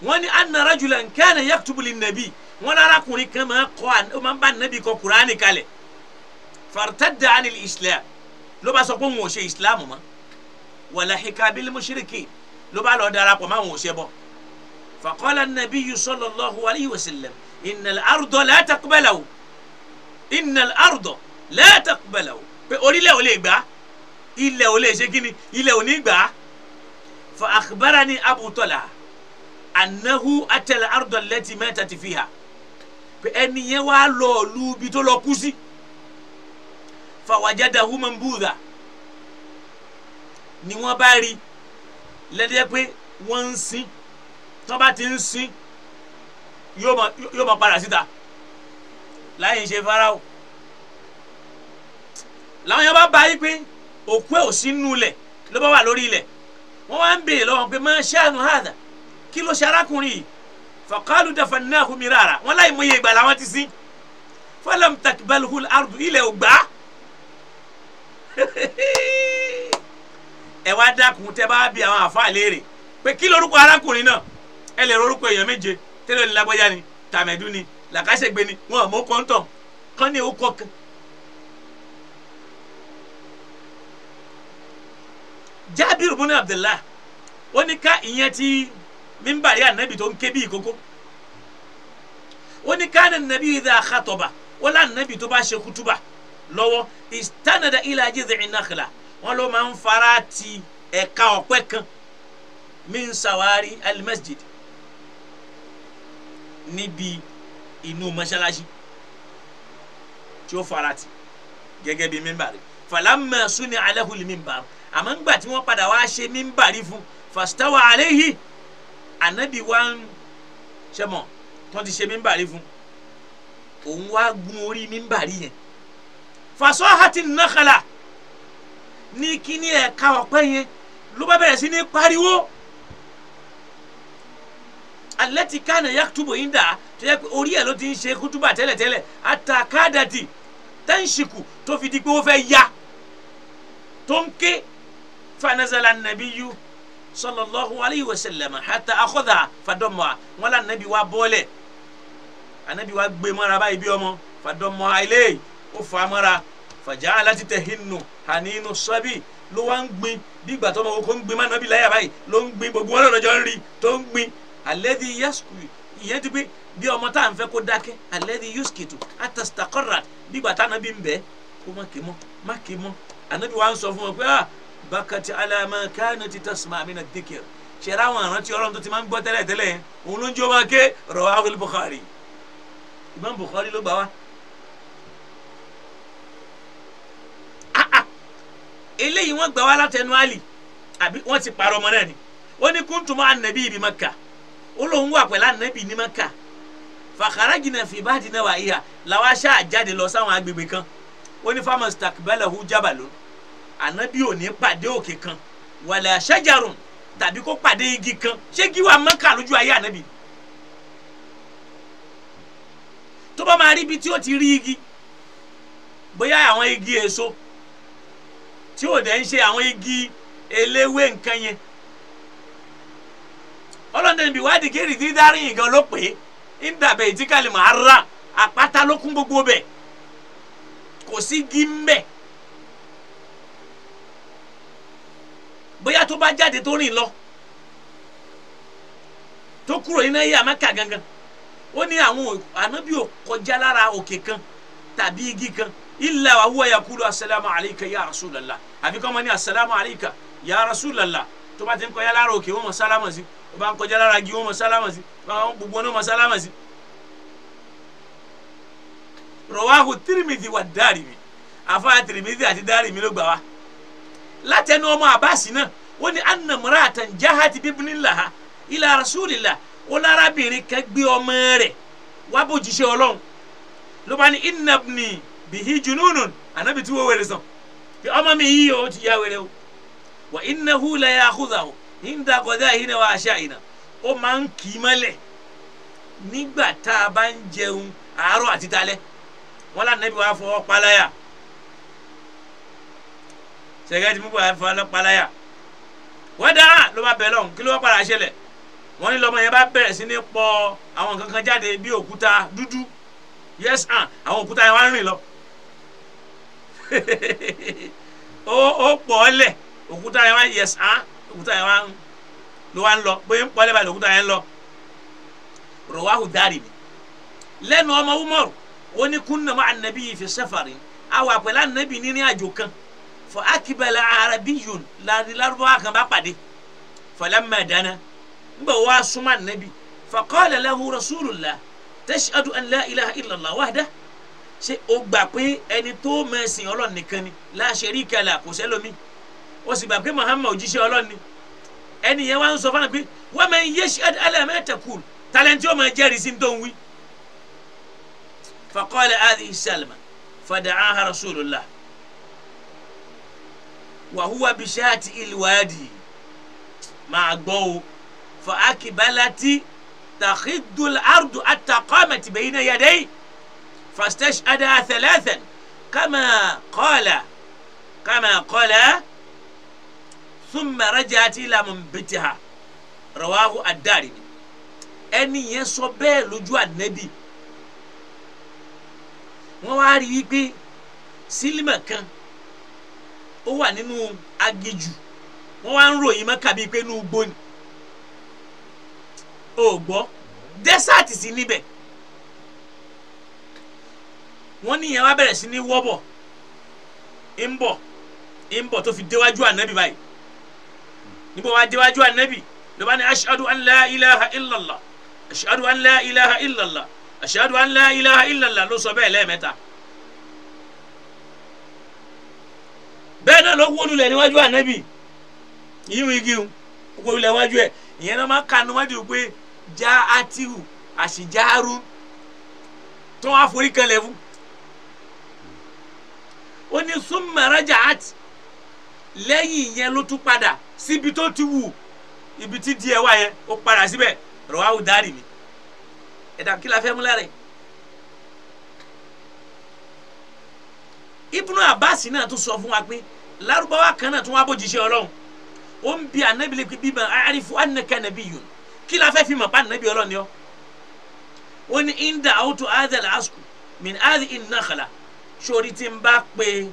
wọ́n ní anna rajulan kana yaktubu linnabi wọ́n ní arákùnrin kan máa kọ́ ọ máa ń bá nàbí kọ kuraani kalẹ̀ fartadda anil islam ló bá sọ pé òun ò ṣe islam mọ́ walahika bil mushriki ló bá lọ darapọ̀ máa òun ò ṣe bọ́ faqala nabiyyu sallallahu alayhi wa sallam innal ardo la taqbalahu innal ardo la taqbalahu pé orílẹ̀ ò lè gbà ilẹ̀ ò lè ṣe kíni ilẹ̀ ò ní gbà fa akhbarani abu talha anahu atẹlẹ arudọlẹti mẹta ti fi pe ẹni yẹn wà lọ ọlú bi tó lọ kú sí fàwájáda human ni wọn bá rí lẹdí pé wọn ń sin tó bá ti ń sin yóò máa padà síta láyé ṣe farao làwọn yẹn bá bá yí pé òkú ẹ ò sí nù lẹ ló bá wà lórí ilẹ̀ wọn wá ń béèrè lọ́wọ́ pé máa ṣe àánú hàdà. Kilo ló ṣe arákùnrin yìí faqalu dafannahu mirara wọn láì mọ iye ìgbà làwọn ti sin falam takbalhul ardu ilẹ̀ ògbà ẹ wá dákun tẹ bá bí àwọn àfa léèrè pé kí lorúkọ arákùnrin náà ẹ lè rorúkọ èèyàn méje tẹ́lẹ̀ ní lágbájá ni tàmẹ̀dú ni làkàṣègbè ni wọn àmọ́ kọ́ńtọ̀ kán ní orúkọ kan. jábìrì bùnú abdullahi ó ní ká ti mímbàrí ànábì tó ń ké bí ìkókó ó ní káàdì nàbí ìdá àkàtọ̀bà ó lá nàbì tó bá ṣe kútúbà lọ́wọ́ ìstánàdà ilà jíde ìnákìlà wọn ló máa ń fara ti ẹ̀ka ọ̀pẹ kan min sawari almasjid níbi inú mọ́ṣáláṣí tí ó fara ti gẹ́gẹ́ bí mímbàrí falamma suni alahul mímbàrí àmọ́ ńgbà tí wọ́n padà wá ṣe mímbàrí fún fastawa alayhi ànábì wa ń ṣe mọ̀ tó ti ṣe mímbàrí fún òun wá gun orí mímbàrí yẹn fasọ́hátì nàkàlà ní kíní ẹ̀ka ọ̀pẹ yẹn ló bá bẹ̀rẹ̀ sí ní pariwo alẹ́tì kánà yaktubu yín dà tó yẹ pé orí ẹ̀ ló ti ń ṣe kútúbà tẹ́lẹ̀tẹ́lẹ̀ àtàkádàtì tẹ́ǹṣìkù tó fi di pé ó fẹ́ ya tó ń ké fanazala nàbí yú sallallahu alayhi wa sallam hata akhoda fadọmọ wala nabi wa bole, anabi wa gbé mara báyìí bí ọmọ fadọmọ ilé ó fa mara fàjà aláti tẹ hinu haninu sọbi ló wá ń gbin bí ìgbà tó ma wo kó ń gbin má nàbí láyà gbogbo wọn lọ́jọ́ ń rí tó ń yasku ìyẹn bi, pé bí ọmọ tá à ń yuskitu atastakọ́ra bí ìgbà tá ànábi ń bẹ́ kó má ké mọ́ má ké wa ń sọ fún wọn ah bakati alama kanati tasma amina dikir ṣẹlẹ àwọn àrántí Ọlọ́run tó ti máa ń gbọ́ tẹ́lẹ̀ tẹ́lẹ̀ òun ló ń jó máa ké rawahul Bukhari Imam Bukhari ló gbà wá. Ah, ah. eléyìí wọ́n gbà wá látẹnu àlì àbí wọ́n ti parọ́ ọmọ náà ni wọ́n ní kúntùmọ anabi ibi maka ó lóun wà pẹ̀lú anabi ní maka fàkàràjìnà fìbáàdìnà wà yíyà làwọn aṣáà lọ sáwọn agbègbè kan wọ́n ní farmers takbẹ́lẹ̀ hu jábàlónú ànábì ò ní pàdé òkè kan wàlẹ̀ ṣẹ́jàrùn tàbí kó pàdé igi kan ṣé gíwà mọ́kà lójú ayé ànábì tó bá máa rí ibi tí ó ti rí igi bóyá àwọn igi èso tí ò dẹ̀ ń ṣe àwọn igi eléwé nǹkan yẹn ọlọ́dẹ níbi ìwádìí kiri dídarí nǹkan ló pè é ń dàbẹ̀ ìdíkàlẹ̀ màá ra àpáta ló kún gbogbo bẹ̀ kò sí igi ń bẹ̀. bóyá tó bá jáde tó rìn lọ tó kúrò ní náírà mẹ́ka gangan ó ní àwọn ànábì ò kọjá lára òkè kan tàbí igi kan illa wa huwa yakulu asalaamu alayka ya rasulallah àfi kọ́ ma ní asalaamu alayka ya rasulallah tó bá ti ń kọjá lára òkè wọ́n mọ̀ sálámà sí tó bá ń kọjá lára igi wọ́n mọ̀ sálámà sí gbogbo wọn mọ̀ sálámà sí. rawahu tirimidi wa darimi afa tirimidi àti darimi ló gbà wá látẹnu ọmọ àbáàsì náà ó ní anamọ́ra àtàn jahati bíbélì ńlá ha ilà rasulillah ó lárábìnrin kan gbé ọmọ rẹ̀ wá bójúṣe ọlọ́run ló bá ní inabni bihi jununun anabi tí wọ́n wẹ̀rẹ̀ sàn kí ọmọ mi yí o ti yá wẹ̀rẹ̀ o wà innahu la yakhudahu inda qadahina wa asha'ina ó máa ń kì í mọ́lẹ̀ nígbà tá a bá ń jẹun àárọ̀ àti talẹ́ wọn lànà ibi wàá fọwọ́ paláyà sẹ̀kẹ́ tí Boko Haram fún ọlọ́pàá wọ́n dá ló bá bẹ̀rẹ̀ lọ́hùn kí ló wá padà ṣẹlẹ̀ wọ́n ní lọ́mọ yẹn bá bẹ̀rẹ̀ sí ní pọ àwọn nǹkan kan jáde bí òkúta dúdú yes ah àwọn òkúta yẹn wá ń rìn lọ [LAUGHS] ó pọ̀ ọ́ lẹ̀ òkúta yẹn wá yes ah òkúta yẹn wá ń ló wá ń lọ bóyá ń pọ̀ ọ́ lẹ̀ báyìí òkúta yẹn ń lọ rọwáhù dárì mi lẹ́nu ọmọ umaru ó ní kúnnà máa nàbí yìí fi sẹ́fàrí àwọn àpẹ̀lẹ́ ànàbí nínú àjò kan fọ akibala arabiyun laadi Lárúbáwá kan bá pàdé falamma dana ngbà wá súnmọ́ ànábì faqala lahu rasulullah tashhadu an la ilaha illallah wahda ṣe o gbà pé ẹni tó mẹsìn Ọlọ́run nìkan ni la sharika la kò sẹ́lómi o sì gbà pé Muhammad òjíṣẹ́ Ọlọ́run ni ẹni yẹn wá ń sọ fana pé wa man yashhad ala ma taqul talẹ́ntì ó máa jẹ́rìí sí tó ń wí faqala hadhihi salma fada'aha rasulullah. وهو بشات الوادي مع الضوء فأكبلتي تخد الأرض حتى قامت بين يدي فاستشهد ثلاثا كما قال كما قال ثم رجعت إلى منبتها رواه الدارين أني يصبر لجوء النبي مواري بي سلمة ó wà nínú aginjù wọ́n wá ń ròyìn mọ́kà bíi pé inú ugbó ni o gbọ́ dẹ́sàtì sí níbẹ̀ wọ́n níyẹn wá bẹ̀rẹ̀ sí ní wọ́bọ̀ ń bọ̀ ń bọ̀ tó fi déwájú ànábì báyìí níbo wá déwájú ànábì lọ́ba ní ashadu an la ilaha illallah ashadu an la ilaha illallah ashadu an la ilaha illallah ló sọ bẹ́ẹ̀ lẹ́ẹ̀mẹ́ta. bẹ́ẹ̀ náà ló wólulẹ̀ níwájú ànábì yíyún igi wólulẹ̀ níwájú ẹ̀ ìyẹn náà máa ka níwájú pé já atiru àṣìjáàrú tó wá forí kanlẹ̀ fún ó ní súnmọ́rájà àti lẹ́yìn yẹn ló tún padà síbi tó ti wù ibi tí díẹ̀ wá yẹn ó padà síbẹ̀ rọ̀wáwù dárì mi ẹ̀dá kí la fẹ́ mú lára ẹ̀. Ibnu Abbas náà tún sọ fún wa pé Larubawa kan náà tún wá bójúṣe Ọlọ́run ó ń bi anabi lè pe bíbá arifu anaka nabiyyun kí la fẹ́ fi mọ̀ pa anabi Ọlọ́run ni ọ́ ó ní inda autu adal asku min ina innakhala sori tí n bá pe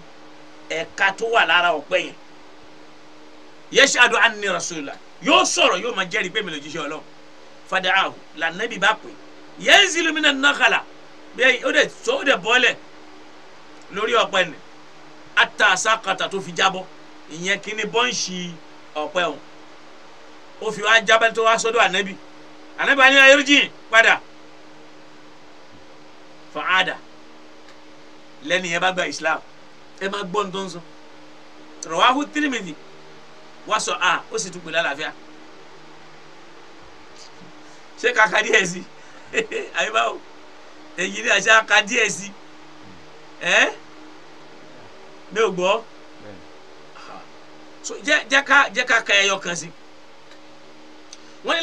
ẹ̀ka tó wà lára ọ̀pẹ yẹn yashadu anni rasulullah yóò sọ̀rọ̀ yóò máa jẹ́rìí pé mi lè jíṣẹ́ Ọlọ́run fadaahu lànàbí bá pè yanzilu min annakhala bẹ́ẹ̀ ó dẹ̀ bọ́lẹ̀ lórí ọ̀pẹ ni ata sakata tó fi jábọ́ ìyẹn kíní bọ́ǹsì ọ̀pẹ o ó fi wá jábọ́ tó wá sọ́dọ̀ ànábì ànábì àní ayélujára padà fàáda lẹ́nu yẹn bá gba islam ẹ máa gbọ́ nítorí sọ rọ̀wáhù tìrìmìtì wá sọ a ah, ó sì tún pè lálàáfíà ṣé kàkà díẹ̀ sí i [LAUGHS] àyè báwo èyí ni àṣà kà díẹ̀ sí i Eh? mi ò gbọ́ so jẹ́ jẹ́ ká jẹ́ ká ka ẹyọ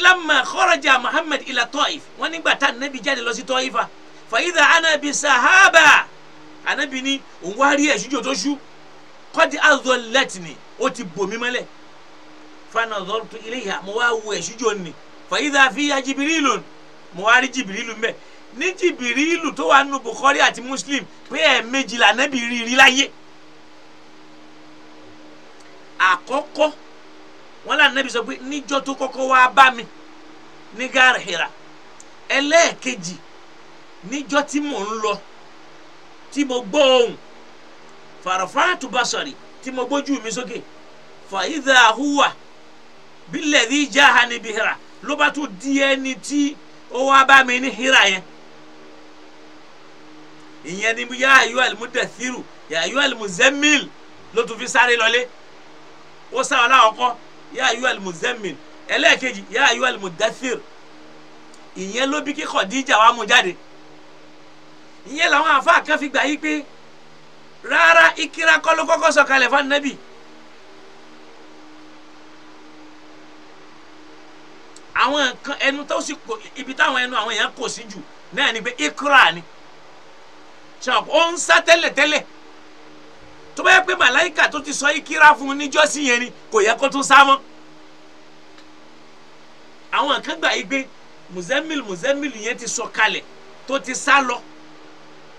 lamma kharaja Muhammad ila Taif wọ́n nígbà tá Ànábì jáde lọ sí Taifa fa idha anabi sahaba Ànábì ni òun wá rí ẹ̀ṣújò tó ṣú qad azallatni ó ti bò mí mọ́lẹ̀ fa nazartu ilayha mo wá wo ẹ̀ṣújò ni fa idha fiya Jibrilun mo wá rí Jibrilu mẹ́ ní Jibrilu tó wà nù Bukhari àti Muslim pé ẹ̀ẹ̀mejì l'Ànábì rí la ye àkọ́kọ́ wọn là nẹ́bi sọ pé níjọ́ tó kọ́kọ́ wá bá mi ní gàrà hìrà ẹlẹ́ẹ̀kejì níjọ́ tí mò ń lọ tí mo gbọ́ ohùn farafatu basari tí mo gbójú mi sókè fàyídà huwa bílẹ̀ ní jaha níbi hìrà ló bá tún di ẹni tí ó wá bá mi ní hìrà yẹn ìyẹn ni yá ayọ́ àlùmúdàfírù yá ayọ́ àlùmùzẹ́mìl ló tún fi sáré lọlé ó sáwọn aláwọ̀kọ́ yá ayú al-muzammil ẹlẹ́ẹ̀kejì yá ayú al-mudaththir ìyẹn ló bí kí Khadija wá mú jáde ìyẹn làwọn àfa kan fi gbà yí pé rárá Ikira kọ́ ló kọ́kọ́ sọ̀kalẹ̀ fún anabi. àwọn nǹkan ẹnu tó sì kò ibi táwọn ẹnu àwọn èèyàn kò sí jù náà ni pé Ikra ni ṣe wọn ó ń sá tẹ́lẹ̀tẹ́lẹ̀ tó bá yẹ pé màláìkà tó ti sọ ìkírà fún un níjọ́sí yẹn ni kò yẹ kó tún sá mọ́ àwọn kan gbà yí pé muzamil muzamil yẹn ti sọ kalẹ̀ tó ti sá lọ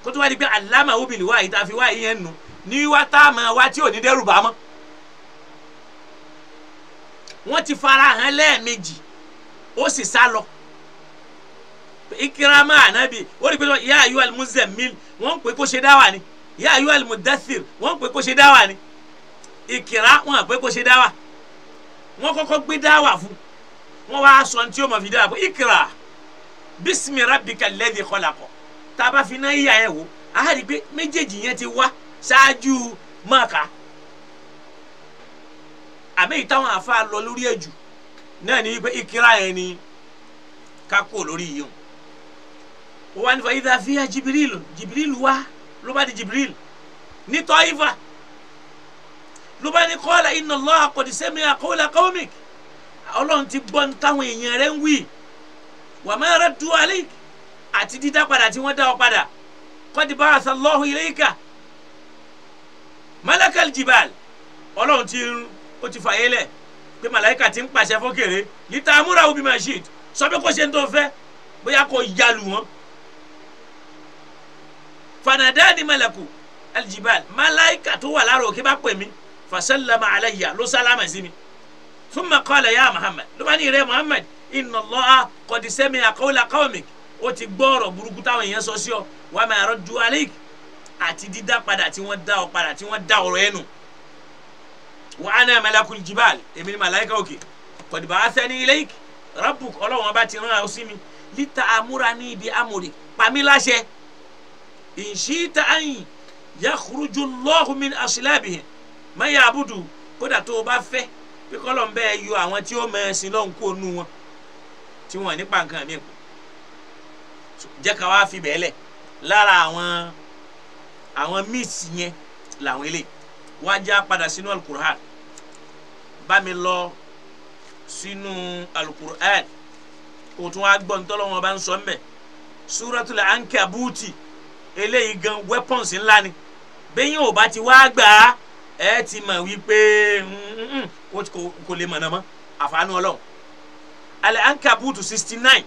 kó tó wá di pé alama wo bìlì wá yìí tá a fi wá yìí yẹn nù ní wá tá a mọ̀ wá tí ò ní dẹ́rù bá mọ́ wọ́n ti fara hàn lẹ́ẹ̀mejì ó sì sá lọ ìkírà máa nábì ó rí i pé yá ayú alimuzammil wọ́n ń pè kó ṣe dáwà ni yá ayú alimudathir wọ́n pè kó ṣe dáwà ni ìkìrá wọ́n pè kó ṣe dáwà wọ́n kọ́kọ́ gbé dáwà fún wọ́n wá sọ ní tí ó ma fi dáwà fún ìkìrá bísímì rabbika alladhi khalaqa tá a bá fi náà yíyà yẹn wò á rí i pé méjèèjì yẹn ti wá ṣáájú mọ́ọ̀ká àbẹ́yìí táwọn àfa lọ lórí ẹ̀jù náà ní pé ìkìrá yẹn ni ká lórí yìí o wọ́n wá ní fa jibirilu jibirilu wá ló bá di Jibril ní tọ́ífà ló bá ní kọ́lá inna Allah qad sami'a qawla qawmik ọlọ́run ti gbọ́ táwọn èèyàn rẹ̀ ń wí wa ma raddu alayk àti dídá padà tí wọ́n dá ọ padà qad ba'atha Allahu ilayka malakal jibal ọlọ́run ti ó ti fàyè lẹ̀ pé màláìka ti ń pàṣẹ fọ́kèrè lítà amúra obi mashid sọ pé kó ṣe ń tó fẹ́ bóyá kó yálù wọn fanadani malaku aljibal malaika tó wà lára òkè bá pè mí fasalama alayya ló sálámà sí mi thumma qala ya muhammad ló bá ní ìrẹ muhammad inna allaha qad sami'a qawla qawmik ó ti gbọ́ ọ̀rọ̀ burúkú táwọn èèyàn sọ sí ọ wa ma raddu alayk àti dídá padà tí wọ́n dá ọ padà tí wọ́n dá ọ̀rọ̀ ẹnu wa ana malakul jibal èmi ni malaika òkè qad ba'athani ilayk rabbuk ọlọ́wọ́n bá ti rán ọ sí mi lítà amúra ní ibi amòrè pàmí láṣẹ ìṣíta ayin yakurujú lọ́hùn min asilabihin má yà abudu kódà tó o bá fẹ́ pé kọ́lọ̀ ń bẹ́ẹ̀ yọ àwọn tí ó mọ ẹ̀sìn lọ́hùn kó nu wọn tí wọn nípa nǹkan mi kù jẹ́ ká wá fi bẹ́ẹ̀ lẹ̀ lára àwọn àwọn míìsì yẹn làwọn eléyìí wá já padà sínú alukur'an bá mi lọ sínú alukur'an kò tún wá gbọ́ ntọ́lọ́wọ́n bá ń sọ mbẹ́ suratul ankabuti eléyìí gan weapons ńlá ni bẹ́yìn ò bá ti wá gbà á ẹ ti mọ̀ wípé kò lè mọ̀nà mọ́ àfààní ọlọ́run alẹ́ ankabutu sixty nine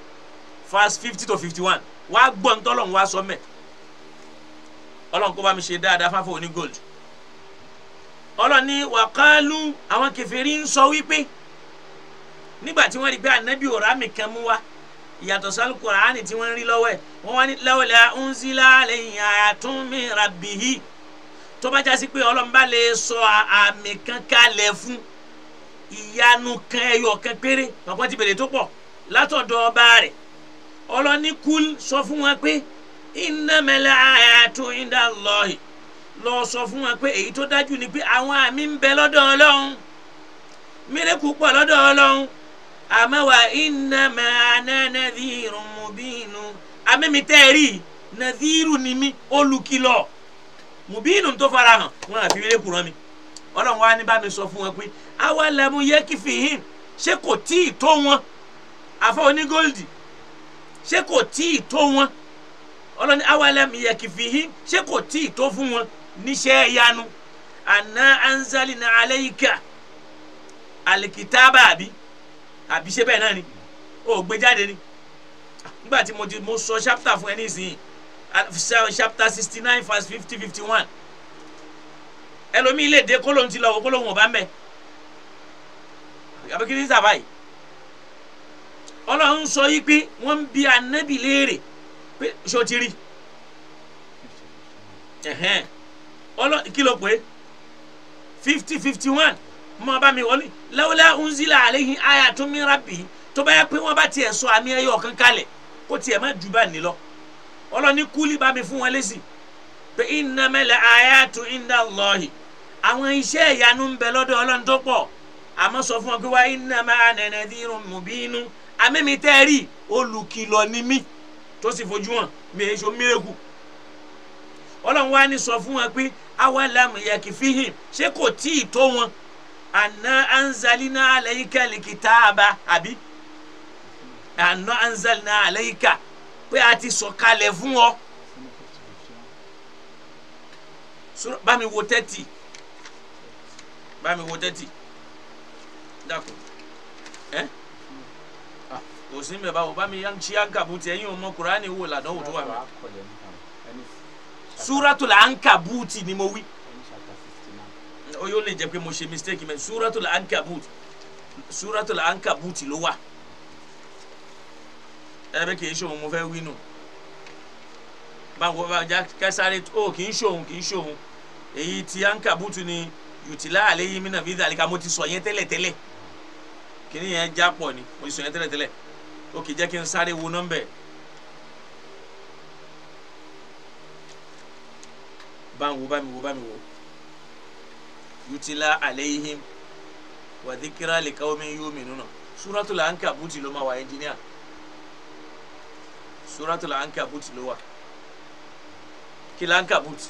verse fifty to fifty one wá gbọ́ ń tọ́lọ̀ ń wá sọ mẹ́ ọlọ́run kó bá mi ṣe dáadáa fáfọ́ òní gold ọlọ́run ní wàkálù àwọn kèfèrí ń sọ wípé nígbà tí wọ́n rí pé ànábì ọ̀rá mi kan mú wa ìyàtọ̀ sálù kùránì tí wọ́n ń rí lọ́wọ́ ẹ̀ wọ́n wá ní lawla unzila alayhi ayatun min rabbihi tó bá jásí pé ọlọ́mọba lè sọ àmì kan kalẹ̀ fún ìyanu kan ẹyọ kan péré ọ̀pọ̀ ti bèrè tó pọ̀ látọ̀dọ̀ ọba rẹ̀ ọlọ́ni kúl sọ fún wọn pé innamal ayatu inda Allahi lọ sọ fún wọn pé èyí tó dájú ni pé àwọn àmì ń bẹ lọ́dọ̀ Ọlọ́run mírèkù pọ̀ lọ́dọ̀ Ọlọ́run àmọ́ wa iná máa ná nàdírù mùbínú àmẹ́mi tẹ́ ẹ rí nàdírù ni mí olùkìlọ̀ mùbínú tó fara hàn wọn àfi wílé kùrọ̀ mi ọlọ́run wa ní bá mi sọ fún wọn pé àwa lẹ́mu yẹ kí fìhín ṣé kò tí tó wọn àfọ onígóòlì ṣé kò tí tó wọn ọlọ́ni àwa lẹ́mu yẹ kí fìhín ṣé kò tí tó fún wọn níṣẹ́ yanu àná anzali na alẹ́ yìí ká alikitaba àbí ṣé bẹ́ẹ̀ náà ni o ò gbé jáde ni nígbà tí mo ti mo sọ chapter fún ẹ nísìnyí uh, chapter sixty nine verse fifty fifty one ẹlòmíì lè dé kólóhùn ti lọ wò kólóhùn ò bá ń bẹ àbí kí ni sábà yìí ọlọ́run sọ yìí pé wọ́n ń bi ànábì léèrè pé ṣó ti rí ọlọ́run kí ló pé fifty fifty one mọ bá mi wọlé lawla unzila alayhi ayatun min rabbihi tó bá yẹ pé wọn bá tiẹ̀ sọ àmì ẹyọ ọ̀kan kalẹ̀ kó tiẹ̀ má jù bá nílọ ọlọ́ni kúlí bá mi fún wọn lẹ́sìn pé innamal ayatu inda Allahi àwọn iṣẹ́ ìyanu ń bẹ lọ́dọ̀ Ọlọ́run tó pọ̀ àmọ́ sọ fún wọn pé wá innama ana nadhirun mubinu amẹ́mi tẹ́ ẹ rí olùkìlọ̀ ni mí tó sì fojú wọn mi èso mírèkù Ọlọ́run wá ní sọ fún wọn pé awalam yakfihim ṣé kò tíì tó wọn anna anzalina alayka likitaba àbí anna anzalina alayka pé a ti sọ̀kalẹ̀ fún ọ bámi wo tẹ́tì bámi wo tẹ́tì dako ẹ kò sí o báwo bámi yan tí a gàbú tiẹ̀ yín o mọ Kùránì wò ládánwò tó wà mí Suratul Ankabuti ni mo wí. O yóò lè jẹ́ pé mo ṣe mistake mẹ́ suratul ankabut suratul ankabut ló wà ẹbí kì í ṣòun mo fẹ́ wí nù báwo bá já kẹsàrè ó kì í ṣòun kì í ṣòun èyí tí ankabut ni yòtìlá àléyìn mí náà fi dàlíkà mo ti sọ yẹn tẹ́lẹ̀tẹ́lẹ̀ kìnìún yẹn já pọ̀ ni mo ti sọ yẹn tẹ́lẹ̀tẹ́lẹ̀ ó kì í jẹ́ kí n sáré wo nọ́mbẹ̀. báwo bá mi wo bá mi wo yutila alayhim wa dhikra liqaumin yu'minuna suratul ankabut ló máa wà engineer suratul ankabut ló wà kí lankabut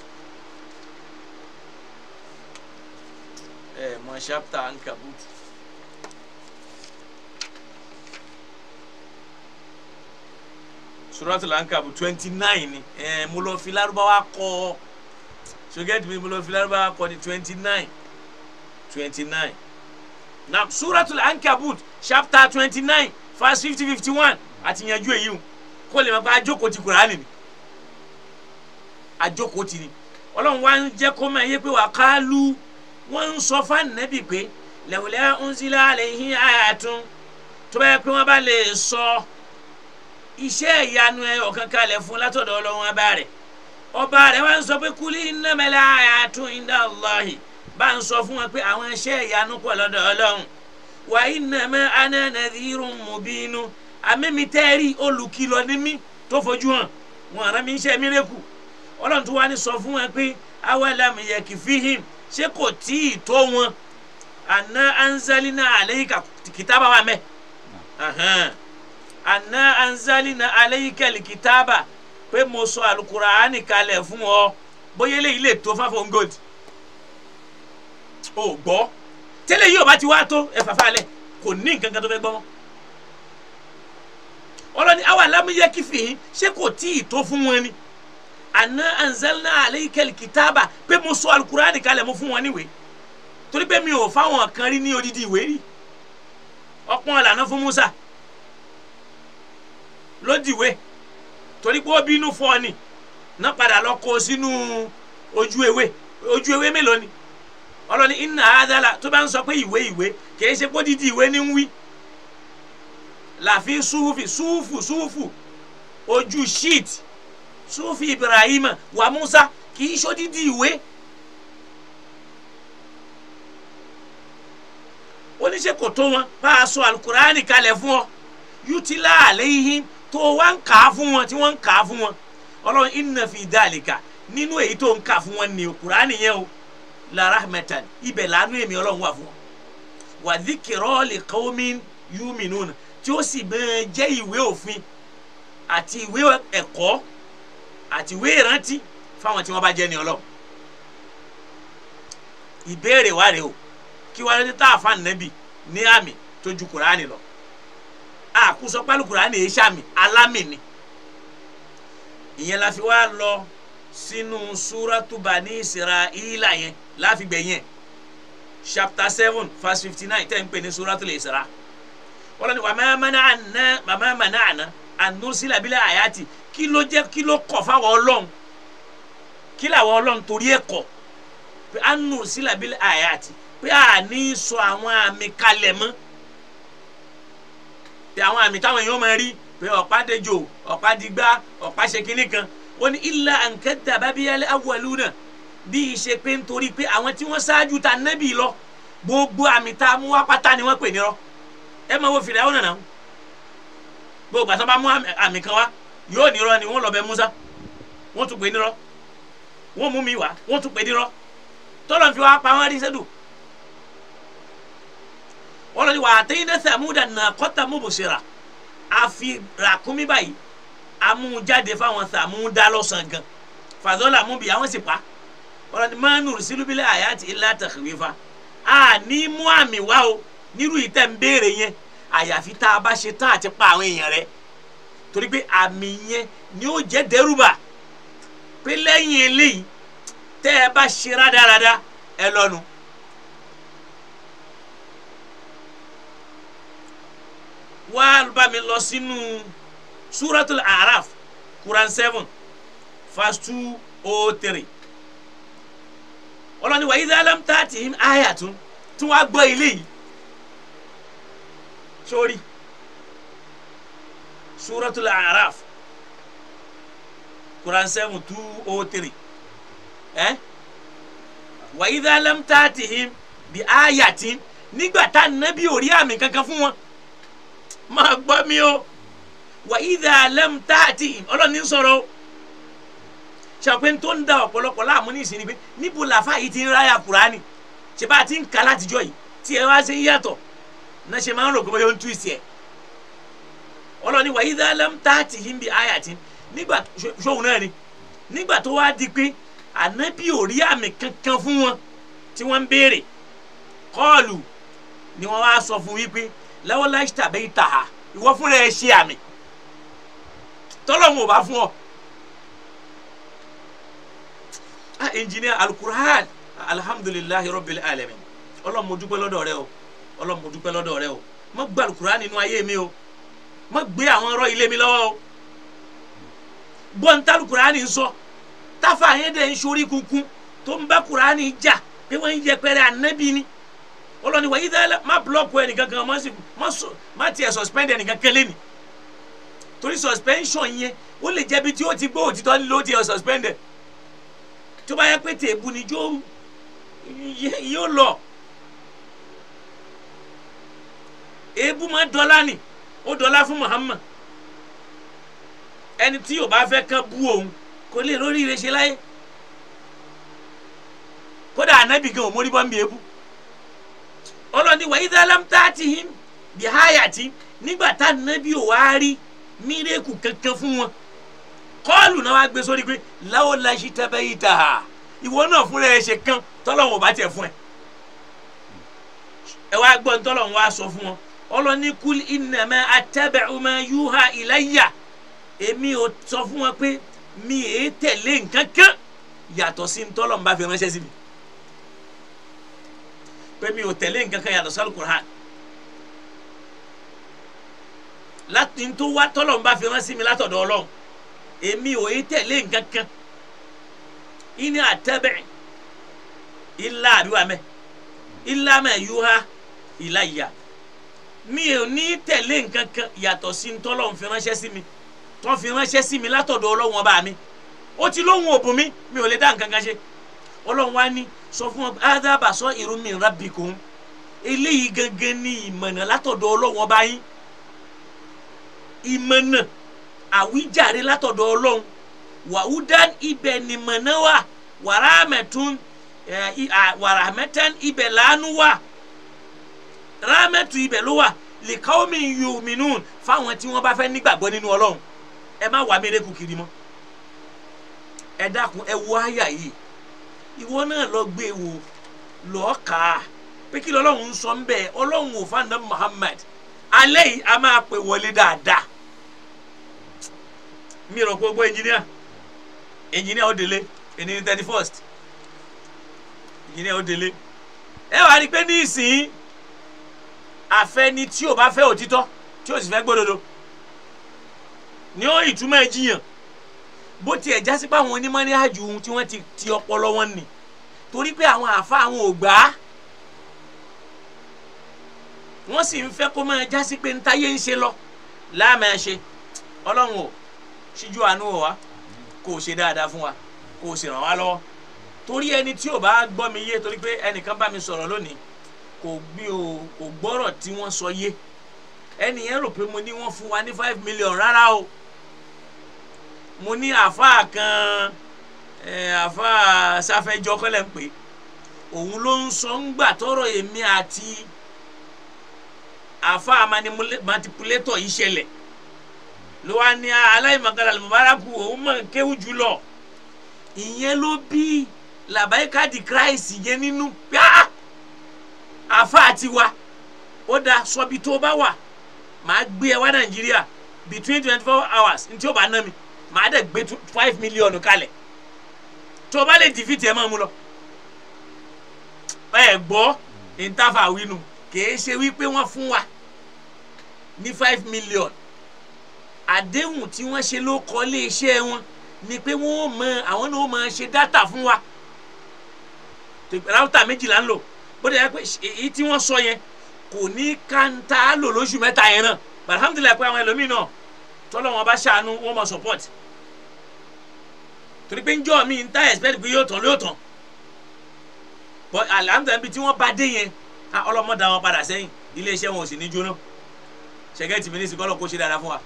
ẹ mọ chapter ankabut suratul ankabut twenty nine ẹ mo lọ fi so get me mo lọ fi Lárúbáwá kọ 29 na suratul ankabut chapter 29 verse 50 51 Ati yanjú èyí o kó lè máa bá àjókòó ti kùránì ni àjókòó ti ni ọlọ́run wá ń jẹ́ kó máa yé pé wà ká lu wọ́n ń sọ fánìlẹ́bì pé lẹ́wọ̀lẹ́ unzila alayhi ayatun tó bá yẹ pé wọ́n bá lè sọ iṣẹ́ ìyanu ẹyọ kankan lẹ̀ fún látọ̀dọ̀ ọlọ́run ọba rẹ̀ ọba rẹ̀ wá ń sọ pé kúlí innamal ayatun inda Allahi bá ń sọ fún wọn pé àwọn iṣẹ́ ìyanu pọ̀ lọ́dọ̀ ọlọ́run wa innama ana nadhirun mubinu amẹ́mitẹ́rì olùkìlọ̀ ní mí tó fojú hàn wọn àrán mi ń ṣe mí lẹ́kù ọlọ́run tó wá ní sọ fún wọn pé awalam yakfihim ṣé kò tí ì tó wọn àná anzalina alayka kìtàbà wà mẹ́ àná anzalina alayka kìtàbà pé mo sọ alukurani kalẹ̀ fún ọ bóyá eléyìí lè tó fáfọ́ ngold ò gbọ́ tẹ́lẹ̀ yìí ò bá ti wá tó ẹ fàfà lẹ̀ kò ní nǹkan kan tó fẹ́ gbọ́ mọ́ ọlọ́ni awa alámúyẹ kìfì yín ṣé kò tí ì tó fún wọn ni àná anzalna aleikẹ́lì kìtàbà pé mo sọ alukurani kalẹ̀ mo fún wọn níwèé torí pé mi ò fáwọn kan rí ní odidi ìwé rí ọpọ́n ọ̀làná fún Musa lódìwé torí pé ó bínú fọ́ ni náà padà lọ kó sínú ojú ewé ojú ewé mélòó ni ọlọ́ni iná àádára tó bá ń sọ pé ìwé ìwé kì í ṣe pé dídí ìwé ní ń wí làfi suhufi suhufu suhufu ojú sheet suhufi ibrahima wa musa kì í ṣe dídí ìwé oníṣe kò tó wọn bá a sọ alukurani kalẹ̀ fún ọ yutila alayhim tó wá ń kà á fún wọn tí wọ́n ń kà á fún wọn ọlọ́run iná fi dálìkà nínú èyí tó ń kà fún wọn ní kurani yẹn o la rahmatan ibẹ̀ làánú èmi ọlọ́run wà fún wa dhikra li qaumin yu'minun tí ó sì bẹ́ẹ̀ jẹ́ ìwé òfin àti ìwé ẹ̀kọ́ àti ìwé ìrántí fáwọn tí wọ́n bá jẹ́ ní ọlọ́run ìbéèrè wa rèé o kí wàá lóde tá a fa nàbì ní àmì tó ju kùránì lọ àkúsọ pálí kùránì yìí sàmì alámì ni ìyẹn la fi wá lọ sínú súrátù Bani Israila yẹn láfìgbẹ́ yẹn chapter seven verse fifty nine tẹ́ ń pè ní súrátù Isra wọ́n lọ́ni wàmẹ́ mana àná ànúsílẹ̀ abilẹ̀ àyàtì kí ló jẹ́ kí ló kọ̀ fáwọn ọlọ́run kí làwọn ọlọ́run torí ẹ̀ kọ̀ pé ànúsílẹ̀ abilẹ̀ àyàtì pé àní sọ àwọn àmì kalẹ̀ mọ́ pé àwọn àmì táwọn èèyàn máa rí pé ọ̀pá dejò ọ̀pá digbá ọ̀pá ṣe kinní kan ó ní ilà ànkẹ́tà bábíyálẹ̀ awwaluna bí i ṣe pé nítorí pé àwọn tí wọ́n ṣáájú ta nẹ́bì lọ gbogbo àmì tá a mú wá pátá ni wọ́n pè nírọ́ ẹ máa wo fìlà ọ̀nà náà gbogbo àti wọn bá mú àmì kan wá yóò nírọ́ ni wọ́n lọ bẹ Musa wọ́n tún pè nírọ́ wọ́n mú mi wá wọ́n tún pè nírọ́ tọ́lọ̀ fi wá pa wọ́n rí sẹ́dù wọ́n lọ ní wàá tẹ́yìn dẹ́sẹ̀ àmúdà nà kọ́tà mọ́bòṣẹ́ra àfi ràkúnmí báyìí amújáde fáwọn sàmúdá lọ́sàn gan fàzọ́là múbi àwọn sì pa ọlọ́ni mọ́nù sílùbílẹ̀ àyàtì illa takhwifa a ní mú àmì wá o nírú ìtẹ́ ń béèrè yẹn àyàfi tá a bá ṣe tán àti pa àwọn èèyàn rẹ torí pé àmì yẹn ni ó jẹ́ dẹ́rùbà pé lẹ́yìn eléyìí tẹ́ ẹ bá ṣe rádaràda ẹ lọ́nu. wá bá mi lọ sínú. Si suratul araf quran 7, verse two oh three ọlọ́ni wàyí dálám tààtì him ayatun tún wá gbọ́ ilé yìí sórí suratul araf quran 7, two oh three ẹ wàyí tati him bi ayatin nígbà tá nabi ò rí àmì kankan fún wọn máa gbọ́ mi o wa ìdá lẹ́m táàtì ọlọ́ni sọ̀rọ̀ ṣàpẹ́ tó ń da ọ̀pọ̀lọpọ̀ láàmú ní ìsìn ni pé níbo làfà yìí ti ń ráyà kúránì ṣe bá a ti ń ka látijọ́ yìí tí ẹ wá ṣe ń náà ṣe máa ń rò pé bóyá ó ń tú ìsì ẹ̀ ọlọ́ni wà ìdá lẹ́m táàtì yìí ń bi àyà tí nígbà ṣóhun náà ni nígbà tó wá di pé ànábì ò rí àmì kankan fún wọn tí wọ́n ń béèrè kọ́ọ̀lù ni wọ́n wá sọ fún wípé lawla ishtabaitaha ìwọ fúnra ẹ ṣe àmì tọ́lọ́hún ò bá fún ọ. a ah, ẹnjìnìà alukur'an alhamdulilahi rabbil alamin ọlọ́run mo dúpẹ́ lọ́dọ̀ rẹ o ọlọ́run mo dúpẹ́ lọ́dọ̀ rẹ o má gbé alukur'an nínú ayé mi o má gbé àwọn ọ̀rọ̀ ilé mi lọ́wọ́ o gbọ́n tá alukur'an ń sọ táfà yẹn kunkun tó ń bá kur'an jà pé wọ́n ń yẹpẹrẹ ànábì ni ọlọ́ni wà yí dá má búlọ́ọ̀kù ẹnìkan kan má tiẹ̀ suspend ẹnìkan kẹlẹ́ ni. torí suspension yẹn ó lè jẹ́ bí tí ó ti gbọ́ òtítọ́ nílò tí ó suspended tó bá yẹ pé tèébù ni jó yóò lọ èébù máa dọ́là ni ó dọ́là fún Muhammad ẹni tí yóò bá fẹ́ kán bú òun kò lè lórí ire láyé kódà anabi gan ń ọlọ́ni wàyí bí nígbà tá ò wá rí mírèkù kankan fún wọn kọ́ọ̀lù náà wá gbé sórí pé láwo la ṣì tẹ́bẹ́ yìí ta ha ìwọ náà fúnra ẹ ṣe kán tọ́lọ́wọ̀n bá tiẹ̀ fún ẹ ẹ wá gbọ́ tọ́lọ́wọ̀n wá sọ fún wọn ọlọ́ni kúl ìnàmẹ́ atẹ́bẹ̀rù mẹ́ yúhà ìlẹ́yà èmi ò sọ fún wọn pé mi èé tẹ̀lé nǹkan kan yàtọ̀ sí ntọ́lọ́wọ̀n bá fi ránṣẹ́ sí mi pé mi ò tẹ̀lé nǹkan kan sí Al-Qur'an láti ń tó wá tọ́lọ̀ ń bá fi ránṣẹ́ mi látọ̀dọ̀ ọlọ́run èmi ò yí tẹ̀lé nǹkan kan ìní àtẹ́bẹ̀ ilá àbíwá mẹ́ ilá mẹ́ yúhá ìlà ìyá mi ò ní tẹ̀lé nǹkan kan yàtọ̀ sí ń tọ́lọ̀ ń fi ránṣẹ́ sí mi tó ń fi ránṣẹ́ sí mi látọ̀dọ̀ ọlọ́run ọba mi ó ti lóhun òbùn mi mi ò lè dá nǹkan kan ṣe ọlọ́run wá ní sọ fún wọn ádábà sọ ìrú mi rabbikum eléyìí gangan ni ìmọ̀nà látọ̀dọ̀ ọlọ́run ọba yín ìmọ̀nà àwíjàre látọ̀dọ̀ ọlọ́run wàhúdán ibẹ̀ nìmọ̀nà wà wàràmẹ̀tún wàràmẹ̀tán ibẹ̀ làánú wà ràmẹ̀tún ibẹ̀ ló wà lìkàómi yòmínú fáwọn tí wọ́n bá fẹ́ nígbàgbọ́ nínú ọlọ́run ẹ má wà mérekù kiri mọ́ ẹ dákun ẹ wo àyà yìí ìwọ náà lọ gbé wo lọ́ọ́ kà á pé kí lọ́lọ́run ń sọ ń bẹ́ẹ̀ ọlọ́run ò fáńdà Muhammad alẹ́ yìí a máa pè wọlé dáadáa mi rò pé gbogbo engineer engineer ó délé ẹni ní thirty first engineer ó délé ẹ wàá rí i pé ní ìsìn àfẹni tí ò bá fẹ́ òtítọ́ tí ò sì fẹ́ gbódodo ni ó ìtumọ̀ ìjiyàn bó tiẹ̀ já sí pé àwọn onímọ̀ ní àjò ohun tí wọ́n ti ti ọpọlọ wọn nì torí pé àwọn àfa àwọn ò gbà á wọ́n sì ń fẹ́ kó máa já sí pé ń táyé ń ṣe lọ láàmì àṣe ọlọ́run o ṣíjú àánú wa kó o ṣe dáadáa fún wa kó o sì ràn wá lọ́wọ́ torí ẹni tí ò bá gbọ́ mi yé torí pé ẹnìkan bá mi sọ̀rọ̀ lónìí kò gbé o kò gbọ́rọ̀ tí wọ́n sọ yé ẹni yẹn rò pé mo ní wọ́n fún wa ní five million rárá o mo ní àfáà kan àfáà sáfẹ́jọ kọ́lẹ̀ ń pè òun ló ń sọ ń gbà tọrọ èmi àti àfáà manipulétọ̀ yìí ṣẹlẹ̀ ló wá ní ah, aláìmọ̀kànlá mubaraku òun mọ̀ kéwù jùlọ ìyẹn ló bí làbáyíká di christ yẹn nínú pẹ́á ah, àfa àti wa ó da sọ́bi tó bá wà màá gbé ẹ wá nàìjíríà between twenty four hours ntí ó bá ná mi màá dẹ̀ five million kalẹ̀ tó o bá lè dìfì tiẹ̀ máa mú lọ ẹ gbọ́ ìntàfà wínú kì í ṣe wípé wọ́n fún wa ní five million àdéhùn tí wọ́n ṣe ló kọ́ iléeṣẹ́ wọn ni pé wọ́n mọ àwọn náà máa ṣe dátà fún wa ráútà méjìlá ń lò bóde yẹ pé èyí tí wọ́n sọ yẹn kò ní káńtà lò lóṣù mẹ́ta yẹn náà alhamdulilayi pé àwọn ẹlòmíì náà tọ́lọ́ wọn bá ṣàánú wọ́n mọ̀ support torí pé njọ́ mi ń ta expect pé yóò tán yóò tán but alhamdulilayi bí tí wọ́n bá dé yẹn ọlọ́mọdé àwọn padà sẹ́yìn iléeṣẹ́ wọn ò sì ní jóná ṣẹ̀gẹ́ tìmí ní sikọ́lọ́ kó ṣe dáadáa fún wa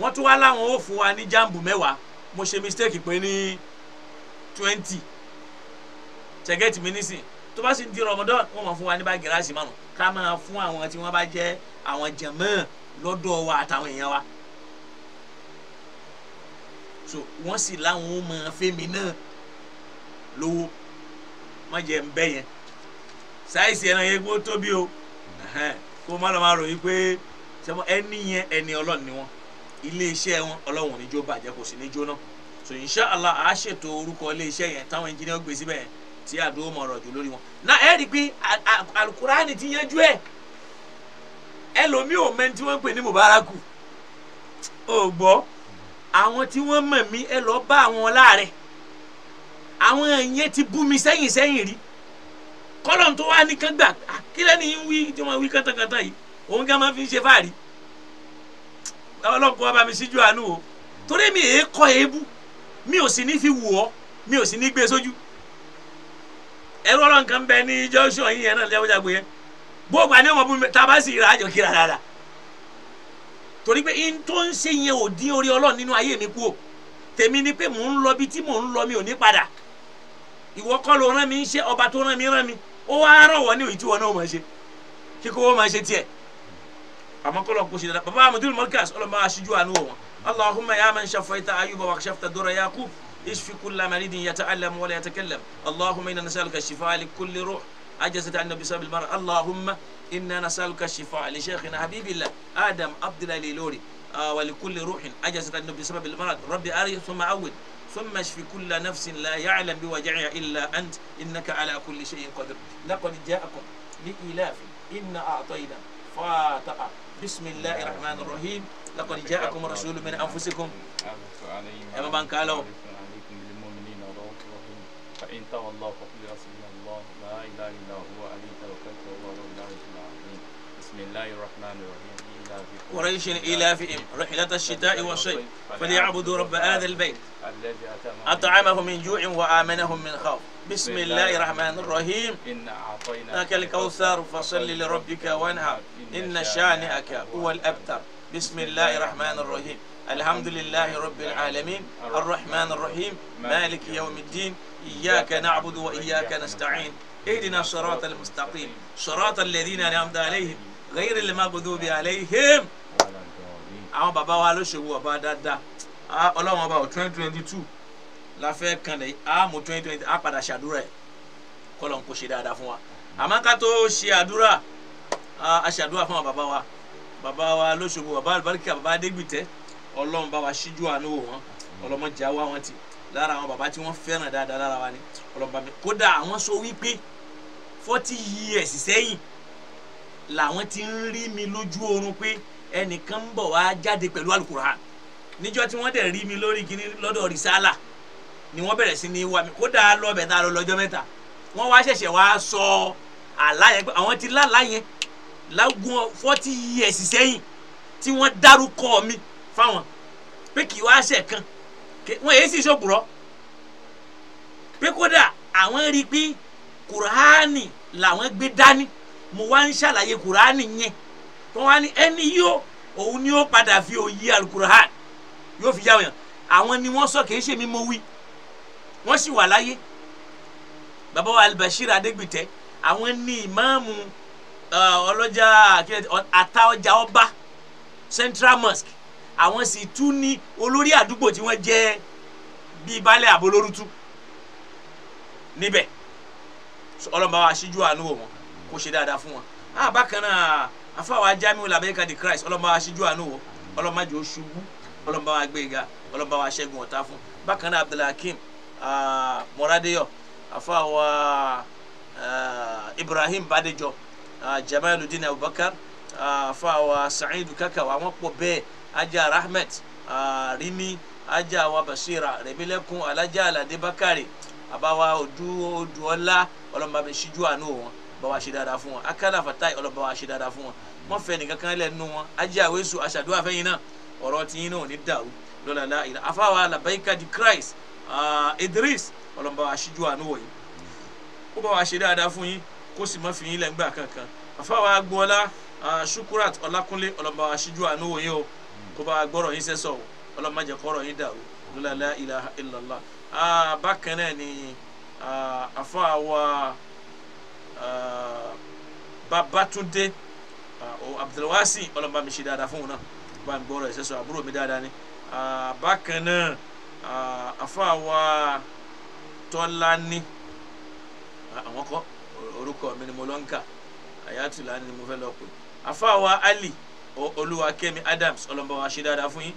wọ́n tún wá láwọn ó fún wa ní jambu mẹ́wàá mo ṣe mistake pé ní twenty ṣẹ̀gẹ́tì mi nísìn tó bá sì di Ramadan wọ́n máa fún wa ní bá gíláàsì márùn ká máa fún àwọn tí wọ́n bá jẹ́ àwọn jẹ̀mọ́ lọ́dọ̀ wa àtàwọn èèyàn wa so wọ́n sì láwọn ó máa fẹ́mi náà lówó má jẹ́ ń bẹ́ yẹn sáìsì ẹran yẹn kó tóbi o kó má lọ́ọ́ máa ròyìn pé ẹni yẹn ẹni ọlọ́ọ̀ni wọn iléeṣẹ́ wọn ọlọ́run ní jó bàjẹ́ kò sí ní jóná so inshallah a ṣètò orúkọ iléeṣẹ́ yẹn táwọn ẹnjìnìá gbé síbẹ̀ yẹn tí àdúró mọ̀ ọ̀rọ̀ jù lórí wọn na ẹ rí i pé alukurani ti yanjú ẹ ẹlòmíì ò mẹ́ni tí wọ́n ń pè ní mubaraku ò gbọ́ àwọn tí wọ́n mọ̀ mí ẹ lọ bá àwọn láàrẹ̀ àwọn yẹn ti bú mi sẹ́yìn sẹ́yìn rí kọ́lọ́n tó wá ní kán gbà kílẹ̀ ni ń wí tí wọ́n wí kàtàkàtà yìí òun kàn máa fi ń ṣe fáàrí ọlọ́nkọ́ bá mi síjú àánú o torí mi èé kọ́ èébú mi ò sì ní fi wù ọ́ mi ò sì ní gbé e sójú ẹrú ọlọ́nkàn bẹ ní junction yìí yẹn náà jágbéjágbé yẹn gbogbo àní ọmọ bùnmi tá a bá sì rà àjọ kíra dáadáa torí pé n tó ń ṣe yẹn ò dín orí ọlọ́run nínú ayé mi kú o tèmi ni pé mò ń lọ bí tí mò lọ mi ò ní padà ìwọ kọ́ ló rán mi ń ṣe ọba tó rán mi rán mi ó wá ní òyìn ṣe أما كلهم كوشي ده بابا مدير المركز ولا ما أشجوا عنوه اللهم يا من شفيت أيوب وكشفت دور يعقوب اشف كل مريض يتألم ولا يتكلم اللهم إنا نسألك الشفاء لكل روح عجزت عن النبي بسبب المرض اللهم إنا نسألك الشفاء لشيخنا حبيب الله آدم عبد الله ليلوري آه ولكل روح عجزت عن النبي بسبب المرض ربي أري ثم عود ثم اشف كل نفس لا يعلم بوجعها إلا أنت إنك على كل شيء قدير لقد جاءكم لإلاف إن أعطينا فاتقى بسم الله الرحمن الرحيم لقد جاءكم الرسول من أنفسكم أما من قالوا فإن تولوا فقل رسول الله لا إله إلا هو علي توكلت وهو رب العالمين بسم الله الرحمن الرحيم قريش إلى فئم رحلة الشتاء والصيف فليعبدوا رب هذا البيت الذي أطعمهم من جوع وآمنهم من خوف بسم الله الرحمن الرحيم إنك الكوثر فصل لربك وانحر إن شانئك هو الأبتر بسم الله الرحمن الرحيم الحمد لله رب العالمين الرحمن الرحيم مالك يوم الدين إياك نعبد وإياك نستعين اهدنا الصراط المستقيم صراط الذين أنعمت عليهم غير المغضوب عليهم àwọn bàbá wa ló ṣòwò ọba dáadáa ọlọ́run ọba ò twenty twenty láfẹ́ kanlẹ̀ àmú twenty twenty á padà ṣàdúrà ẹ̀ kọ́lọ̀ ń kó ṣe dáadáa fún wa àmọ́ ká tó ṣe àdúrà a ṣàdúrà fún wa bàbá wa bàbá wa lóṣogbo bàbá àlùbáríkà bàbá adégbìtẹ́ ọlọ́run bá wa ṣíjú àánú wò wọ́n ọlọ́mọdé àwa wọn ti lára àwọn bàbá tí wọ́n fẹ́ràn dáadáa lára wa ni ọlọ́ba mi kódà àwọn sọ wípé forty years sẹ́yìn làwọn ti ń rí mi lójú oorun pé ẹnìkan ń bọ̀ wá jáde pẹ̀lú àlùkùránì níjọ́ tí wọ́n dẹ̀ rí mi lórí kíní lọ́dọ̀ rìsálà ni wọ́n bẹ̀rẹ̀ sí ní wá mi kódà lọ́bẹ̀ tá a lọ lọ́jọ́ mẹ́ta wọ́n wá ṣẹ̀ṣẹ̀ wá sọ àlá pé àwọn ti lálá lágùn forty years sẹ́yìn tí wọ́n dárúkọ mi fáwọn pé kì í wá ṣẹ̀ kan wọ́n èyí sì ṣòpùrọ́ pé kódà àwọn rí i pé kùránì làwọn gbé dání mo wá ń ṣàlàyé kùránì yẹn tó wá ní ẹni yóò òun ni ó padà fi òye alukur'an yóò fi yáwó yẹn àwọn ni wọ́n sọ kì í ṣe mi wí wọ́n sì wà láyé bàbá wa Al-Bashir Adégbìtẹ́ àwọn ní ìmáàmù uh, ọlọ́jà ata ọjà ọba Central Mosque àwọn sì tún ní olórí àdúgbò tí wọ́n jẹ́ bíi baálẹ̀ àbólórútú níbẹ̀ ọlọ́mọba wa ṣíjú àánú wò wọ́n kó ṣe dáadáa fún wọn àbákan ah, náà afáwa Jamiu Labẹ́ka di Christ ọlọ́mọba wa ṣíjú àánú wò ọlọ́mọdé ó ṣubú ọlọ́mọba wa gbé e ga ọlọ́mọba wa ṣẹ́gun ọ̀tá fún bákan náà Abdulhakeem uh, ah, moradeyɔ afa wa eh, ibrahim badejo uh, ah, jamaludin abubakar uh, afa wa sa'idu kaka wa wọn pọ̀ bẹ́ẹ̀ aja rahmat rimi aja wa basira remilekun alaja alade bakari abawa odu Oduola, ọlá ọlọmọba bẹ ṣíjú àánú wọn bá wa ṣe dáadáa fún wọn akala fatai ọlọmọba wa ṣe dáadáa fún wọn wọn fẹ́ nìkan kan lẹ nínú wọn ajé àwẹsù aṣàdúrà fẹyìn náà ọ̀rọ̀ tiyín náà ò ní dàrú lọlá ilà afáwa labaika di christ Uh, Idris ọlọ́mọba aṣíjú àánú wọ̀nyí ó bá wa ṣe dáadáa fún yín kó sì má fi yín lẹ́ngbà kankan àfáwà agboola uh, Shukurat Ọlákúnlé ọlọ́mọba aṣíjú àánú wọ̀nyí o kó bá wa gbọ́rọ̀ yín sẹ́sọ̀ o ọlọ́mọba jẹ́ kọ́rọ̀ yín dàrú lọ́lá ilaha illallah uh, bákan náà ni àfáwà Babátúndé Abdulwasi ọlọ́mọba mi ṣe dáadáa fún wọn náà bá ń gbọ́rọ̀ yín sẹ́sọ̀ àbúrò mi dáadáa ni bákan náà àfáàwà tọ́lání àwọn kọ́ orúkọ mi ni mo lọ ń kà àyàtúlá ni mo fẹ́ lọ pè àfáàwà ali olúwakẹ́mi adams ọlọ́mọba wa ṣe dáadáa fún yín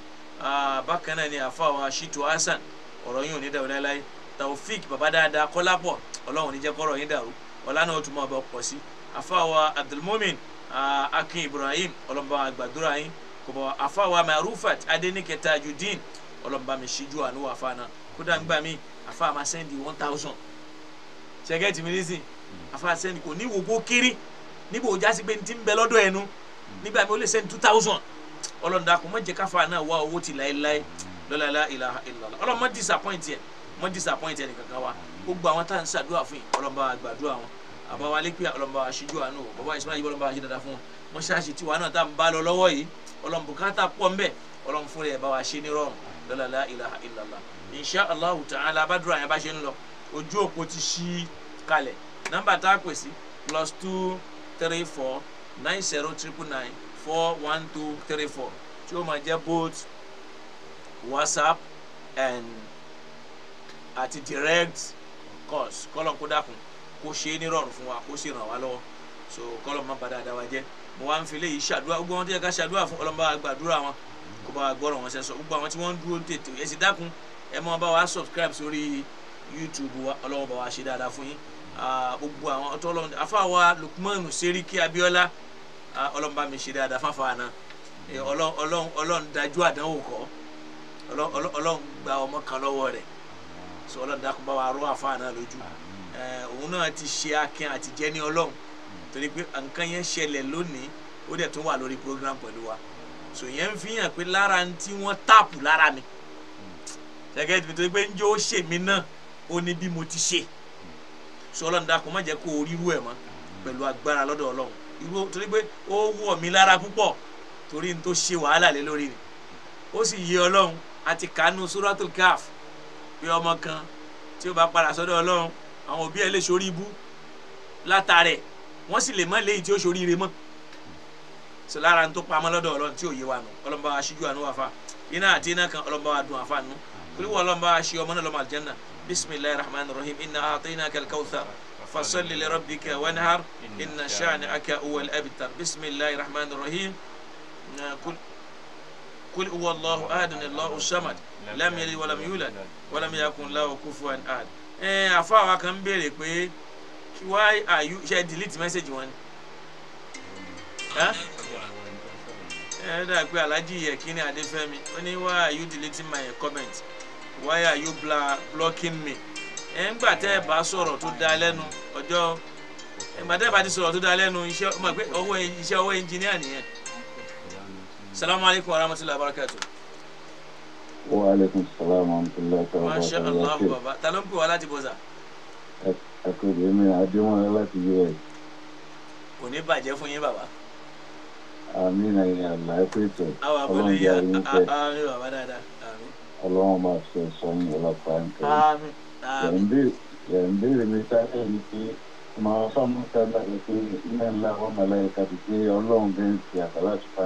bákan náà ni àfáàwà shitu hasan ọ̀rọ̀ yín ò ní dàrú láéláé taofik baba dáadáa kọ́lápọ̀ ọlọ́run ò ní jẹ́ kọ́rọ̀ yín dàrú ọ̀la náà ó tún máa bọ̀ abdulmumin akin ibrahim ọlọ́mọba àgbàdúrà yín kò bọ̀ wa marufat adenike tajudeen ọlọ́mọba mi ṣíjú àánú àfa náà kódà nígbà míì àfa máa sẹ́ndì one thousand ṣẹ́gẹ́tì mi nísìn hmm. àfa sẹ́ndì kò ní ìwòkó kiri níbo ò jásí pé ti ń bẹ lọ́dọ̀ ẹnu hmm. nígbà míì ó lè sẹ́ndì two thousand ọlọ́dà kò mọ̀ jẹ́ káfa náà wá owó ti láéláé hmm. lọ́lá ilaha illallah ọlọ́mọ disappoint yẹ mọ disappoint yẹ nìkan kan wa gbogbo àwọn tá à ń ṣàdúrà fún yìí ọlọ́mọba àgbàdúrà wọn àbáwá lẹ́pẹ́ ọlọ́mọba àṣíjú àánú bàbá ìsúná yìí ọlọ́mọba àṣíjú dáadáa fún wọn mọ́ṣáláṣí tiwa náà tá à ń bá lọ lọ́wọ́ yìí ọlọ́mọbùkátà pọ̀ ń bẹ̀ ọlọ́mọ ẹ̀ bá wa ṣe ní rọrùn lọ́la la ilaha illallah insha allah ta'ala abádùrà yẹn bá ṣe ń lọ ojú òpó ti ṣí kalẹ̀ nọ́mbà tá a pè sí plus two three four nine zero triple nine four one two three four tí ó máa jẹ́ both whatsapp and àti direct calls kọ́lọ̀ kó dàkún kó ṣe é nírọ̀rùn fún wa kó sì ràn wá lọ́wọ́ so kọ́lọ̀ má ba dáadáa wa jẹ́ mo wá ń fi léyìí ṣàdúrà gbogbo wọn tó yẹ ká ṣàdúrà fún ọlọ́mọba àgbàdúrà wọn kó bá wa gbọ́rọ̀ wọn ṣe sọ gbogbo àwọn tí wọ́n ń dúró tètè ẹ sì dákun ẹ máa bá wa subscribe sórí YouTube wa ọlọ́wọ́n bá wa ṣe dáadáa fún yín gbogbo àwọn ọtọ́ ọlọ́run afáwa Lukman Seriki Abiola ọlọ́run bá mi ṣe dáadáa fáfá àná ọlọ́run dájú àdánwò kọ́ ọlọ́run gba ọmọ kan lọ́wọ́ rẹ̀ sọ ọlọ́run dákun bá wa rọ́ àfá àná lójú òun náà ti ṣe akin àti jẹ́ ní ọlọ́run torí pé nǹkan yẹn ṣẹlẹ̀ lónìí ó dẹ̀ tún wà lórí program pẹ̀lú wa so yẹn ń fi hàn pé lára ń tí wọ́n táàpù lára mi gẹ́gẹ́ bí tó pé ń jẹ́ ó ṣe mí náà ó ní bí mo ti ṣe so ọlọ́run dákun má jẹ́ kó o ríru ẹ̀ mọ́ pẹ̀lú agbára lọ́dọ̀ ọlọ́run irú torí pé ó wọ̀ mí lára púpọ̀ torí n tó ṣe wàhálà lé lórí ni ó sì yé ọlọ́run àti kánú suratul kaf pé ọmọ kan tí ó bá padà sọ́dọ̀ ọlọ́run àwọn òbí ẹ̀ lè ṣorí ibú látàrẹ̀ wọ́n sì lè má léyìí tí ó ṣoríire mọ́ so lára tó pamọ́ lọ́dọ̀ ọlọ́run tí ò yé wa nù ọlọ́mọba aṣíjú àánú àfa iná àti iná kan ọlọ́mọba wa dùn àfa nù kúlíwọ̀ ọlọ́mọba aṣí ọmọ náà lọ́mọ àlìjẹ́nà bisimilayi rahman rahim inna atayna kalkawta fasalli li rabbika wanhar inna shani aka uwal abitar bisimilayi rahman rahim kul huwa allahu ahadun allahu samad lam yalid walam yulad walam yakun lahu kufuwan ahad. ẹ why are you ṣe delete message wọn ni ẹ pé alhaji yekini adefemi ó ní why are you deleting my comment why are you bla blocking me ẹ ń gbà tẹ́ ẹ bá sọ̀rọ̀ tó da lẹ́nu ọjọ́ ìgbà tẹ́ ẹ bá ti sọ̀rọ̀ tó da lẹ́nu iṣẹ́ ọwọ́ iṣẹ́ ọwọ́ ẹnjìníà nìyẹn salamu alaykum wa rahmatulahi wa barakatu. wa aleykum salaam wa rahmatulahi wa barakatu. masha allah baba ta ló ń pè wá láti bọ́sà. ẹ ẹ kò dé mi àdéhùn láti us. kò ní bàjẹ́ fún yín bàbá àmín ẹ̀yìn àlá ẹ pé tó ọlọ́run bí arí ń fẹ́ ọlọ́run máa fi ẹ̀sọ́ ní ọlọ́pàá ń kẹ́ ẹ̀ ń béèrè mi sáré ni pé máa fáwọn sábà rẹ pé iná ńlá wọn màláyé kàbí pé ọlọ́run bẹ́ẹ̀ ń fi àbálá ti fa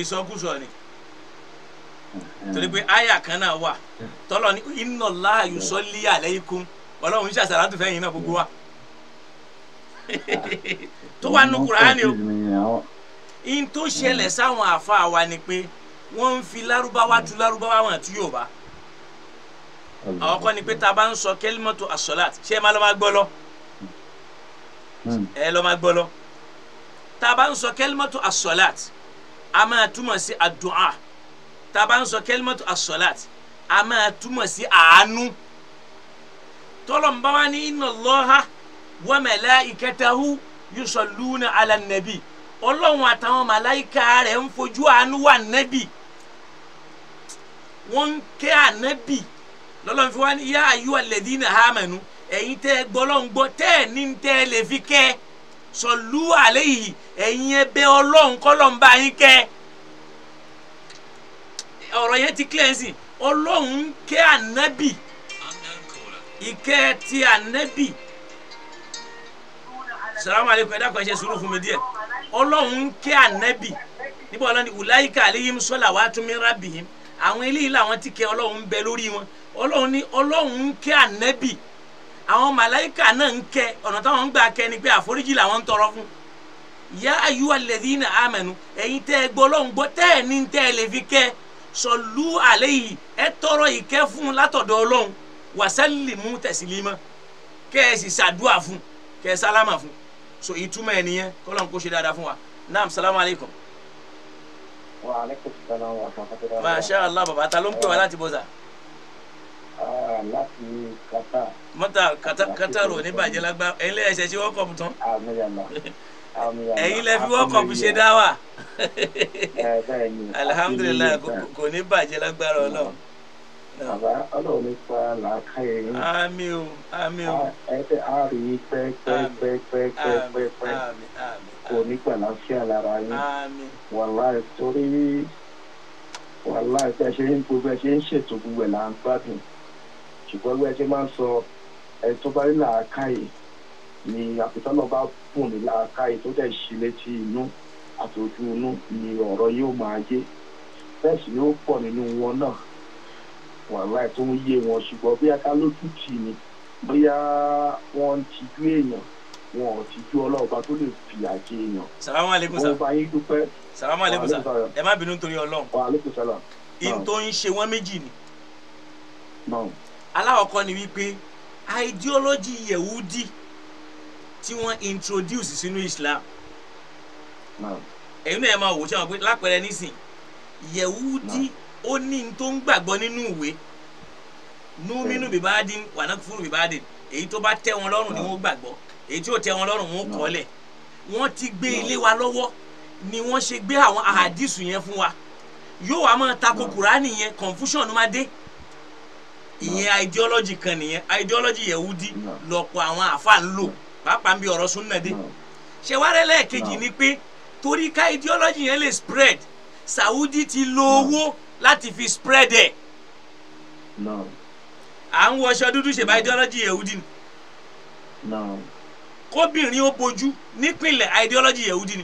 ìsọkúsọ ni torí pé àyà kan náà wà tọ́lọ́ ní iná láàyò sọ́lí àlẹ́ ikú ọlọ́run ń ṣàṣàlátù fẹ́yìn náà gbogbo wa. Yeah. [LAUGHS] tó wà nù kúránì o in tó ṣẹlẹ̀ sáwọn àfa wa ni pé wọ́n ń fi lárúbáwá tu lárúbáwá wọn àti yorùbá àwọn kan ni pé tá a bá ń sọ kẹ́límọ́tò asọ́lát ṣé ẹ máa lọ́ máa gbọ́ lọ ẹ lọ́ máa gbọ́ lọ tá a bá ń sọ kẹ́límọ́tò asọ́lát a máa túmọ̀ sí àdúà tá a bá ń sọ kẹ́límọ́tò asọ́lát a máa túmọ̀ sí àánú tọ́lọ̀ ń bá wa ní inna Allaha wa malaikatahu yusalluna ala nabi ọlọ́run àtàwọn màláìka rẹ̀ ń fojú àánú wà nẹ́bì wọ́n ń kẹ́ ànẹ́bì lọ́lọ́run fi wá ní yá ayú alladhina amanu ẹ̀yin tẹ́ gbọ́lọ́run gbọ́ tẹ́ ẹ̀ ní tẹ́ lè fi kẹ́ sallu alayhi ẹ̀yin ẹ bẹ̀ ọlọ́run kọ́lọ́run bá yín kẹ́ ọ̀rọ̀ yẹn ti cleansing ọlọ́run ń kẹ́ ànẹ́bì ti ànẹ́bì salamu aleykum ẹ dákun ẹ ṣe sùúrù fún mi díẹ̀ ọlọ́run ń kí ànábì níbo ọlọ́run ulaika alayhim salawatun min rabbihim àwọn eléyìí làwọn ti kẹ ọlọ́run bẹ lórí wọn ọlọ́run ní ọlọ́run ń kẹ àwọn màláìka náà ń kẹ ọ̀nà táwọn ń gbà kẹ ni pé àforíjì làwọn ń tọrọ fún ya ayyuhal ladhina amanu ẹ̀yin tẹ́ ẹ gbọ́ ọlọ́run gbọ́ tẹ́ ẹ ní tẹ́ ẹ lè fi kẹ sọlú alayhi ẹ tọrọ ìkẹ́ fún látọ̀dọ̀ ọlọ́run wasallimu taslima kẹ́ ẹ sì ṣàdúà fún kẹ́ ẹ sálámà fún so ìtumọ̀ ẹ̀ nìyẹn kọ́lọ́n kó ṣe dáadáa fún wa naam salamu alaykum. wa aleykum salaam wa rahmatulah. masha allah baba ta ló ń pè wá láti bọ́sà. Ah, láti kata. mọ́tà kata kata rò ní bàjẹ́ lágbá ẹ̀yin lè ẹ̀ṣẹ̀ ṣe wọ́kọ̀ọ̀pù tán. ẹ̀yin lè fi wọ́kọ̀ọ̀pù ṣe dá wa. alhamdulilayi kò ní bàjẹ́ lágbára ọlọ́run. Amen. ọlọ́run ní fa làákà ẹ̀yìn. àmín o àmín o. ẹ tẹ a rí i pẹ́ẹ́pẹ́ẹ́pẹ́ẹ́pẹ́ẹ́pẹ́ kò ní gbàláfíà lára yín wàláì torí wàláì bẹ́ẹ̀ ṣe ń gbogbo ẹ ṣe ń ṣètò gbogbo ẹ̀ là ń gbádùn ṣùgbọ́n bí ẹ ṣe máa ń sọ ẹ tó bá rí làákà yìí ni àpótọ́nà bá bùn ní làákà yìí tó dẹ̀ ṣí létí inú àtòjú inú ni ọ̀rọ̀ yóò máa yé bẹ́ẹ̀ sì ni ó pọ̀ nínú wọn náà wàhálà tó ń yé wọn ṣùgbọ́n bí aká lójú tì ní bóyá wọ́n ń tijú èèyàn wọn ò tijú ọlọ́ọ̀bá tó lè fi àjẹ èèyàn. salamu aleykum sa mo bá yín dúpẹ́. salamu aleykum sa ẹ má bínú nítorí ọlọ́run. wa aleykum salam. in tó ń ṣe wọ́n méjì ni. aláwọ̀kọ́ ni wípé ideology yehudi tí wọ́n introduce sínú islam. èyí náà ẹ máa wò ó ṣe wọn pé lápẹẹrẹ nísìn yehudi. No ó ní n tó ń gbàgbọ́ nínú ìwé númínú bìbáàdín wànákùfúrú bìbáàdín èyí tó bá tẹ́ wọn lọ́rùn ni wọ́n gbàgbọ́ èyí tí ò tẹ́ wọn lọ́rùn wọ́n kọ̀lẹ̀ wọ́n ti gbé ilé wa lọ́wọ́ ni wọ́n ṣe gbé àwọn ahadisu yẹn fún wa yóò wá máa tako kùránì yẹn confusion máa dé ìyẹn ideology kan nìyẹn ideology yẹwudi lọ́pọ̀ àwọn àfa ń lò pàápàá ń ọ̀rọ̀ súnà dé ṣẹwárẹ́ lẹ́ẹ̀kejì ni pé torí ideology yẹn lè spread Saudi ti lo owó. No láti fi spread ẹ̀. à ń wọṣọ dúdú ṣèbá ideology yehudi ni. kóbìnrin ó bojú nípìnlẹ̀ ideology yehudi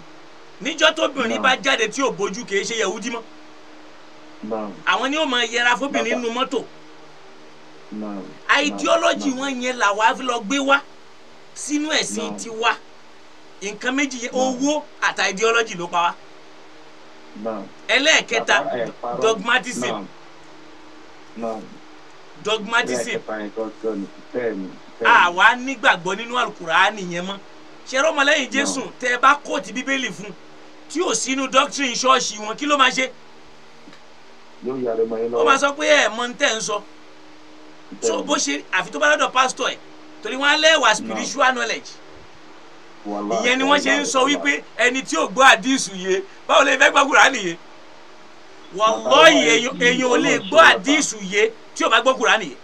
ni níjọ́ tóbìnrin bá jáde tí ò bojú kì í ṣe yehudi mọ́ àwọn ni ó máa yẹra fóbìnrin nu mọ́tò ideology wọn yẹn làwa lọ gbé wá sínú ẹ̀sìn tiwa nǹkan méjì yẹn owó àti ideology ló pa wá. No ẹlẹ́ẹ̀kẹta dogmatism dogmatism àwa nígbàgbọ́ nínú alukur'ani yẹn mọ́ ṣe rọ́mọlẹ́yìn jésù tẹ́ ẹ bá kóòtù bíbélì fún tí ò sínú doctrine ṣọ́ọ̀ṣì wọn kí ló máa ṣe ó máa sọ pé ẹ̀ mọ̀ ń tẹ̀ ń sọ so bó ṣe àfi tó bá lọ́dọ̀ pásítọ̀ ẹ̀ torí wọ́n á lẹ́wà spiritual knowledge ìyẹn ni wọ́n ṣe ń sọ wípé ẹni tí ò gbọ́ àdìsù yé báwo lè fẹ́ gbọ́ kùránì yé wàlọ́ọ̀yì èyàn ò lè gbọ́ àdìsù yé tí ò bá gbọ́ kùránì yé.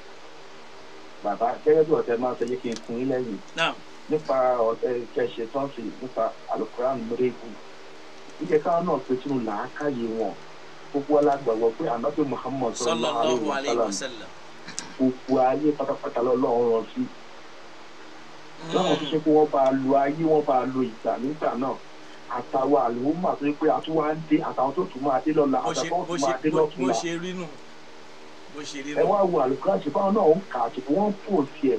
bàbá gẹ́gẹ́ bí ọ̀tẹ̀ máa ń kí n kun ilé yìí nípa ọ̀tẹ̀ kẹsẹ̀ tọ́sí nípa alukuraani mẹ́rẹ́gù ìjẹ́ káwọn náà pé sínú làákàyè wọn gbogbo alágbàgbọ́ pé ànábì Muhammad sallallahu alaihi wasallam láwọn tó ṣe pé wọ́n bá lo ayé wọ́n bá lo ìgbà nígbà náà àtàwọn àlùmọ́ àti pé àtúwà ń dé àtàwọn tó tún máa dé lọ́la àtàwọn tó máa dé lọ́túnla ẹ wá wo àlùkùránì ṣe fáwọn náà ń kà àtìkú wọ́n pò tiẹ̀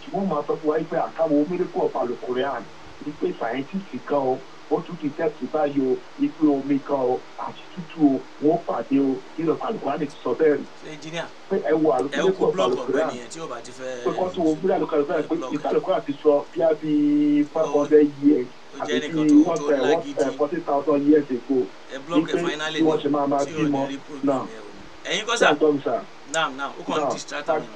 tí wọ́n máa sọ fún wa pé àtàwọn omíríkù ọ̀pá àlùkùránì ni pé sàyẹ́ntìsì kan o ó tún ti tẹ́tù báyìí o ipe omi kan o àti tútù o wọ́n pàdé o nínú alùpùpù ní sọ bẹ́ẹ̀ rí. ẹnjìníà ẹ ó kó búlọ̀kù ọ̀rọ̀ ènìyàn tí ó bá ti fẹ́. pé kọ́ tó wo búlọ̀kù alùpùpù rẹ̀ pé ìtàlùkù àti sọ bí a bí five hundred years àti bí one hundred one hundred forty thousand years ago ní pé bí wọ́n ṣe máa máa bímọ náà. ẹ̀yin kọ́ sà náà náà ó kàn distract mi náà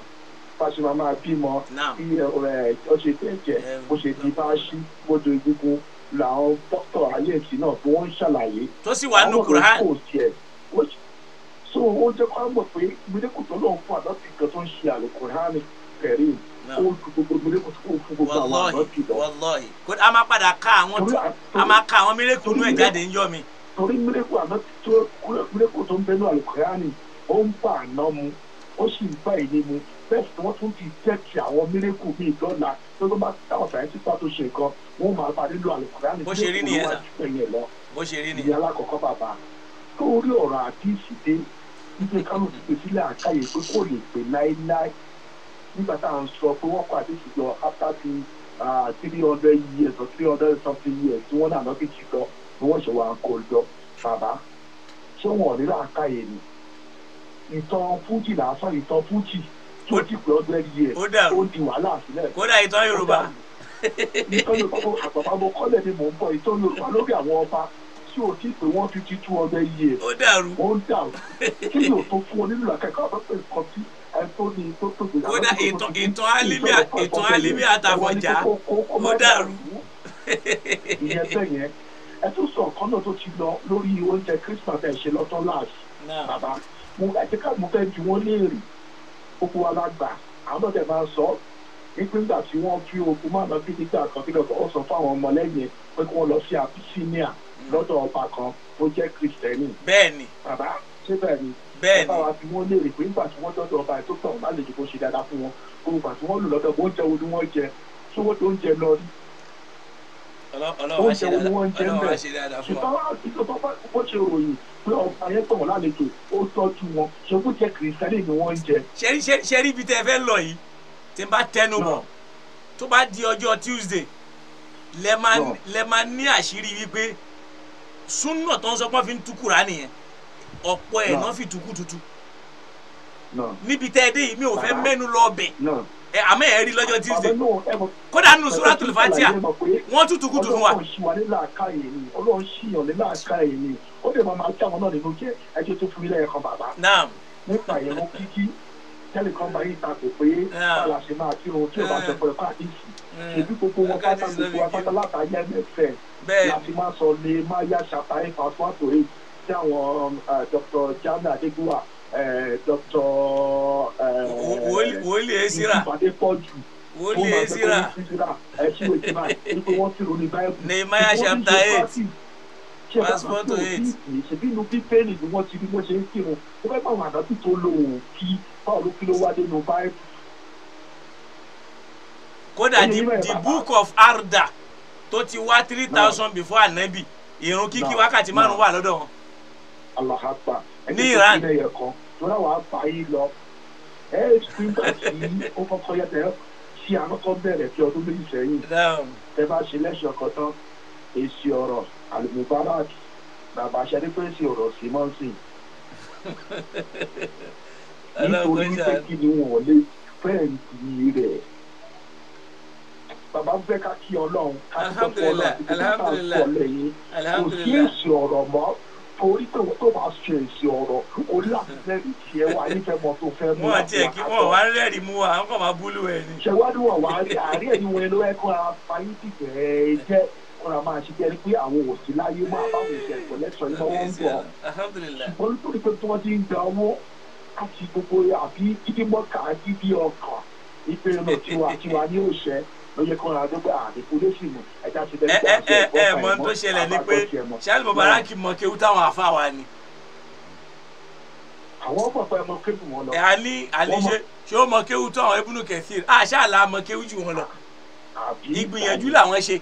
fásitì bímọ bí ọ̀rẹ́ ọ̀ṣẹ̀ tẹ̀jẹ̀ bó ṣe di bá ṣí bó do igun làwọn dókítà ayéèkì náà bí wọ́n ń ṣàlàyé. tó sì wà nù kùrán. àwọn ọ̀rọ̀ kò tiẹ̀ so ó jẹ́ kó mọ̀ pé gbèdéko tó lọ́n fún àdọ́tì kan tó ń o àlùkùrán kẹrí ó ju gbogbo gbèdéko tó fún gbogbo àwọn àdọ́tì lọ. wọ́lọ́ọ̀hì kó a máa padà ká àwọn a máa ká àwọn mílíkù nú ẹ̀ jáde ń yọ mi. torí mílíkù àdọ́tì tó mílíkù o ń bẹ́nu àlùkùrán ó ń bà àná mu ó sì ń bá ìní mu bẹ́ẹ̀ sì wọ́n tún ti jẹ́ ti àwọn mílíkù bíi dọ́là tó ló bá táwọn sàyẹ́ntì pàtó ṣe nǹkan wọ́n máa bá nílò àlùkùrá ní tí òun wá pẹ̀yẹ lọ ìyá alákọ̀ọ́kọ́ bàbá tó orí ọ̀rọ̀ àdìsí dé ibi kánò ti pè sílẹ̀ àkáyè pé kò lè pè láéláé nígbà tá à ń sọ pé wọ́n kọ́ àdìsí lọ after the three hundred years or three hundred something years tí wọ́n náà lọ́ kejì lọ ni wọ́n ṣe wà ń kó lọ bàbá ṣé wọn ò ní ni ìtàn fújì làásán ìtàn fújì tí ti pè hundred years ó di wàhálà sílẹ̀ kódà ìtàn Yorùbá nítorí ọkọ àgbàbọ kọlẹ ni mò ń bọ ìtọ́jú ọ̀sán lórí àwọn ọba tí o ti pé one fifty two hundred years. ó dàrú ó dàrú kí ni o tó fún ọ nínú àkẹ́kọ̀ọ́ àbẹ́pẹ́ nǹkan tí kódà ìtàn alimi ìtàn alimi àtàfọ̀já ó dàrú. ìyẹn bẹ́ẹ̀ yẹn ẹ tún sọ ọ̀kan náà tó ti lọ lórí oúnjẹ Christmas ẹ̀ ṣe lọ́tọ́ láàṣì bàbá mo ẹ ti ká mo fẹ́ ju wọ́n léèrè gbogbo wa la gbà àwọn náà dẹ̀ máa sọ nígbà tí wọ́n fi ogun mọ́nà pínísà kan sílẹ̀ ó sọ fáwọn ọmọlẹ́yìn pé kí wọ́n lọ sí abisinia lọ́dọ̀ ọba kan ó jẹ́ kristẹni. bẹ́ẹ̀ni. bàbá ṣé bẹ́ẹ̀ ni. bẹ́ẹ̀ni. bàbá wa fi wọ́n léèrè pé nígbà tí wọ́n dọ́dọ̀ ọba ètò tọ̀ wọ́n lálejò kó ṣe dáadáa fún wọn olùgbà tí wọ́n lò lọ́dọ̀ bó jẹ́ olú wọn jẹ sówó tó ń jẹ lọ rí. oúnjẹ olú wọn jẹ mẹ ṣùgbọ́n ìjọba bó ṣe ròyìn pé ọba yẹn tọ̀ wọ́n lálejò ó tọ́jú wọn ṣe bó jẹ́ kristẹni ni wọ́n jẹ. ṣe rí ibi tẹ́ ẹ fẹ́ lọ yìí tí n bá tẹnu bọ̀ tó bá di ọjọ́ Tuesday lẹ máa ní àṣírí wípé súnà tó ń sọ pé fi ń tú Kùránì yẹn ọ̀pọ̀ ẹ̀ náà fi tukú tutù níbi tẹ́ ẹ dé yìí mi ò fẹ́ mẹ́nu lọ bẹ̀ ẹ àmọ́ ẹ rí lọ́jọ́ Tuesday kódà nínú Suratul Fatiha wọ́n tún tukú tutù wa. Ọlọ́run ṣìyàn lé láàkáyè ni ó lè máa máa tí àwọn náà nínú jẹ́ ẹjọ́ tó fún tẹ́nìkan bá yìí takò pé báwa ṣe máa kí ohun tí ò bá sọ pé káàdì sí ṣèbí gbogbo wọn pátá gbogbo apáta látàrí ẹgbẹ́fẹ́ láti máa sọ lè máa yá ṣàtà ẹ̀fà tó àtò èyí tí àwọn Dr. Jamiu Adégúnwà Dr. wòlíì ezira ìpàdépọ̀jù wòlíì ezira ẹ̀ ṣí wòlíì ezira ẹ̀ ṣí wòlíì ezira ẹ̀ ṣí wòlíì ezira ẹ̀ ṣí wòlíì ezira ẹ̀ ṣí wòlíì ṣé bá wọn tó kí ṣe bí inú ni wọ́n ti rí wọ́n ṣe ń kírun ó fẹ́ bá àwọn àdájú tó lò ó kí báwo kí ló wá dénú báyìí. kódà the, book of arda tó ti wá three thousand before anabi ìrun kíkí wákàtí márùn-ún wà lọ́dọ̀ wọn. alahapa ní iran tóra wàá fà yín lọ ẹ ẹ nígbà tí ó kọ́kọ́ yẹ tẹ tí a bẹ̀rẹ̀ fi ọdún méjì sẹ́yìn tẹ bá ṣe lẹ́sìn ọkọ̀ tán èsì ọ̀rọ̀ alimubarak bàbá sẹ́dífẹ́sì ọ̀rọ̀ simonson [LAUGHS] nítorí pé kí ni wọ́n lè fẹ́ǹtì rẹ̀ bàbá fẹ́ ká kí ọlọ́run ká tó fọlọ́ àti kí ká sọ lẹ́yìn kò sí èsì ọ̀rọ̀ mọ́ torí pé wọ́n tó bá ṣe èsì ọ̀rọ̀ orí àtìlẹ́yìn tí ẹ wà nífẹ̀ẹ́ mọ́ tó fẹ́ mú wọn tiẹ̀ kí wọ́n wá rẹ́rìí mú wa àwọn kan máa búlù ẹ̀ ni. ṣèwádìí wọn wá rí àárẹ̀ ìwé ló ẹ̀kọ́ àfáyín ti bẹ̀ẹ́ jẹ́ kọ́ra máa ṣe bí ẹni pé àwọn ò sí láyé mọ́ àbáwọn ìṣẹ̀lẹ̀ kọ̀lẹ́tọ̀ ní wọ́n ń bọ̀ ṣùgbọ́n nítorí pé tí wọ́n ti ń gba owó àti gbogbo àbí gídímọ́kà gidi ọkàn ìpinnu [LAUGHS] tiwa tiwa ní òṣẹ lóye eh, eh, eh, kan ra dọ́gba àdìpọ̀ lóṣù mọ̀ ẹ̀dá ti bẹ́ẹ̀ gbà ṣe ẹ̀kọ́ ẹ̀ mọ́ tó ṣẹlẹ̀ ni pé ṣáàlì bàbáráàkì mọ kéwú táwọn àfa wa ni. àwọn pàpà ẹ̀ mọ kéwú wọn lọ. àní àní ṣé ó mọ kéwú tó àwọn ebúnú àṣà ah, àlà mọ kéwú jù wọn lọ. ìgbìyànjú làwọn ṣe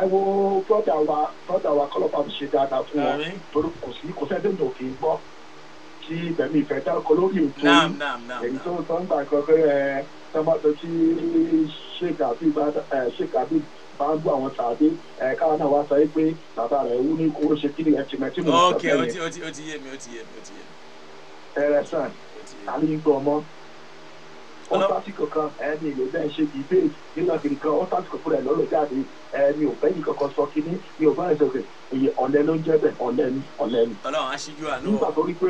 ẹ wo brọ́dà wa brọ́dà wa kọ́lọ́pàá fi ṣe dáadáa fún wọn torí kò sí kò sẹ́dẹ̀ ní òkè gbọ́ kí bẹ̀mí ìfẹ́ dárúkọ lórí ètò èyí tó sọ ń gbà kan pé ẹ tọ́mọ́tò tí ṣèkà bí bá ń gbọ́ àwọn tàbí ẹ káwọn náà wá sọ pé bàbá rẹ̀ wú ní kó ṣe kí ẹ ti mẹ tí mo sọ bẹ́ẹ̀ yẹn. ok ó ti yé mi ó yé mi ó yé mi. ẹ rẹ sàn àlè ń gbọ́ ọmọ ó sásìkò kan ẹni ìlú bẹ́ẹ̀ ṣe debate nínú àgbègbè kan ó sásìkò fúnra ẹ̀ lọ́lọ́ jáde ẹni ò bẹ́yìn kankan sọ kínní mi ò bá ẹ̀ sọ̀rọ̀ èyí ọ̀lẹ́ ló ń jẹ́ bẹ́ẹ̀ ọ̀lẹ́ ni ọ̀lẹ́ ni. Ọlọ́run aṣíjú àná. nígbà tó rí pé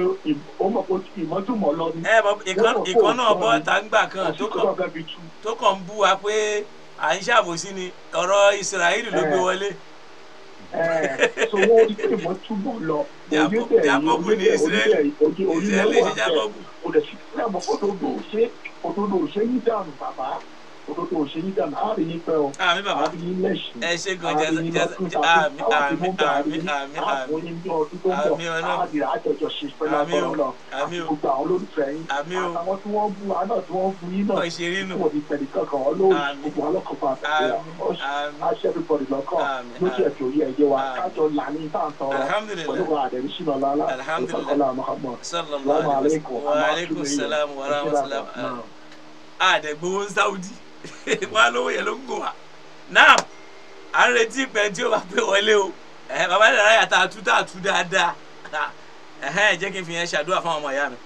ó mọ̀ pé ìmọ̀júmọ̀ lọ ni. ẹ mọ ìkan náà bọ́ tàǹgbà kan tó kàn ń bú wa pé à ń ṣàbòsí ni ọ̀rọ̀ Ísírẹ́lì so wọ́n rí pé wọ́n túbọ̀ lọ òye bẹ̀ òye bẹ̀ òye bẹ̀ òye òye bẹ̀ wà bẹ̀ òdòdó òṣè òdòdó òṣè yí dànù bàbá òdodo òṣèlú dàn àárí yín pẹ́ o àárí yín lẹ́sìn àárí yín lọ́dún tàbí àárí yín àárí yín àárí yín ní ọdún tó ń bọ̀ àárí àjọjọ ṣe pẹ́ lágbọ́n lọ àti gbogbo àwọn olólùfẹ́ yín àtàwọn tí wọ́n bú àná tí wọ́n bú yín náà tí wọ́n di tẹ̀lé kankan wọn lórí gbogbo ọlọ́kọ̀ọ́fà àti aṣẹ́bíbọ̀dì lọ́kọ̀ lójú ẹ̀ torí ẹ̀ yé wa kájọ lànà ìtàǹtọ̀ pẹ̀lú àdẹ̀rí sínú ọ̀làlá ìfọ̀kọ́lá muhammad salamu alaykum wa rahmatulah. àdẹ̀gbowó sáwùdí. [LAUGHS] wọn á lówó yẹn ló ń gò wá náà à ń retí ìpẹ́ tí ó bá pè wọlé o bàbá ìdára yàtọ̀ àtúntà àtú dáadáa [LAUGHS] jẹ́ kí n fi yẹn ṣàdúrà fún ọmọ ìyá mi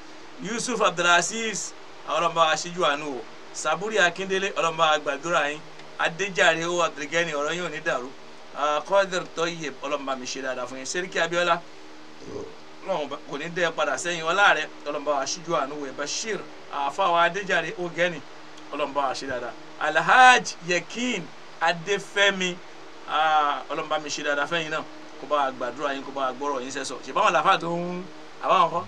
Yusuf Abdulaziz ọlọ́mọba aṣíjú àánú o Saburi Akindele ọlọ́mọba àgbàdúrà yín Adéjàre o Abdulgani ọ̀rọ̀ yín ò ní dàrú Kọ́dìrì Tọ́yè ọlọ́mọba mi ṣe dáadáa fún yín Sẹ́ríkì Abíọ́lá kò ní dẹ́ padà sẹ́yìn ọlá rẹ ọlọ́mọba aṣíjú àánú o Bashir àfáwọn Adéjàre o Gani ọlọ́mọba àṣẹ dáadáa alhaj yakin adefemi ah, ọlọ́mọba mi ṣe dáadáa fẹ́yìn náà kó bá wa gbàdúrà yín kó bá wa gbọ́rọ̀ yín sẹ́sọ̀ ṣe báwọn làfà tó ń àbáwọn kọ́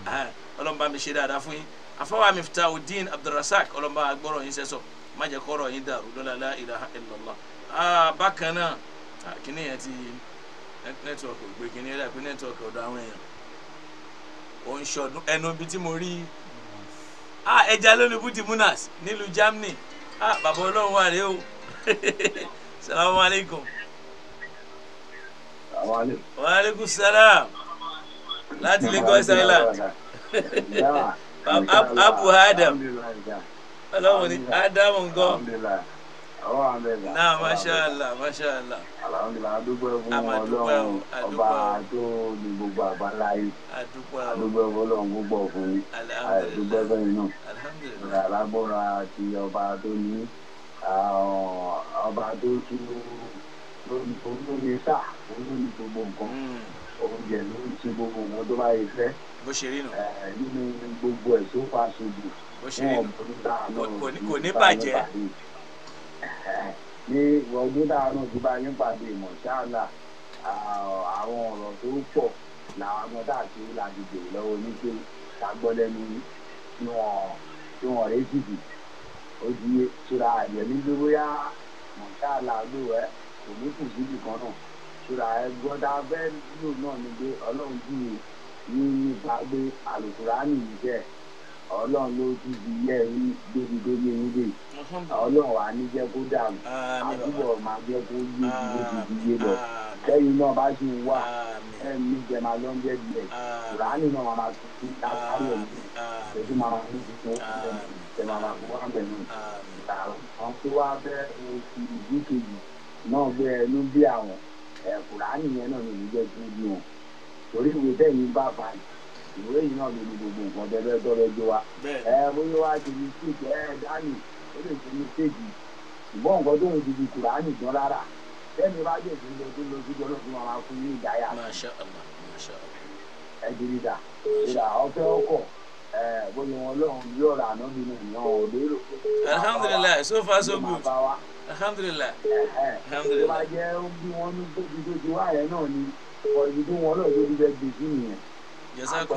ọlọ́mọba mi ṣe dáadáa fún yín afọwọ́ Miftahudeen Abdulrasaq ọlọ́mọba wa gbọ́rọ̀ yín sẹ́sọ̀ má jẹ́ kọ́rọ̀ yín dàrú lọ́la la ilaha illallah ah, bákan náà ah, kíní yẹn ti nẹ́tíwọ̀kì ògbé kíní yẹn dàbí nẹ́tíwọ̀kì ọ̀dọ̀ àwọn èèyàn ò ń ṣọdún ẹnu ibi tí mo rí ẹja lónìí butimunas nílùú Germany ah bàbá ọlọ́run wà rèé o [LAUGHS] salamu alaykum. wa aleykum salaam láti Lagos Island [LAUGHS] abu adam ọlọ́run ni adam ńgọ́ náà masha allah masha allah. alhamdulilayi adúgbò ẹ̀fún ọlọ́run ọba tó ní gbogbo àbáláyé adúgbò ẹ̀fún ọlọ́run gbogbo ọ̀fun yìí adúgbò ẹ̀fún yìí náà alágbọ́ra àti ọba tó ní ọba tó tún olómi sá olómi gbogbo nǹkan hmm. oúnjẹ ló ń ṣe gbogbo nǹkan tó bá yẹ fẹ́ bó ṣe rí nù nínú gbogbo ẹ̀ tó fa ṣojú bó ṣe rí nù kò ní bàjẹ́ ní ọdún dáhùn náà ti bá yín pàdé ìmọ̀ ṣáàlà àwọn ọ̀rọ̀ tó pọ̀ làwọn ọmọ dáàtì làdìgbò lọ́wọ́ oníṣẹ́ lágbọ́lẹ́nu ní wọn tí wọn rẹ dìbì ó di ṣúra àyẹ̀mí gbé bóyá mọ̀ṣáàlà lówẹ̀ kò ní kù síbì kan náà ṣúra ẹ gbọ́dá bẹ́ẹ̀ lò náà ni pé ọlọ́run júwe ní nípa pé àlùkùránì yìí jẹ́ ọlọ́run ló dìbì yẹ ẹ̀rí débi débi ẹ̀rí dè ọlọ́run wà ní jẹ́ kó dàrú àdúgbò máa jẹ́ kó yé ibi débi yé lọ lẹ́yìn náà bá ṣe wà ẹ̀mí jẹ́ máa lọ́njẹ́ díẹ̀ kùránì náà máa tún sí àkàrẹ̀ yìí ojú mara ní ìdíje ìjọba àbúrò àbẹ̀mí ìtààrọ̀ àwọn tí wàá bẹ oṣù ìlú kejì náà bẹ ẹnu bí àwọn ẹ̀kúránì yẹn náà lè jẹ́ tó bí wọn torí ìwé bẹ́ẹ̀ ní bá ba ìwé yìí náà lè ní gbogbo nǹkan bẹ́ẹ̀ dọ́rẹ́ jó wa ẹ bóyá wàá ti ní stéèjì ẹ dání ó lè ti ní stéèjì ṣùgbọ́n nǹkan tó ń di di kúránì gan rárá bẹ́ẹ̀ni bá dé ìdí lójú lójú gan lójú wọn máa fún ní ìdáyà ẹ dirí dà ọ̀fẹ́ ọkọ̀ bóyá wọn lọ́hùn yóò rà àná nínú ìyàn ò lérò. alhamdulilayi so far so good alhamdulilayi alhamdulilayi. ìjọba jẹ́ bí wọ́n ní tóbi tóbi wáyé náà ni ọ̀rọ̀ ìdí wọn náà ló ti bẹ mi lójú ayé wọ́n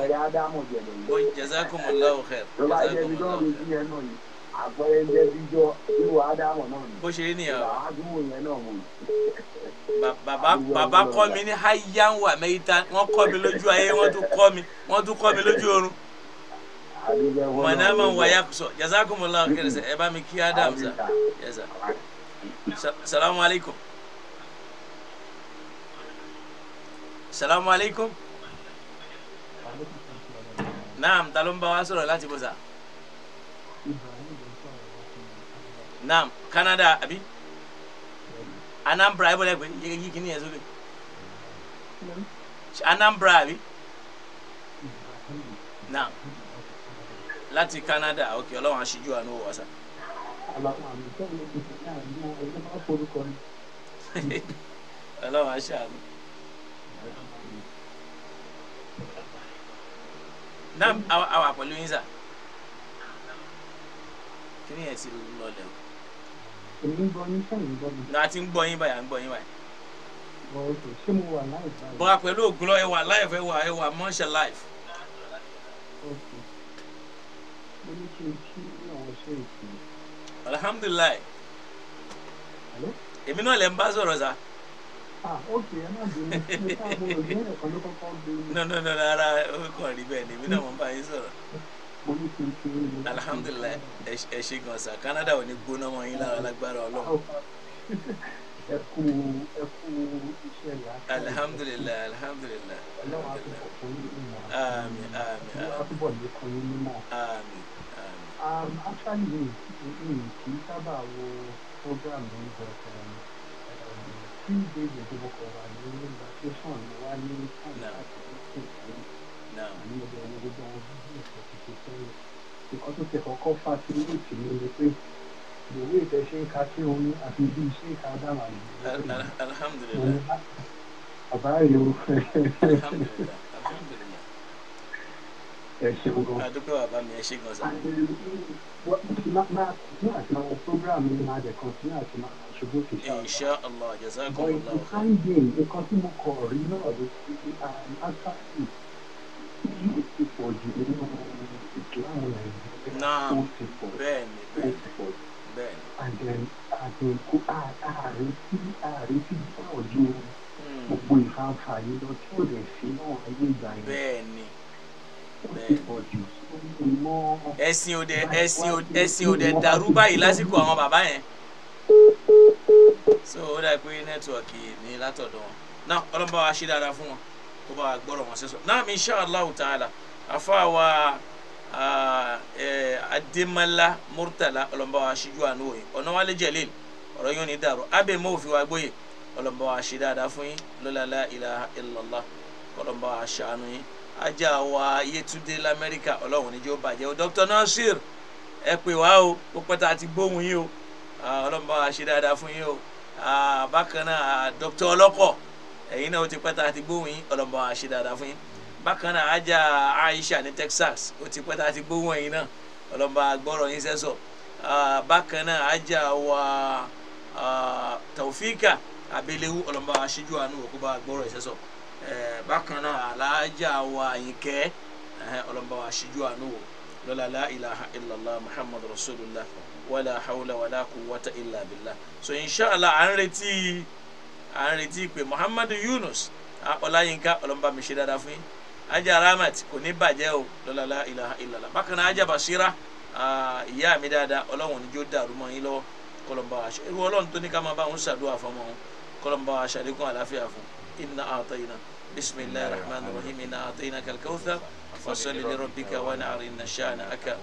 tún kọ́ mi lójú oorun manaman wa ya so jazakumullahu khairan sai eba bá mi kí adamsa yaza salamu alaikum salamu alaikum naam ta ló ń bá wa sọ̀rọ̀ láti bó sa naam Canada àbí Anambra ẹ bọ́lá ẹ pé yẹ kí Anambra àbí naam láti Canada ok ọlọ́run aṣíjú àánú wọ̀ sá. ọlọ́run aṣáánú. náà àwa pẹ̀lú yín sá kí ni ẹ̀ sì lọlẹ̀ o. èmi ń gbọ́ yín sẹ́yìn gbọ́ mi. náà ti ń gbọ́ yín báyà ń gbọ́ yín báyà. bọ̀ ọ̀sẹ̀ ṣé mo wà láìpẹ́. bọ̀ pẹ̀lú ògùn lọ ẹ wà láìpẹ́ ẹ wà mọ́ṣẹ́ láìpẹ́. alhamdulilayi èmi náà lè ń bá sọ̀rọ̀ sa. Ah, no no no rárá ó kàn rí bẹ́ẹ̀ ni èmi náà mo ń bá yín sọ̀rọ̀ alhamdulilayi ẹ ṣe gan sa Canada ò ní gbóná mọ́ yín lára lágbára Ọlọ́run. ẹ kú ẹ kú iṣẹ́ alhamdulilayi alhamdulilayi. Ọlọ́run á tún um, actually mi mi kì í sábà wo program yìí but um, um, three days ago mo kọ̀ wà ní vacation mo wá ní time láti ní sèkìrì àní mo bẹ̀rẹ̀ ní gbogbo àwọn fídíò tó ti ṣe sẹ́yìn nǹkan tó ti kọ́kọ́ fà sí ìrètí mi ni pé ìwé omi àti bí iṣẹ́ ìka dáhùn àyè. alhamdulilayi. Ah, bàbá ẹ ṣeun gan. adúpẹ́ bàbá mi ẹ ṣe gan sa. máa ní àti máa wọ program mi máa dẹ̀ kan sí àti máa ṣubú kì í ṣe. insha allah jazakallah. but the time being nǹkan tí mo kọ̀ rí náà ló fi àǹfààní tí ó ti pọ̀ jù nínú ìsìláàmù nàìjíríà. náà bẹ́ẹ̀ ni bẹ́ẹ̀ ni bẹ́ẹ̀ ni. and then àdínkù ààrin tí ààrin tí bá ọjọ́ hmm. gbogbo ìfàǹfà yìí lọ tí ò lè fi náà ayé ìgbà yẹn. bẹ́ẹ̀ ni ẹ̀sìn òde ẹ̀sìn òde ẹ̀sìn òde dàrú báyìí lásìkò àwọn bàbá yẹn so ó dà pé nẹ́tíwọ̀kì ní látọ̀dọ̀ wọn náà ọlọ́mọba wa ṣe dáadáa fún wọn kó bá gbọ́rọ̀ wọn sẹ́sọ náà insha Allah ta'ala àfàwà Adémọ́lá Murtala ọlọ́mọba wa ṣíjú àánú òye Ọ̀nàwálé Jalil ọ̀rọ̀ yóò ní dàrú abẹ́ mọ́ òfin wa gbóyè ọlọ́mọba wa ṣe dáadáa fún yín lọ́lá la ilaha illallah ọlọ́mọba wa ṣàánú yín ajá wa Yétúndé lamẹ́ríkà ọlọ́run níjẹ́ ó bàjẹ́ o Dr. Nasir ẹ pè wá o ó pẹ́ tá a ti o ọlọ́run bá wa ṣe dáadáa fún yín o bákan náà Dr. ọlọ́kọ̀ ẹ̀yin náà ó ti pẹ́ tá a ti gbóhùn yín ọlọ́run bá wa ṣe dáadáa fún yín bákan náà ajá Aisha ní Texas ó ti pẹ́ tá a ti gbóhùn ẹ̀yin náà ọlọ́run bá gbọ́rọ̀ yín sẹ́sọ̀ bákan náà ajá wa Taofika abelewu ọlọ́run bá wa ṣíjú àánú òkú bá gbọ́rọ̀ yín sẹ́sọ̀. Eh, bákan náà aláàjà wa àyìnkẹ́ eh, ọlọ́mọba wa ṣíjú àánú wò lọ́la la ilaha illallah muhammad rasulillah wàlá hawla wàlá quwwata illa billah so inshallah à ń retí à ń retí pé muhammad yunus ọláyínká ọlọ́mọba mi ṣe dáadáa fún yín ajá ramat kò ní bàjẹ́ o lọ́la la ilaha illallah bákan náà ajá basira ìyá mi dáadáa ọlọ́run níjó dàrú mọ́ yín lọ́wọ́ kọlọ́mbà wa ṣe irú ọlọ́run tó ní ká máa bá òun ṣàdúrà fọmọ òun kọlọ́mbà wa ṣàlékún àlàáfíà fún inna àtọ̀ yìí náà. بسم الله الرحمن الرحيم إنا أعطيناك الكوثر فصل لربك ونعر إن شانئك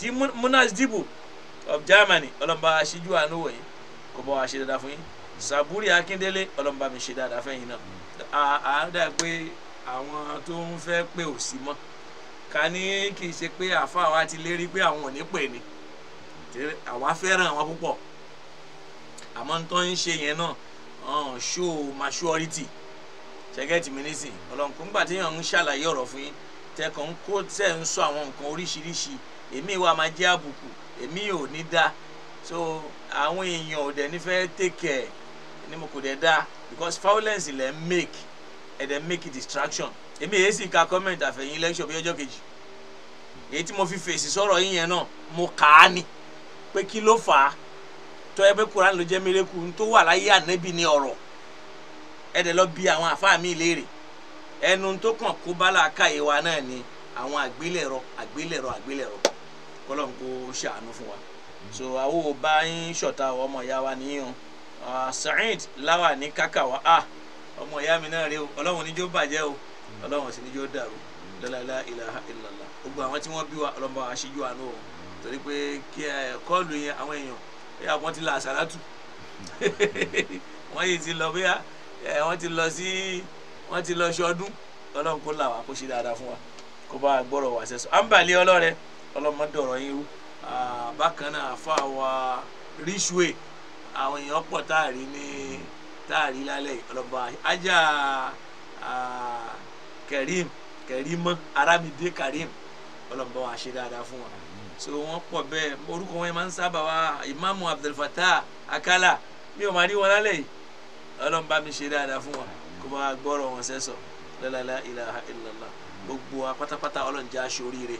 دي مناس ديبو of Germany ọlọ́mba aṣíjú àánú wọ̀nyí kò bọ́ wa ṣe dáadáa fún yín Sàbúrì Akíndélé ọlọ́mba mi ṣe dáadáa fún yín náà à á dà pé àwọn tó ń fẹ́ pé ò sí mọ́ ká ní kì í ṣe pé àfa wa ti lérí pé àwọn ò ní pè ní àwa fẹ́ràn wọn púpọ̀ àmọ́ ń tọ́ ń ṣe yẹn náà ṣó maturity ṣẹ́gẹ́tì mi nísìn ọlọ́run kò ń gbà téèyàn ń ṣàlàyé ọ̀rọ̀ fún yín tẹkàn ń kó tẹ̀ ń sọ àwọn nǹkan oríṣiríṣi èmi wa máa jẹ́ àbùkù èmi ò ní dá so àwọn èèyàn ò dẹ̀ ní fẹ́ take care ni mo kò dẹ̀ dá because violence ilẹ̀ ń make ẹ̀ dẹ̀ make distraction èmi èyí sì ka comment àfẹ̀yìn lecture bí ọjọ́ kejì èyí tí mo fi fèsì sọ̀rọ̀ yín yẹn náà mo kà á ni pé kí ló fà á tọ́ ẹ pé Quran ló jẹ́ miracle tó wà láyé ànábì ní ọ̀rọ̀ ẹ̀dẹ̀ lọ bí àwọn àfáà mi léèrè ẹnu tó kàn kó bálá káyé wa náà ni àwọn àgbélẹ̀rọ àgbélẹ̀rọ àgbélẹ̀rọ kọ́lọ́n kó ṣàánú fún wa so àwọn ò bá yín ṣọ̀tá ọmọ ìyá wa nìyẹn Saheed láwà ní kákà wa a ah, ọmọ ìyá mi náà rè o ọlọ́run níjó bàjẹ́ o ọlọ́run sì níjó dàrú lọ́lá ilaha illallah gbogbo àwọn tí wọ́n bí wa ọlọ́mọ aṣíjú àánú o torí pé kí ẹ kọ́ọ̀lù yẹn àwọn èèyàn ẹ àwọn ti la àṣàlátù [LAUGHS] wọ́n yìí ti lọ bóyá ẹ wọ́n ti lọ sí wọ́n ti lọ ṣọdún ọlọ́run kó là wá kó ṣe dáadáa fún wa kó bá a gbọ́rọ̀ wá sẹ́sọ. àǹbàlẹ̀ ọlọ́rẹ ọlọ́mọdọ̀rọ̀ yín rú bákan náà àfa wa ríṣùwé àwọn èèyàn pọ̀ táàrí ní táàrí lálẹ́ ọlọ́ba ajá Karim Karimọ Aramide Karim ọlọ́ba wa ṣe dáadáa fún wa so wọ́n pọ̀ bẹ́ẹ̀ orúkọ wọn máa ń sábà wá Imamu Abdulfatah Akala mi ò máa rí wọn lálẹ́ yìí ọlọ́run bá mi ṣe dáadáa fún wa kó bá wa gbọ́rọ̀ wọn sẹ́sọ̀ lọ́lá ilaha illallah gbogbo wa pátápátá ọlọ́run já aṣoríire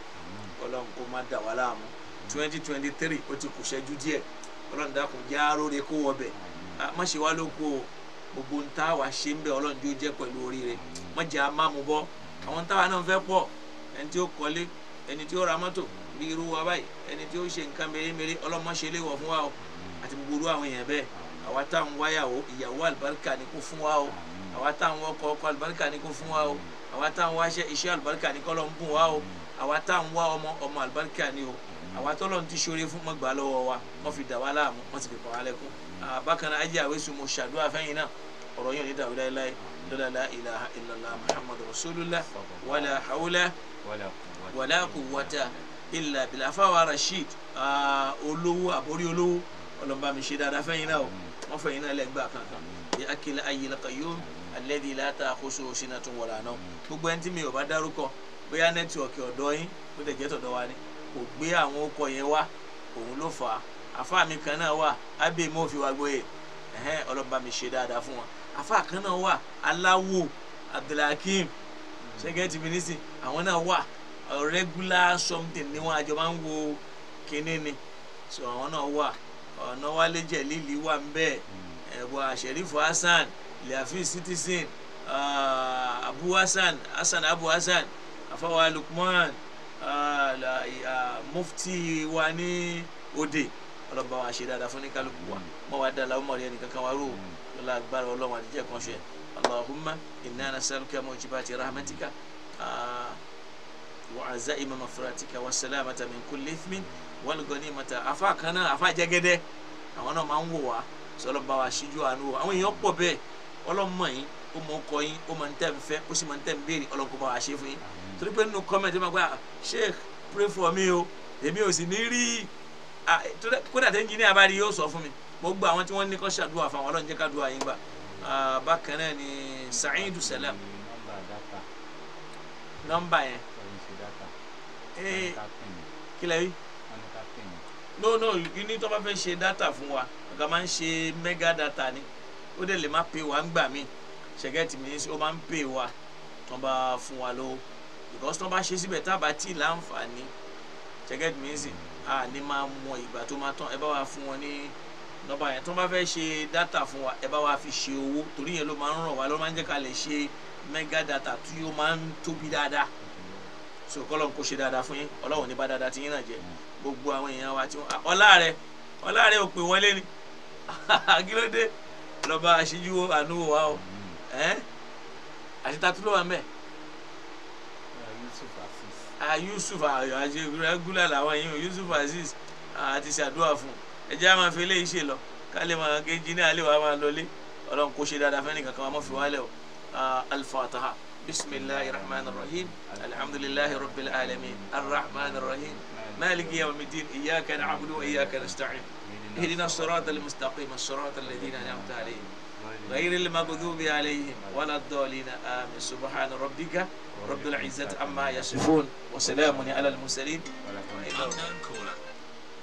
ọlọ́run kó má dà wá láàmú twenty twenty three ó ti kù ṣẹ́jú díẹ̀ ọlọ́run dákun já aróore kó wọ bẹ̀ má ṣe wá lóko o gbogbo ń tá wa ṣe ń bẹ̀ ọlọ́run jó jẹ́ pẹ̀lú oríire má jẹ́ a má mu bọ́ àwọn táwa náà fẹ́ pọ̀ ẹni tí ó kọ́lé ẹni tí ó ra mọ́tò bí irú wa báyìí ẹni tí ó ṣe nǹkan mèremère ọlọ́run má ṣe léwọ̀ fún wa o àti gbogbo irú àwọn èèyàn bẹ́ẹ̀ àwa tá à ń wáyàwó ìyàwó àlùbáríkà ni kó fún wa o àwa tá à ń wọkọ ọkọ àlùbáríkà ni kó fún wa o àwa tá à wáṣẹ iṣẹ́ àlùbáríkà ni kọ́ ń bùn wa o àwa tá wá ọmọ ọmọ àlùbáríkà ni o àwa tọ́lọ̀ ti ṣoore fún mọ́ lọ́wọ́ wa wọ́n fi dà wá láàmú wọ́n sì fi pọ̀ wá lẹ́kún bákan náà ajé àwẹ̀sùn mo ṣàdúrà fẹ́yìn náà ọ̀rọ̀ yóò ní dàrú láéláé lọ́la ilaha illallah muhammadu rasulillah wàlà hawla wàlà quwwata illa billah fáwọn rashid olówó àbórí olówó ọlọ́mọba dáadáa fẹ́yìn náà o wọn fẹ yín náà lẹgbàá kan yẹ akílẹ ayélujára qayyum alladhi la ta'khusuhu sinatun wala nawm gbogbo ẹni tí mi ò bá dárúkọ bóyá nẹ́tíwọ̀kì ọ̀dọ́ yín bó lè jẹ́ tọ̀dọ̀ wa ni kò gbé àwọn ọkọ̀ yẹn wá òun ló fà á àfa mi kan náà wà ábẹ́ mi ò fi wá gbóyè ẹ̀hẹ́n ọlọ́ba mi ṣe dáadáa fún wọn àfa kan náà wà aláwo abdulhakeem ṣẹ́gẹ́ ti àwọn náà wà regular something ni wọ́n àjọ máa ń wo kinní ni so àwọn náà wà ọ̀nà wálé jẹ̀lílì wà ń bẹ̀ hmm. ẹ̀bùn àṣẹ̀rífù hasan liafi citizen ah, abu hasan hasan abu hasan afawa lukman ah, mufti wa ní òde ọlọ́ba wa ṣe dáadáa fún ní kálukú wa hmm. mọ́ wa dáadáa ọmọ rẹ̀ nìkan kan wá rò hmm. lọ́la agbára ọlọ́run àdìjẹ́ kan ṣe allahumma inna nasaluka mujibati rahmatika ah, wa azaima mafuratika wa salamata min kulli ithmin wọ́n gọ́ ní mọ́ta afa kan náà afa jẹ́gẹ́dẹ́ àwọn náà máa ń wò wá sọlọ́ bá wa ṣíjú àánú wa àwọn èèyàn pọ̀ bẹ́ẹ̀ ọlọ́mọ yín ó mọ ọkọ yín ó mọ ntẹ́ nfẹ́ ó sì mọ ntẹ́ nbéèrè ọlọ́nkọ́ bá wa ṣe fún yín torí pé nínú kọ́mẹ̀tì máa gba ah, sheikh pray for me o èmi ò sì ní rí ah, kódà tẹ́ engineer bá rí yóò sọ fún mi mo gba àwọn tí wọ́n ní kọ́ ṣàdúrà fún àwọn ọlọ́run jẹ́ ká dúà yín gbà ah, bákan náà ni Saidu Salam nọ́mbà yẹn eh, kí lẹ́yìn no no ní tó bá fẹ́ ṣe data fún wa ọ̀gá máa ń ṣe mega data ni ó dẹ̀ lè má pè wá ń gbà mí ṣẹ̀gẹ́tì mi ó máa ń pè wá tó bá fún wa lówó because tó bá ṣe síbẹ̀ tá a bá tí ì láǹfààní ṣẹ̀gẹ́tì mi sì à ní máa mọ ìgbà tó máa tán ẹ bá wa fún wọn ní nọ́mbà yẹn tó bá fẹ́ ṣe data fún wa ẹ bá wa fi ṣe owó torí yẹn ló máa ń ràn wá ló máa ń jẹ́ ká lè ṣe mega data tí ó máa ń tóbi dáadáa so kọ́lọ́n kó gbogbo àwọn èèyàn wa tí wọn ah, ọlá rẹ ọlá rẹ ò pè wọlé ni [LAUGHS] kílódé lọba àṣíjú àánú wa o àṣetatu ló wà mẹ. Ah, Yusuf agula ah, làwọn yìí o Yusuf Aziz àti ṣàdúrà fún ẹ jẹ́ àwọn afẹ́lẹ́ yìí ṣe lọ kálí máa ké jí ní alẹ́ wa máa lọlé ọlọ́run kò ṣe dáadáa fẹ́ni kankan wa mọ̀ fi wálẹ̀ o al-Fatiha bisimilahi rahman rahim alhamdulilahi rabbil alamin arrahman rahim. مالك يوم الدين إياك نعبد وإياك نستعين اهدنا الصراط المستقيم الصراط الذين أنعمت عليهم غير المغضوب عليهم ولا الضالين امن سبحان ربك رب العزة عما يصفون وسلام على المرسلين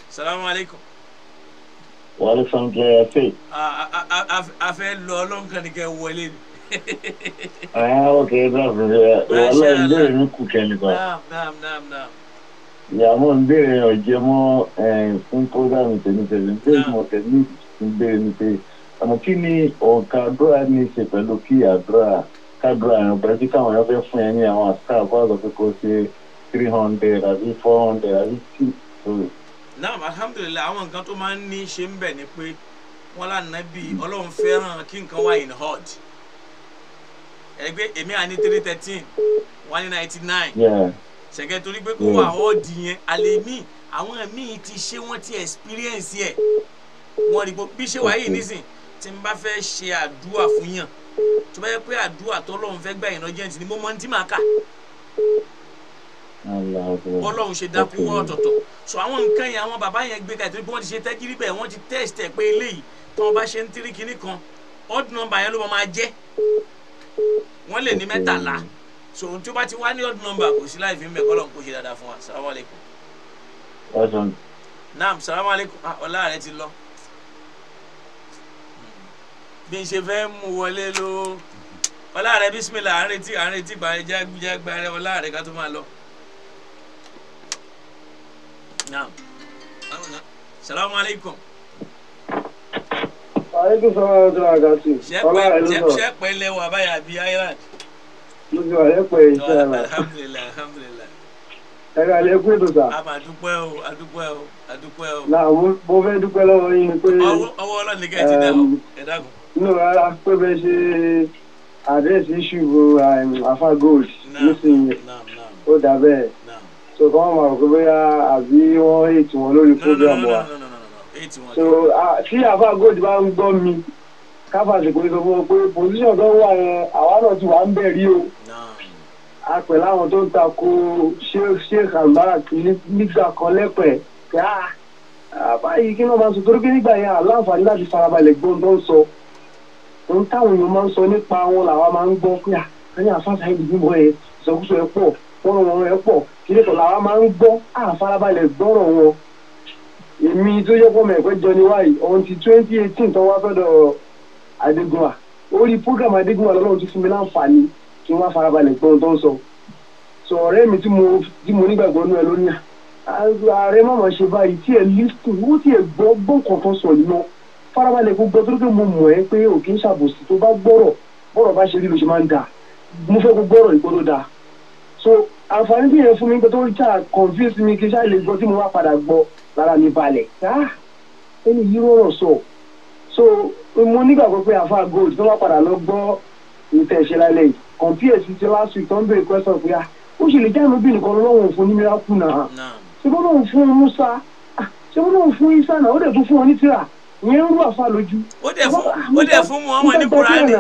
السلام عليكم وعليكم السلام فيه آه، أفعل آه، آه، لولون كان كأولين اه اوكي بقى والله نعم نعم نعم, نعم. ìyàwó ń béèrè ọ̀jẹ̀ mọ́ fún programu tẹ̀mítẹ̀mí bẹ́ẹ̀ mọ̀ tẹ̀mí ń béèrè ní ni ọ̀ka àdúrà ní í ṣe pẹ̀lú kí àdúrà fún ẹ ní àwọn àṣà àbáwọ̀ pé three hundred àbí four hundred àbí two àwọn tó ṣe ni pé ọlọ́run kí wà in hot ẹgbẹ́ èmi àní three thirteen one ninety nine. ṣẹ̀kẹ́ torí pé kó hmm. wà ọ́ọ̀dì yẹn àlè míì àwọn míì ti ṣe wọ́n ti experience ẹ̀ wọ́n rí bí ṣe wáyé nísìn tí n bá fẹ́ ṣe àdúrà fún yàn tó bá yẹ pé àdúrà tọ́lọ́run fẹ́ gbà yìnbọn jẹ́ǹtì ni mo mọ ní tí màá kà bọ́lọ́run ṣe dákú wọ́n ọ̀tọ̀ọ̀tọ̀ so àwọn nǹkan yẹn àwọn bàbá yẹn gbé ka ìtòlú pé wọ́n ti ṣe tẹ́gírí bẹ́ẹ̀ wọ́n ti test ẹ̀ pé eléyìí tí wọ́n bá ṣe ń tírí kinní kan odd number yẹn ló máa jẹ́ wọ́n lè ní mẹ́tàlá. Mm so ohun tí ó bá ti wá ní odd number kò sí láì fi ń bẹ̀ kọ́lọ̀ kó ṣe dáadáa fún wa salamu alaykum. ọ̀sán. naam salamu alaykum ah, ọlá rẹ ti lọ. Hmm. bí n ṣe fẹ́ mú wọlé ló ọlá rẹ bísímìlà à ń retí à ń retí gbàjágbá rẹ ọlá rẹ ká tó máa lọ. naam salamu alaykum. aleykum salaam wa rahmatulahi ṣẹ́pẹ́ ṣẹ́pẹ́ lẹ́wọ̀ àbáyà bíi island lójú ọ̀rẹ́ pẹ̀ iṣẹ́ rẹ̀. alhamdulilayi alhamdulilayi. ẹ kú ìdùnnà. a máa dúpẹ́ o a dúpẹ́ o a dúpẹ́ o. na mo fẹ́ dúpẹ́ lọ́wọ́ yín pé. ọwọ́ ọlọ́ni kẹ́ ẹ ti dẹ́ o ẹ dákun. inú ara pé bẹ́ẹ̀ ṣe àdírẹ́sì ìṣubú afa gold nísìnyí ó dà bẹ́ẹ̀ so kọ́ máa rò bóyá àbí wọ́n ètò wọn lórí program wa so tí afa gold bá ń gbọ́ mi káfà sì pé sọ fún ọ pé position tó wà yẹn àwa náà ti wà ń bẹ̀ rí o a pẹ̀lú àwọn tó ń takò Sheikh Al-Barak nígbà kan lẹ́pẹ̀ẹ́ pé ah, ah, báyìí kí wọ́n máa sọ torí pé nígbà yẹn aláǹfààní láti farabalẹ̀ gbọ́n tó ń sọ ohun táwọn èèyàn máa ń sọ nípa wọn làwọn máa ń gbọ́ pé àyà àfáàfà yìí bímọ ẹ ìsọkúsọ ẹ pọ̀ wọ́n wọn ẹ pọ̀ kílẹ̀ tó làwọn máa ń gbọ́ àfarabalẹ̀ gbọ́rọ̀ wọn èmi tó yẹ pọ̀ mẹ́ẹ̀kọ́ jọ níwáyìí ọ̀hún ti twenty eighteen tó wá fẹ́ dọ̀ Adégúnwà orí program Adégúnwà lọ́lọ́run ti fún mi láǹfààní kí wọ́n farabalẹ̀ gbọ́ tó ń sọ sọ ọ̀rẹ́ mi tí mo nígbàgbọ́ nú ẹ lónìí ààrẹ mọ̀mọ́ ṣe báyìí tí ẹ lísìn ó ti ẹ gbọ́ gbọ́ǹkọ̀ọ̀kan sọ yìí lọ farabalẹ̀ gbogbo tó dé mo mọ̀ ẹ́ pé òkè ń ṣàbòsí tó bá gbọ́rọ̀ bọ́rọ̀ bá ṣe rí ló máa ń dà mo fẹ́ kó gbọ́rọ̀ ìgbó tó dáa so àǹfààní tí yẹn fún mi pé tó ṣáà confuse mi kí ṣáà lè gbọ́ tí mo wá padà gbọ́ lára mi balẹ̀ ah! ẹni yìí rọrọ̀ sọ so mo nígbàgbọ́ pé àfa gold tó wá padà lọ gbọ́ ìtẹ̀ṣẹ́ compare sí ti last week tó ń béèrè question pé ah ó ṣe lè jáde lóbìnrin kan lọ́wọ́ fún ní miracle náà ṣé bọ́n náà fún Musa ah, ṣé bọ́n náà fún Isa náà ó dẹ̀ tún fún wọn ní tírà ìyẹn ń rú àfa lójú. ó dẹ̀ fún ah, mu ọmọ ní Kúránì.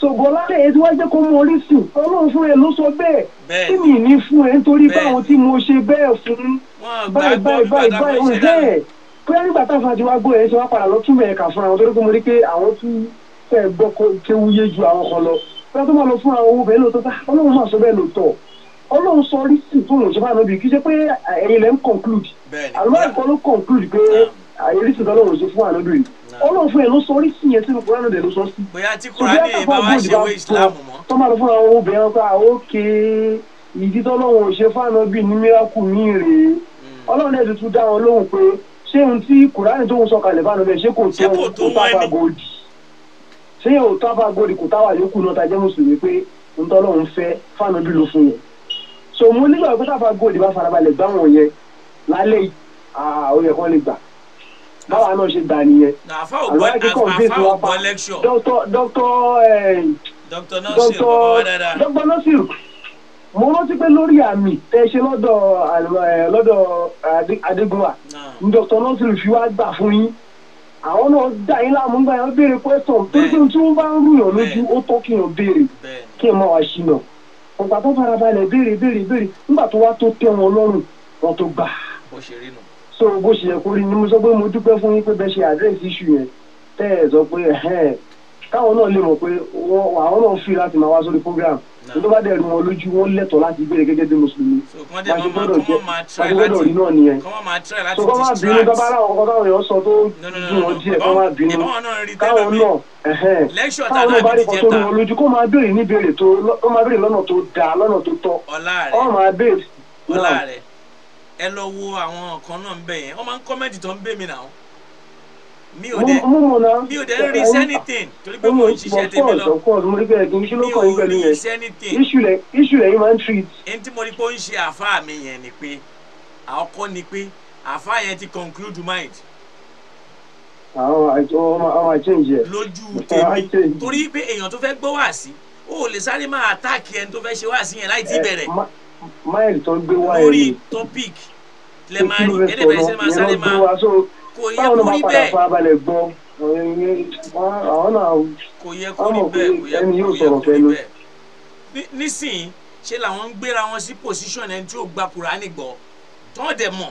sọ̀gbọ́n lára èyí tí wọ́n kó mọ orí sùn ọlọ́run fún ẹ ló sọ bẹ́ẹ̀ kí mi ní fún ẹ nítorí báwọn tí mo ṣe bẹ́ẹ̀ fún báyìí báyìí báyìí báyìí bẹ́ẹ̀ pé nígbà táwọn àti wá gbọ́ ẹ̀ ṣe wá padà lọ túmọ̀ ẹ̀ka fúnra wọn torí pé mo rí pé àwọn tún fẹ́ gbọ́ kéwú yé ju àwọn kan lọ bẹ́ẹ̀ tó máa lọ fún àwọn owó bẹ́ẹ̀ lóòótọ́ ọlọ́run máa sọ bẹ́ẹ̀ lóòótọ́ ọlọ́run sọ rísì tó lòun ṣe fún ànábì kì í ṣe pé ẹ̀yin lẹ́ ń conclude àlọ́ ẹ̀kọ́ ló conclude pé rísì tó lòun ṣe fún ànábì ọlọ́run fún ẹ̀ ló sọ rísì yẹn sínú kúránù dẹ̀ ló sọ sí. bóyá tí kúránù yìí bá wá ṣe wé ìsìlámù mọ́. tó máa lọ fún àwọn obìnrin pé àókè ah, ìdí tó lòun ṣe fún ànábì ní míràkù mí rèé hmm. ọlọ́run ẹ̀ tuntun dá wọn lóhùn pé ṣé ṣé yẹn ò tó àbá gbòdì kò táwa yòókù náà ta jẹ́ mùsùlùmí pé ntọ́lọ́ ń fẹ́ fáànù bí ló fún yẹn so mo nígbà pé táwa gbòdì bá farabalẹ̀ gbá wọn yẹn lálẹ́ yìí ó yẹ kán lè gbà báwa náà ṣe gbà nìyẹn àlọ́ akẹ́kọ̀ọ́ ń fèsì wá pa dókítà dókítà dókítà dókítà nọ́ọ̀sì mo rántí pé lórí àmì tẹ ṣe lọ́dọ̀ eh, lọ́dọ̀ adégúnwà ní dókítà nọ́ọ̀sì fi wá gbà fún yín àwọn náà dá yín láàmú gbà yẹn béèrè pẹ́sàn torí tí wọ́n bá ń rúyàn lójú ó tọ́ kí yàn béèrè kí ẹ̀ máa wá sí náà ọgbà tó fara balẹ̀ béèrè béèrè béèrè nígbà tó wá tó tẹ́ wọn lọ́rùn wọn tó gbà. so bó ṣe yẹ kó rí ni mo sọ pé mo dúpẹ́ fún yín pé bẹ́ẹ̀ ṣe àdírẹ́sì iṣu yẹn tẹ́ ẹ̀ sọ pé táwọn náà lè mọ̀ pé àwọn náà fi láti máa wá sórí program tó bá dẹ̀rù wọn lójú wọn lẹ́tọ̀ọ́ láti béèrè e gẹ́gẹ́ bí mùsùlùmí láti gbọ́dọ̀ jẹ́ láti gbọ́dọ̀ rí náà nìyẹn tó kọ́ máa bínú bàbá àwọn ọkọ káwọn èèyàn sọ tó dùn wọn díẹ̀ kọ́ máa bínú káwọn náà káwọn náà bá rí kan tó wọn lójú kó máa béèrè ní tó kó máa béèrè lọ́nà tó dáa lọ́nà tó tọ́ kó mi ò dẹ mi ò dẹ ń rí anything torí pé mo ń ṣiṣẹ́ tèmi lọ mi ò rí anything ẹni tí mo rí pé ó ń ṣe àfa mi yẹn ni pé àkọ́kọ́ ni pé àfa yẹn ti conclude mind. àwọn àjọ àwọn àjẹjẹ lójú tèmi torí pé èèyàn tó fẹ́ gbọ́ wá sí o ò lè sáré máa attack ẹni tó fẹ́ ṣe wá sí yẹn láì tí bẹ̀rẹ̀ lórí topic lè máa rí ẹ̀ẹ́dẹ̀bẹ̀rẹ̀ máa sáré máa kò yẹ kó rí bẹ́ẹ̀ kò yẹ kó rí bẹ́ẹ̀ kò yẹ kó rí bẹ́ẹ̀ nísìnyí ṣe làwọn ń gbéra wọn sí pòsíṣọ̀n ẹni tí ó gba kùránì gbọ́ tán dẹ̀ mọ̀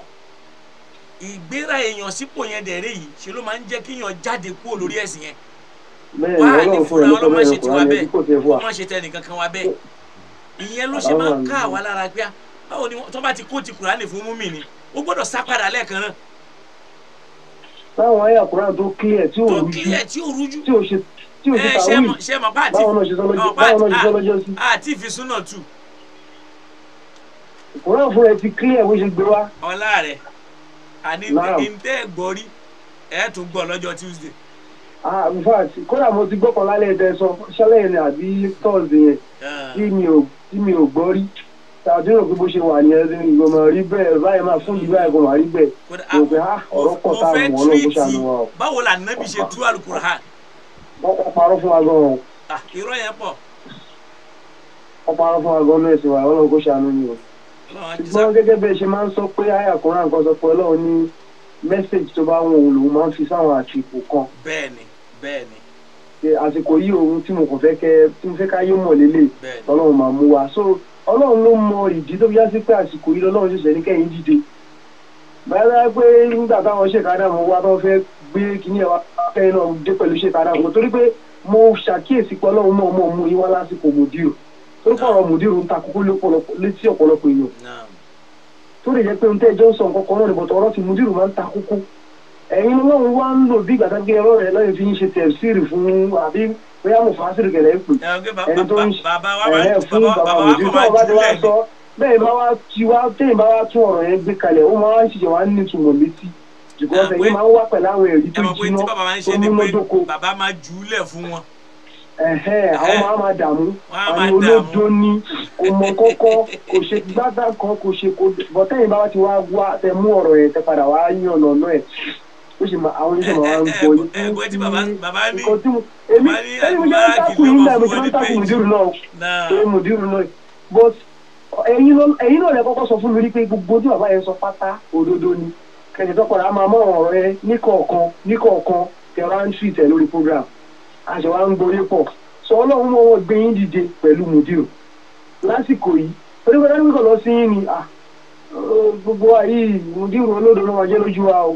ìgbéra èèyàn sípò yẹn dẹ̀ rẹ̀ yìí ṣe ló máa ń jẹ́ kíyàn jáde kúrò lórí ẹ̀sìn yẹn wá ní fúnra ọlọ́mọ ṣe tiwa bẹ́ẹ̀ ọmọ ṣe tẹ nìkan kan wa bẹ́ẹ̀ ìyẹn ló ṣe máa ń ká àwa lára pé báwo ni tó bá ti kó ti kùránì fún múmi ni ó gbọ́dọ̀ sá padà lẹ́ẹ̀kan náà táwọn ayé àkùrá tó kílẹ̀ tí ò rújú tí ò ṣe tí ò ṣe tàwí báwọn náà ṣe sọlọ́jọ́ sí. àti ah, ìfisúnà tù. ìkùrá fún ẹ ti kílẹ̀ bó ṣe gbé wá. ọlá rẹ àní ntẹ gbọrí ẹ tún gbọ́ lọ́jọ́ Tuesday. ah in fact kódà mo ti gbọ́kànlá lẹ́ẹ̀dẹ́sọ ṣẹlẹ̀ ni àbí tọ́ọ̀sì yẹn ah. tí mi ò gbọ́ rí tàdúrà pé bó ṣe wà ní ẹni ìgbọmọ rí bẹ́ẹ̀ báyìí máa fún ìgbà ìgbọmọ rí bẹ́ẹ̀ ah, ah, kò pé ọ̀rọ̀ kọ tá àwọn ọlọ́pàá ṣàánú wa o. báwo la nàbì ṣe tú alukur'an. wọn kọ parọ́ fún wa gan-an. Ah, yẹn pọ̀. wọn parọ́ fún wa gan-an ní ẹ̀sìn wa ṣàánú ni o. ṣùgbọ́n gẹ́gẹ́ bẹ́ẹ̀ ṣe máa ń sọ pé àyà kan ránkàn sọ pé ọlọ́run ní mẹ́sẹ̀gì àsìkò yìí òun tí mo kàn fẹ́ ká yé mọ̀ lélẹ̀ tọ́lọ́run máa mú wa so ọlọ́run ló mọ ìdí tó fi yá sí pé àsìkò yìí lọ́lọ́run ṣẹ̀ṣẹ̀ ní kẹ́yìn dìde báyọ̀ pé nígbà táwọn ṣèkádà mo wá báwọn fẹ́ gbé kíní ẹ̀wà kẹ́yìn náà dé pẹ̀lú ṣèkádà mo torí pé mo ṣàkíyèsí pé ọlọ́run náà mọ̀ mú ìwá lásìkò mòdìrò torí pé ọ̀rọ̀ mòdìrò ń ta kókó létí ọ̀pọ̀lọpọ̀ èèyàn tó lè jẹ́ pé ohun tẹ́ Johnson kọ́kọ́ náà nìbọ̀tọ̀ ọ̀rọ̀ ti mòdìrò máa ń ta kókó ẹ̀yin ọlọ́run wá ń lò bí ìgbà tá bóyá mo fà á sírì gẹ̀lẹ́ pè ẹni tó ń ẹ̀rẹ́ fún bàbá òjì tó ọba ti wá sọ bẹ́ẹ̀ bá wá ti wá téèyàn bá wá tún ọ̀rọ̀ yẹn gbé kalẹ̀ ó máa ń ṣiṣẹ́ wá ní ìtumọ̀ létí jùlọ sẹ́yìn máa ń wá pẹ̀lú àwọn èrí tó jiná tó múnádóko. bàbá máa jù ú lẹ̀ fún wọn ẹ̀hẹ́ àwọn máa ma dààmú àwọn olódo ni kò mọ kọ́kọ́ kò ṣe gbádà kan kò ṣe kò bọ́tẹ́yìn bá wá wá wá yín ọ̀nà ó sì máa àwọn oníṣẹ́ máa eh, ń eh, bọ yín. ẹ ẹ tí bàbá bàbá ní èmi ẹni mo yára takùn yín náà mo ti máa ń takùn mùdírù náà torí mùdírù náà but ẹ̀yin náà lè kọ́kọ́ sọ fún mi wípé gbogbo tí bàbá yẹn sọ pátá òdodo ni kẹ̀kẹ́ tọkọ̀rọ̀ a máa mọ ọ̀rọ̀ rẹ níkọ̀ọ̀kan níkọ̀ọ̀kan tẹ̀rọ à ń tù ìtẹ̀ lórí program àṣẹ wa ń gborí pọ̀ sọ ọlọ́run mọ́ wọn gbé yín dìde pẹ̀lú mùdírù lásìkò yìí torí pé dáníwìkọ̀ lọ sí yín ni ah, gbogbo wa yìí mùdírù olódo ló wà lójú wa o.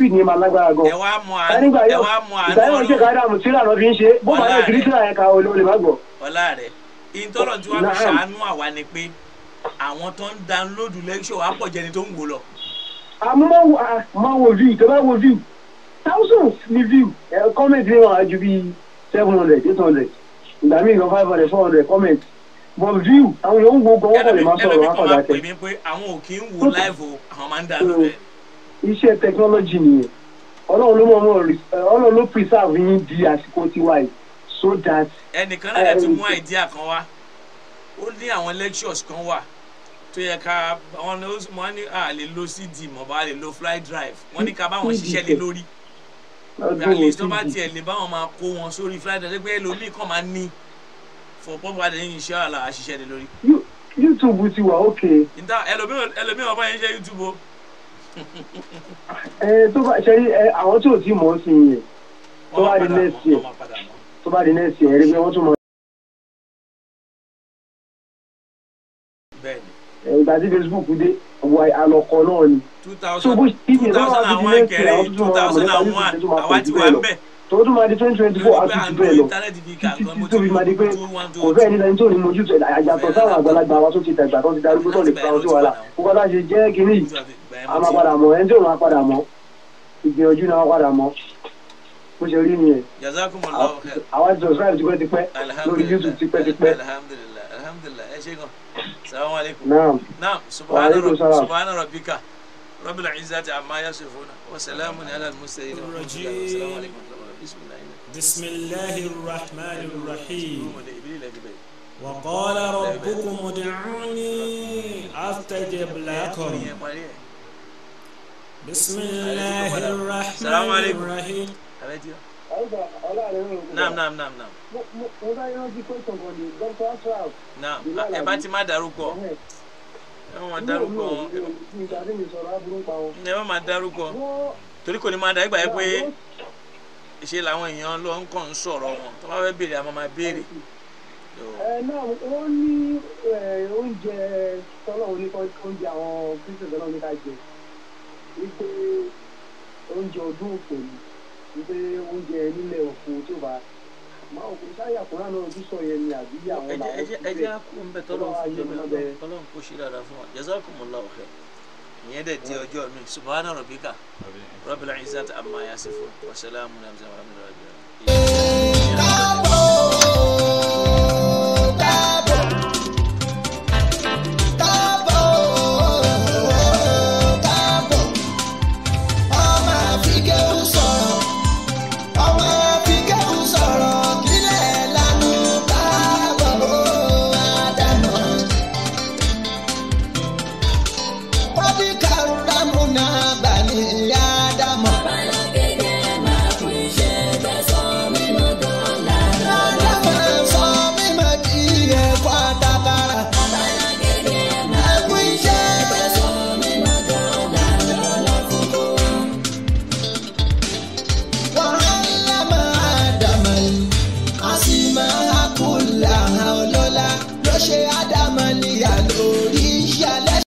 speed ni ma lágbára gan. ẹ wá mọ àánú ẹ wá mọ àánú ọlọ́run ìgbà yóò ṣe ká dààmú síra lọ fi ń ṣe bó bá yóò kiri síra yẹn ká olè má gbọ́. ọlá rẹ ìtọ́rọ̀ tí wàá fi ṣàánú àwa ni pé àwọn tó ń download lecture wàá pọ̀ jẹni tó ń wò lọ. àmọ́ máa wo view tó bá wo view thousands ni view comment ní wọn àjù bíi seven hundred eight hundred ìgbà míì gan five hundred four hundred comment but view àwọn yòówù gan wọ́n kọ̀ lè má sọ̀rọ̀ wọn kọ̀ dákẹ́. ẹ iṣẹ́ technology nìyẹn ọlọ́run ló mọ̀ mọ̀ ọlọ́run ló preserve yín di àsìkò tiwa yìí so that. ẹnìkan náà ti eh, mú idea kan wá ó ní àwọn lectures kan wà tó yẹ ká wọn ní wọn ní à lè lo cd mọ̀ bá lè lo fly drive wọn ní ká báwọn ṣiṣẹ́ lé lórí àlè tó tiẹ̀ lè báwọn máa kó wọn sórí flight àti pé ẹlòmíì kan máa ní for purple adé yìí ṣé àlà àṣìṣe ni lórí. YouTube ti wà ókè. ẹlòmíì ọba yẹn ṣe YouTube o ẹ tó bá ṣe rí àwọn tí ò tí mọ̀ ọ́ sí yẹn tó bá di next year tó bá di next ẹ rí bí wọ́n tún mọ̀. ìgbà tí Facebook dé wà àlọ́kọ náà ni. tó bó ṣe yẹ lọ́wọ́ àti di next year àwọn tó tún máa mọ̀ nípa tí wọ́n tún máa di twenty twenty four àti jù bẹ́ẹ̀ lọ títí tóbi máa di pé kò fẹ́ẹ́ nílẹ̀ nítorí mojútó àjàtọ̀ sáwọn àgbàlagbà wa tó ti dàgbà tó ti darúgbó tó lè pa ọjọ́ wàhálà kókó láti jẹ́ kínní a máa padà mọ̀ ẹni tí ò máa padà mọ̀ ìgbìyànjú náà padà mọ̀ bó ṣe rí nìyẹn. jazakumullahu khair. àwa ti subscribe tipẹ́ tipẹ́ lórí youtube tipẹ́ tipẹ́. alhamdulilayi alhamdulilayi ẹ ṣe gan. salamu aleykum. naam naam subhana rabbika rabbil izzati amma yasifuna wa salamun ala al-mursalin wa salamu aleykum. بسم الله الرحمن الرحيم وقال ربكم ادعوني استجب لكم Bismillahirrahmanirrahim. Naam, naam, naam, naam. Naam, ah, ẹ bá ti má dárúkọ. Ẹ má dárúkọ. Ẹ má dárúkọ. Torí kò ní máa dá ìgbà yẹn pé ṣe làwọn èèyàn lọ ń kàn ń sọ̀rọ̀ wọn tó bá fẹ́ béèrè àmọ́ máa n'i ẹ wípé oúnjẹ ọdún òkèlú wípé oúnjẹ nílẹ̀ òfin tó bá máa òkú sáyà kúrò náà ojú sọ yẹn ni àbí àwọn làwọn ti bẹ ẹjẹ kú ń bẹ tọlọ́run fún jọmọ tọlọ́run kó ṣe dáadáa fún wa jazakumullahu khair ìyẹn dẹ di ọjọ́ mi subhana rabbika rabbil izzati amma yasifun wa salamun alhamdulilayi.